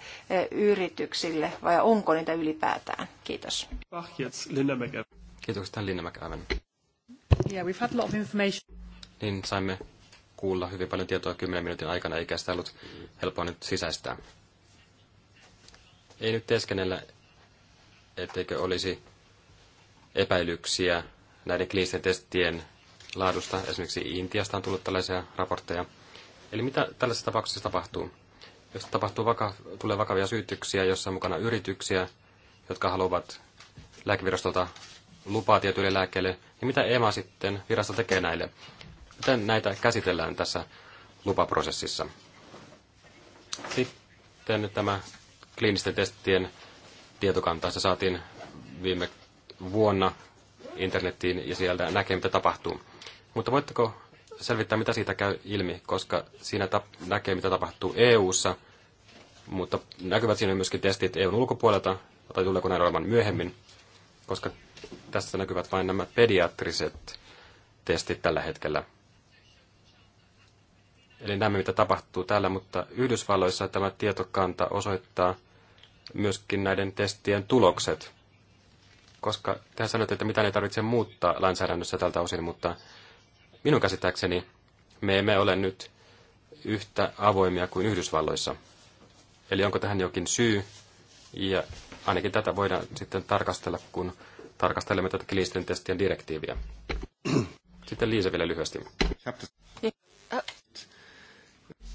yrityksille vai onko niitä ylipäätään? Kiitos. Kiitoksia Linna McAven. Yeah, we've had a lot of information. Niin saimme kuulla hyvin paljon tietoa 10 minuutin aikana, eikä sitä ollut helppoa nyt sisäistää. Ei nyt teeskennellä, etteikö olisi epäilyksiä näiden kliinisten testien laadusta. Esimerkiksi Intiasta on tullut tällaisia raportteja. Eli mitä tällaisessa tapauksessa tapahtuu? Jos tapahtuu vaka- tulee vakavia syytyksiä, jossa on mukana yrityksiä, jotka haluavat lääkevirastolta lupaa tietyille lääkkeille, niin mitä EMA sitten virasto tekee näille? Miten näitä käsitellään tässä lupaprosessissa? Sitten tämä kliinisten testien tietokanta, se saatiin viime vuonna internettiin ja sieltä näkee, mitä tapahtuu. Mutta voitteko selvittää, mitä siitä käy ilmi, koska siinä tap- näkee, mitä tapahtuu EU-ssa, mutta näkyvät siinä myöskin testit EUn ulkopuolelta, tai tuleeko näin olemaan myöhemmin, koska tässä näkyvät vain nämä pediatriset testit tällä hetkellä. Eli näemme, mitä tapahtuu täällä, mutta Yhdysvalloissa tämä tietokanta osoittaa myöskin näiden testien tulokset. Koska tehän sanoitte, että mitä ei tarvitse muuttaa lainsäädännössä tältä osin, mutta minun käsittääkseni me emme ole nyt yhtä avoimia kuin Yhdysvalloissa. Eli onko tähän jokin syy? Ja ainakin tätä voidaan sitten tarkastella, kun tarkastelemme tätä kliinisten testien direktiiviä. Sitten Liisa vielä lyhyesti.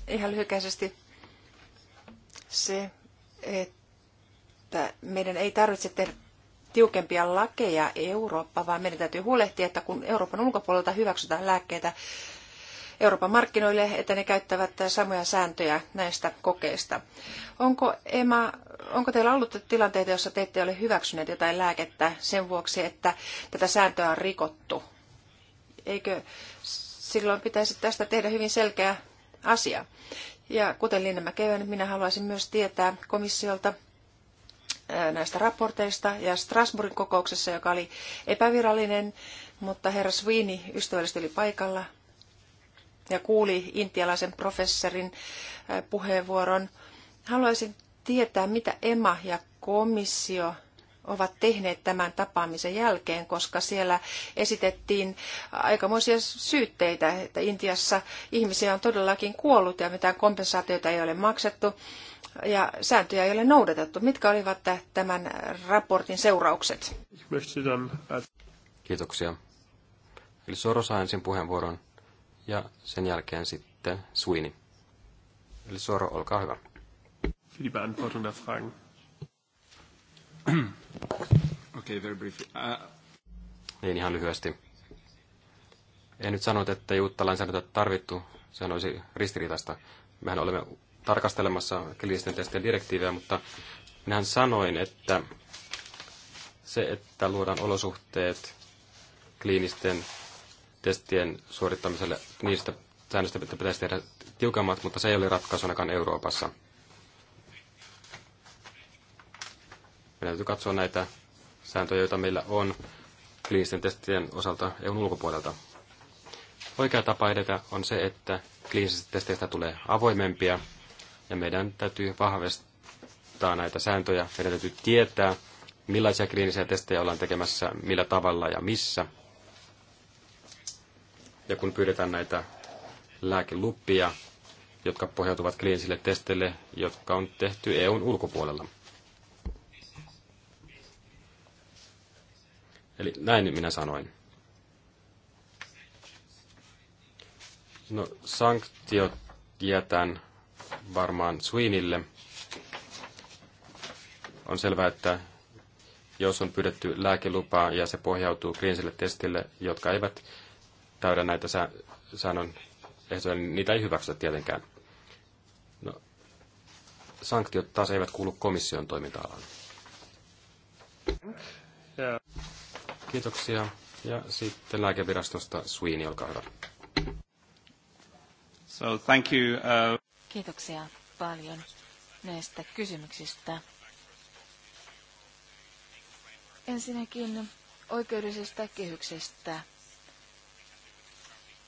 Ihan lyhykäisesti se, että meidän ei tarvitse tehdä tiukempia lakeja Eurooppa, vaan meidän täytyy huolehtia, että kun Euroopan ulkopuolelta hyväksytään lääkkeitä, Euroopan markkinoille, että ne käyttävät samoja sääntöjä näistä kokeista. Onko, Emma, onko teillä ollut tilanteita, joissa te ette ole hyväksyneet jotain lääkettä sen vuoksi, että tätä sääntöä on rikottu? Eikö silloin pitäisi tästä tehdä hyvin selkeä asia? Ja kuten Linna Mäkevän, minä haluaisin myös tietää komissiolta, näistä raporteista ja Strasbourgin kokouksessa, joka oli epävirallinen, mutta herra Sweeney ystävällisesti oli paikalla ja kuuli intialaisen professorin äh, puheenvuoron. Haluaisin tietää, mitä EMA ja komissio ovat tehneet tämän tapaamisen jälkeen, koska siellä esitettiin aikamoisia syytteitä, että Intiassa ihmisiä on todellakin kuollut ja mitään kompensaatiota ei ole maksettu ja sääntöjä ei ole noudatettu. Mitkä olivat tämän raportin seuraukset? Kiitoksia. Eli Soros ensin puheenvuoron ja sen jälkeen sitten Sweeney. Eli Soro, olkaa hyvä. Für die Beantwortung der Fragen. okay, very briefly. Uh... Niin ihan lyhyesti. En nyt sano, että ei uutta lainsäädäntöä tarvittu. Sehän olisi ristiriitaista. Mehän olemme tarkastelemassa kliinisten testien direktiivejä, mutta minähän sanoin, että se, että luodaan olosuhteet kliinisten testien suorittamiselle niistä säännöistä pitäisi tehdä tiukemmat, mutta se ei ole ratkaisu ainakaan Euroopassa. Meidän täytyy katsoa näitä sääntöjä, joita meillä on kliinisten testien osalta EUn ulkopuolelta. Oikea tapa edetä on se, että kliinisistä testeistä tulee avoimempia ja meidän täytyy vahvistaa näitä sääntöjä. Meidän täytyy tietää, millaisia kliinisiä testejä ollaan tekemässä, millä tavalla ja missä – ja kun pyydetään näitä lääkeluppia, jotka pohjautuvat kliinisille testeille, jotka on tehty EUn ulkopuolella. Eli näin minä sanoin. No, sanktiot jätän varmaan Sweenille. On selvää, että jos on pyydetty lääkelupaa ja se pohjautuu kliiniselle testille, jotka eivät täydä näitä säännön ehtoja, niin niitä ei hyväksytä tietenkään. No, sanktiot taas eivät kuulu komission toiminta-alaan. Kiitoksia. Ja sitten lääkevirastosta Sweeney, olkaa hyvä. So, thank you, uh... Kiitoksia paljon näistä kysymyksistä. Ensinnäkin oikeudellisesta kehyksestä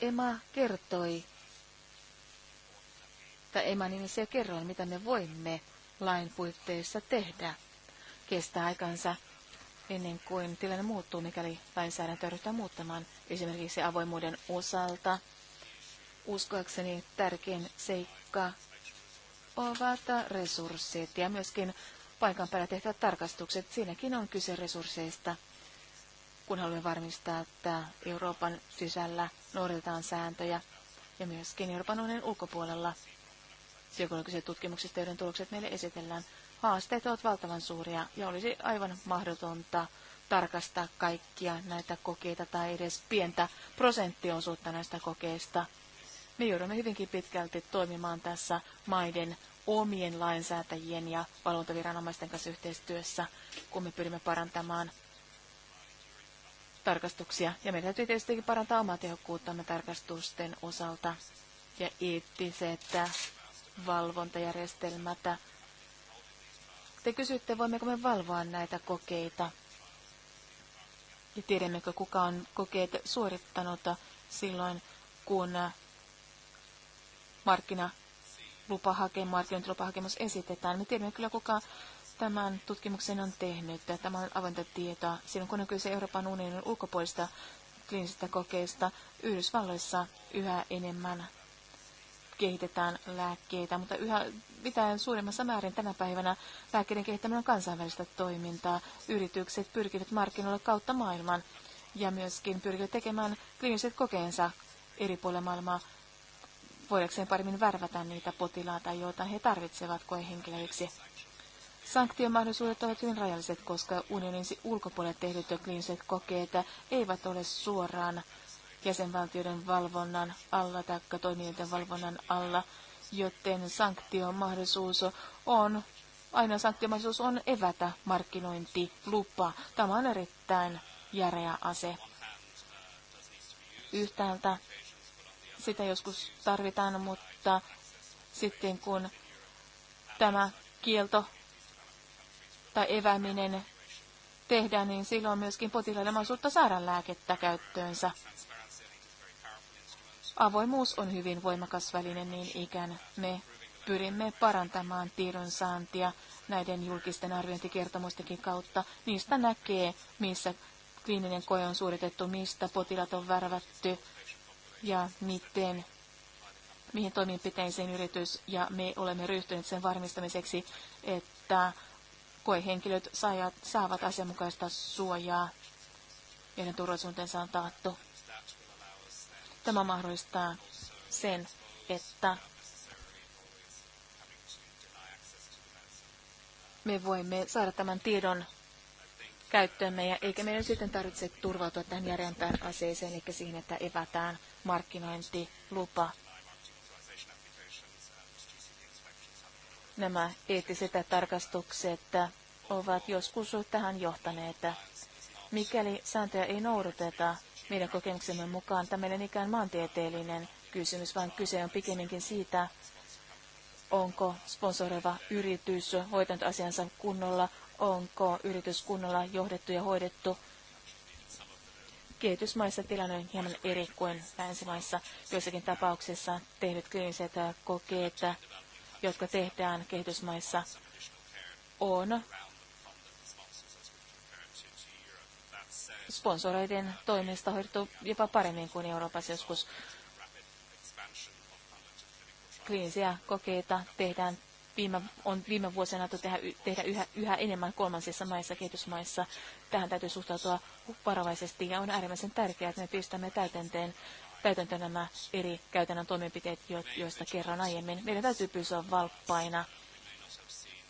Emma kertoi, tai Emma nimisiä kerroin, mitä me voimme lain puitteissa tehdä. Kestää aikansa ennen kuin tilanne muuttuu, mikäli lainsäädäntö ryhtyy muuttamaan esimerkiksi avoimuuden osalta. Uskoakseni tärkein seikka ovat resurssit ja myöskin paikan päällä tehtävät tarkastukset. Siinäkin on kyse resursseista kun haluamme varmistaa, että Euroopan sisällä noudatetaan sääntöjä ja myöskin Euroopan unionin ulkopuolella. psykologisia tutkimuksista, joiden tulokset meille esitellään, haasteet ovat valtavan suuria ja olisi aivan mahdotonta tarkastaa kaikkia näitä kokeita tai edes pientä prosenttiosuutta näistä kokeista. Me joudumme hyvinkin pitkälti toimimaan tässä maiden omien lainsäätäjien ja valvontaviranomaisten kanssa yhteistyössä, kun me pyrimme parantamaan tarkastuksia. Ja meidän täytyy tietysti parantaa omaa tehokkuuttamme tarkastusten osalta ja eettiset valvontajärjestelmät. Te kysytte, voimmeko me valvoa näitä kokeita ja tiedämmekö, kuka on kokeet suorittanut silloin, kun markkina lupahakemus, esitetään. Me tiedämme kyllä, kuka tämän tutkimuksen on tehnyt. Tämä on avointa tietoa. Silloin kun on kyse Euroopan unionin ulkopuolista kliinisistä kokeista, Yhdysvalloissa yhä enemmän kehitetään lääkkeitä, mutta yhä mitään suuremmassa määrin tänä päivänä lääkkeiden kehittäminen on kansainvälistä toimintaa. Yritykset pyrkivät markkinoille kautta maailman ja myöskin pyrkivät tekemään kliiniset kokeensa eri puolilla maailmaa voidakseen paremmin värvätä niitä potilaita, joita he tarvitsevat koehenkilöiksi. Sanktiomahdollisuudet ovat hyvin rajalliset, koska unionin ulkopuolelle tehdyt kliiniset kokeet eivät ole suoraan jäsenvaltioiden valvonnan alla tai toimijoiden valvonnan alla, joten sanktiomahdollisuus on, aina sanktiomahdollisuus on evätä markkinointilupa. Tämä on erittäin järeä ase. Yhtäältä sitä joskus tarvitaan, mutta sitten kun tämä kielto tai eväminen tehdään, niin silloin myöskin potilaille mahdollisuutta saada lääkettä käyttöönsä. Avoimuus on hyvin voimakas väline niin ikään. Me pyrimme parantamaan tiedonsaantia näiden julkisten arviointikertomustenkin kautta. Niistä näkee, missä kliininen koe on suoritettu, mistä potilaat on värvätty ja miten, mihin toimenpiteisiin yritys ja me olemme ryhtyneet sen varmistamiseksi, että koehenkilöt saajat, saavat asianmukaista suojaa. Heidän turvallisuutensa on taattu. Tämä mahdollistaa sen, että me voimme saada tämän tiedon käyttöömme, ja eikä meidän sitten tarvitse turvautua tähän järjempään aseeseen, eli siihen, että evätään markkinointilupa. nämä eettiset tarkastukset ovat joskus tähän johtaneet. Mikäli sääntöjä ei noudateta, meidän kokemuksemme mukaan tämä ei ikään maantieteellinen kysymys, vaan kyse on pikemminkin siitä, onko sponsoreva yritys hoitanut asiansa kunnolla, onko yritys kunnolla johdettu ja hoidettu. Kehitysmaissa tilanne on hieman eri kuin länsimaissa. Joissakin tapauksissa tehdyt kliiniset kokeet jotka tehdään kehitysmaissa, on sponsoreiden toimesta hoidettu jopa paremmin kuin Euroopassa joskus. Kliinisiä kokeita tehdään viime, on viime vuosina tehdä, tehdä yhä, yhä enemmän kolmansissa maissa, kehitysmaissa. Tähän täytyy suhtautua varovaisesti ja on äärimmäisen tärkeää, että me pistämme täytänteen täytäntö nämä eri käytännön toimenpiteet, joista kerran aiemmin. Meidän täytyy pysyä valppaina,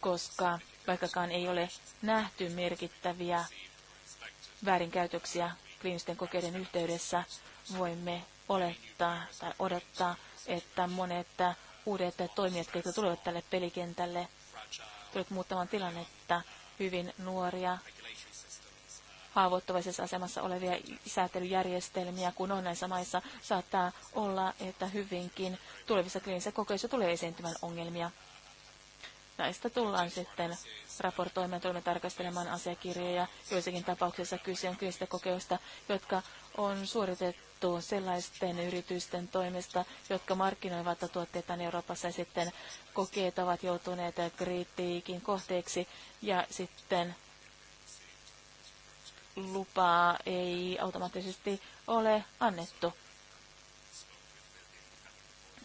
koska vaikkakaan ei ole nähty merkittäviä väärinkäytöksiä kliinisten kokeiden yhteydessä, voimme olettaa tai odottaa, että monet uudet toimijat, jotka tulevat tälle pelikentälle, tulevat muuttamaan tilannetta hyvin nuoria haavoittuvaisessa asemassa olevia säätelyjärjestelmiä, kun on näissä maissa, saattaa olla, että hyvinkin tulevissa kliinisissä kokeissa tulee esiintymään ongelmia. Näistä tullaan sitten raportoimaan, tulemme tarkastelemaan asiakirjoja. Joissakin tapauksissa kyse on kyseistä kokeista, jotka on suoritettu sellaisten yritysten toimesta, jotka markkinoivat tuotteita Euroopassa ja sitten kokeet ovat joutuneet kritiikin kohteeksi ja sitten lupaa ei automaattisesti ole annettu.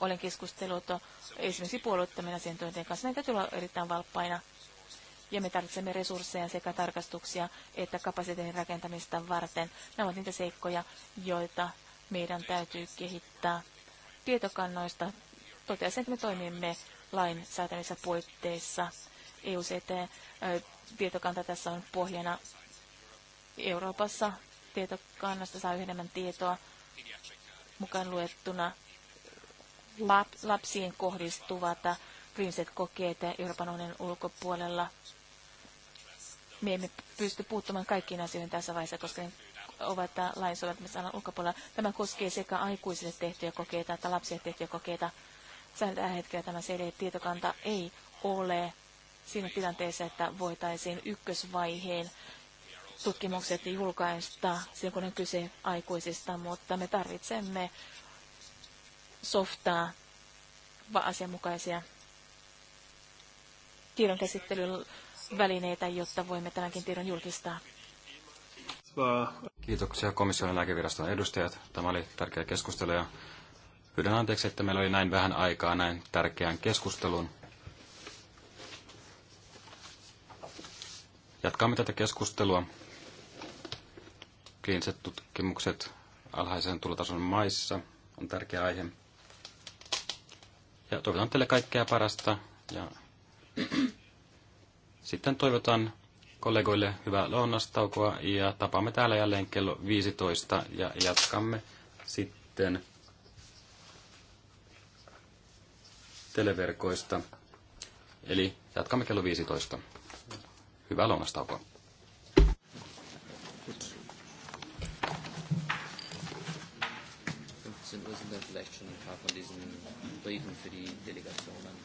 Olen keskustellut esimerkiksi puolueettomien asiantuntijoiden kanssa. Näitä täytyy olla erittäin valppaina. Ja me tarvitsemme resursseja sekä tarkastuksia että kapasiteetin rakentamista varten. Nämä ovat niitä seikkoja, joita meidän täytyy kehittää. Tietokannoista totesin, että me toimimme lain säätämissä puitteissa. EUCT-tietokanta tässä on pohjana Euroopassa tietokannasta saa yhden tietoa mukaan luettuna lap, lapsiin kohdistuvat kliiniset kokeet Euroopan unionin ulkopuolella. Me emme pysty puuttumaan kaikkiin asioihin tässä vaiheessa, koska ne ovat lain soveltamisalan ulkopuolella. Tämä koskee sekä aikuisille tehtyjä kokeita että lapsille tehtyjä kokeita. Tällä hetkellä tämä CD-tietokanta ei ole siinä tilanteessa, että voitaisiin ykkösvaiheen tutkimukset julkaista silloin, kun on kyse aikuisista, mutta me tarvitsemme softaa, asianmukaisia tiedonkäsittelyn välineitä, jotta voimme tämänkin tiedon julkistaa. Kiitoksia komission lääkeviraston edustajat. Tämä oli tärkeä keskustelu ja pyydän anteeksi, että meillä oli näin vähän aikaa näin tärkeään keskusteluun. Jatkamme tätä keskustelua kliiniset tutkimukset alhaisen tulotason maissa on tärkeä aihe. Ja toivotan teille kaikkea parasta ja sitten toivotan kollegoille hyvää lounastaukoa ja tapaamme täällä jälleen kello 15 ja jatkamme sitten televerkoista. Eli jatkamme kello 15. Hyvää lounastaukoa. vielleicht schon ein paar von diesen Briefen für die Delegationen.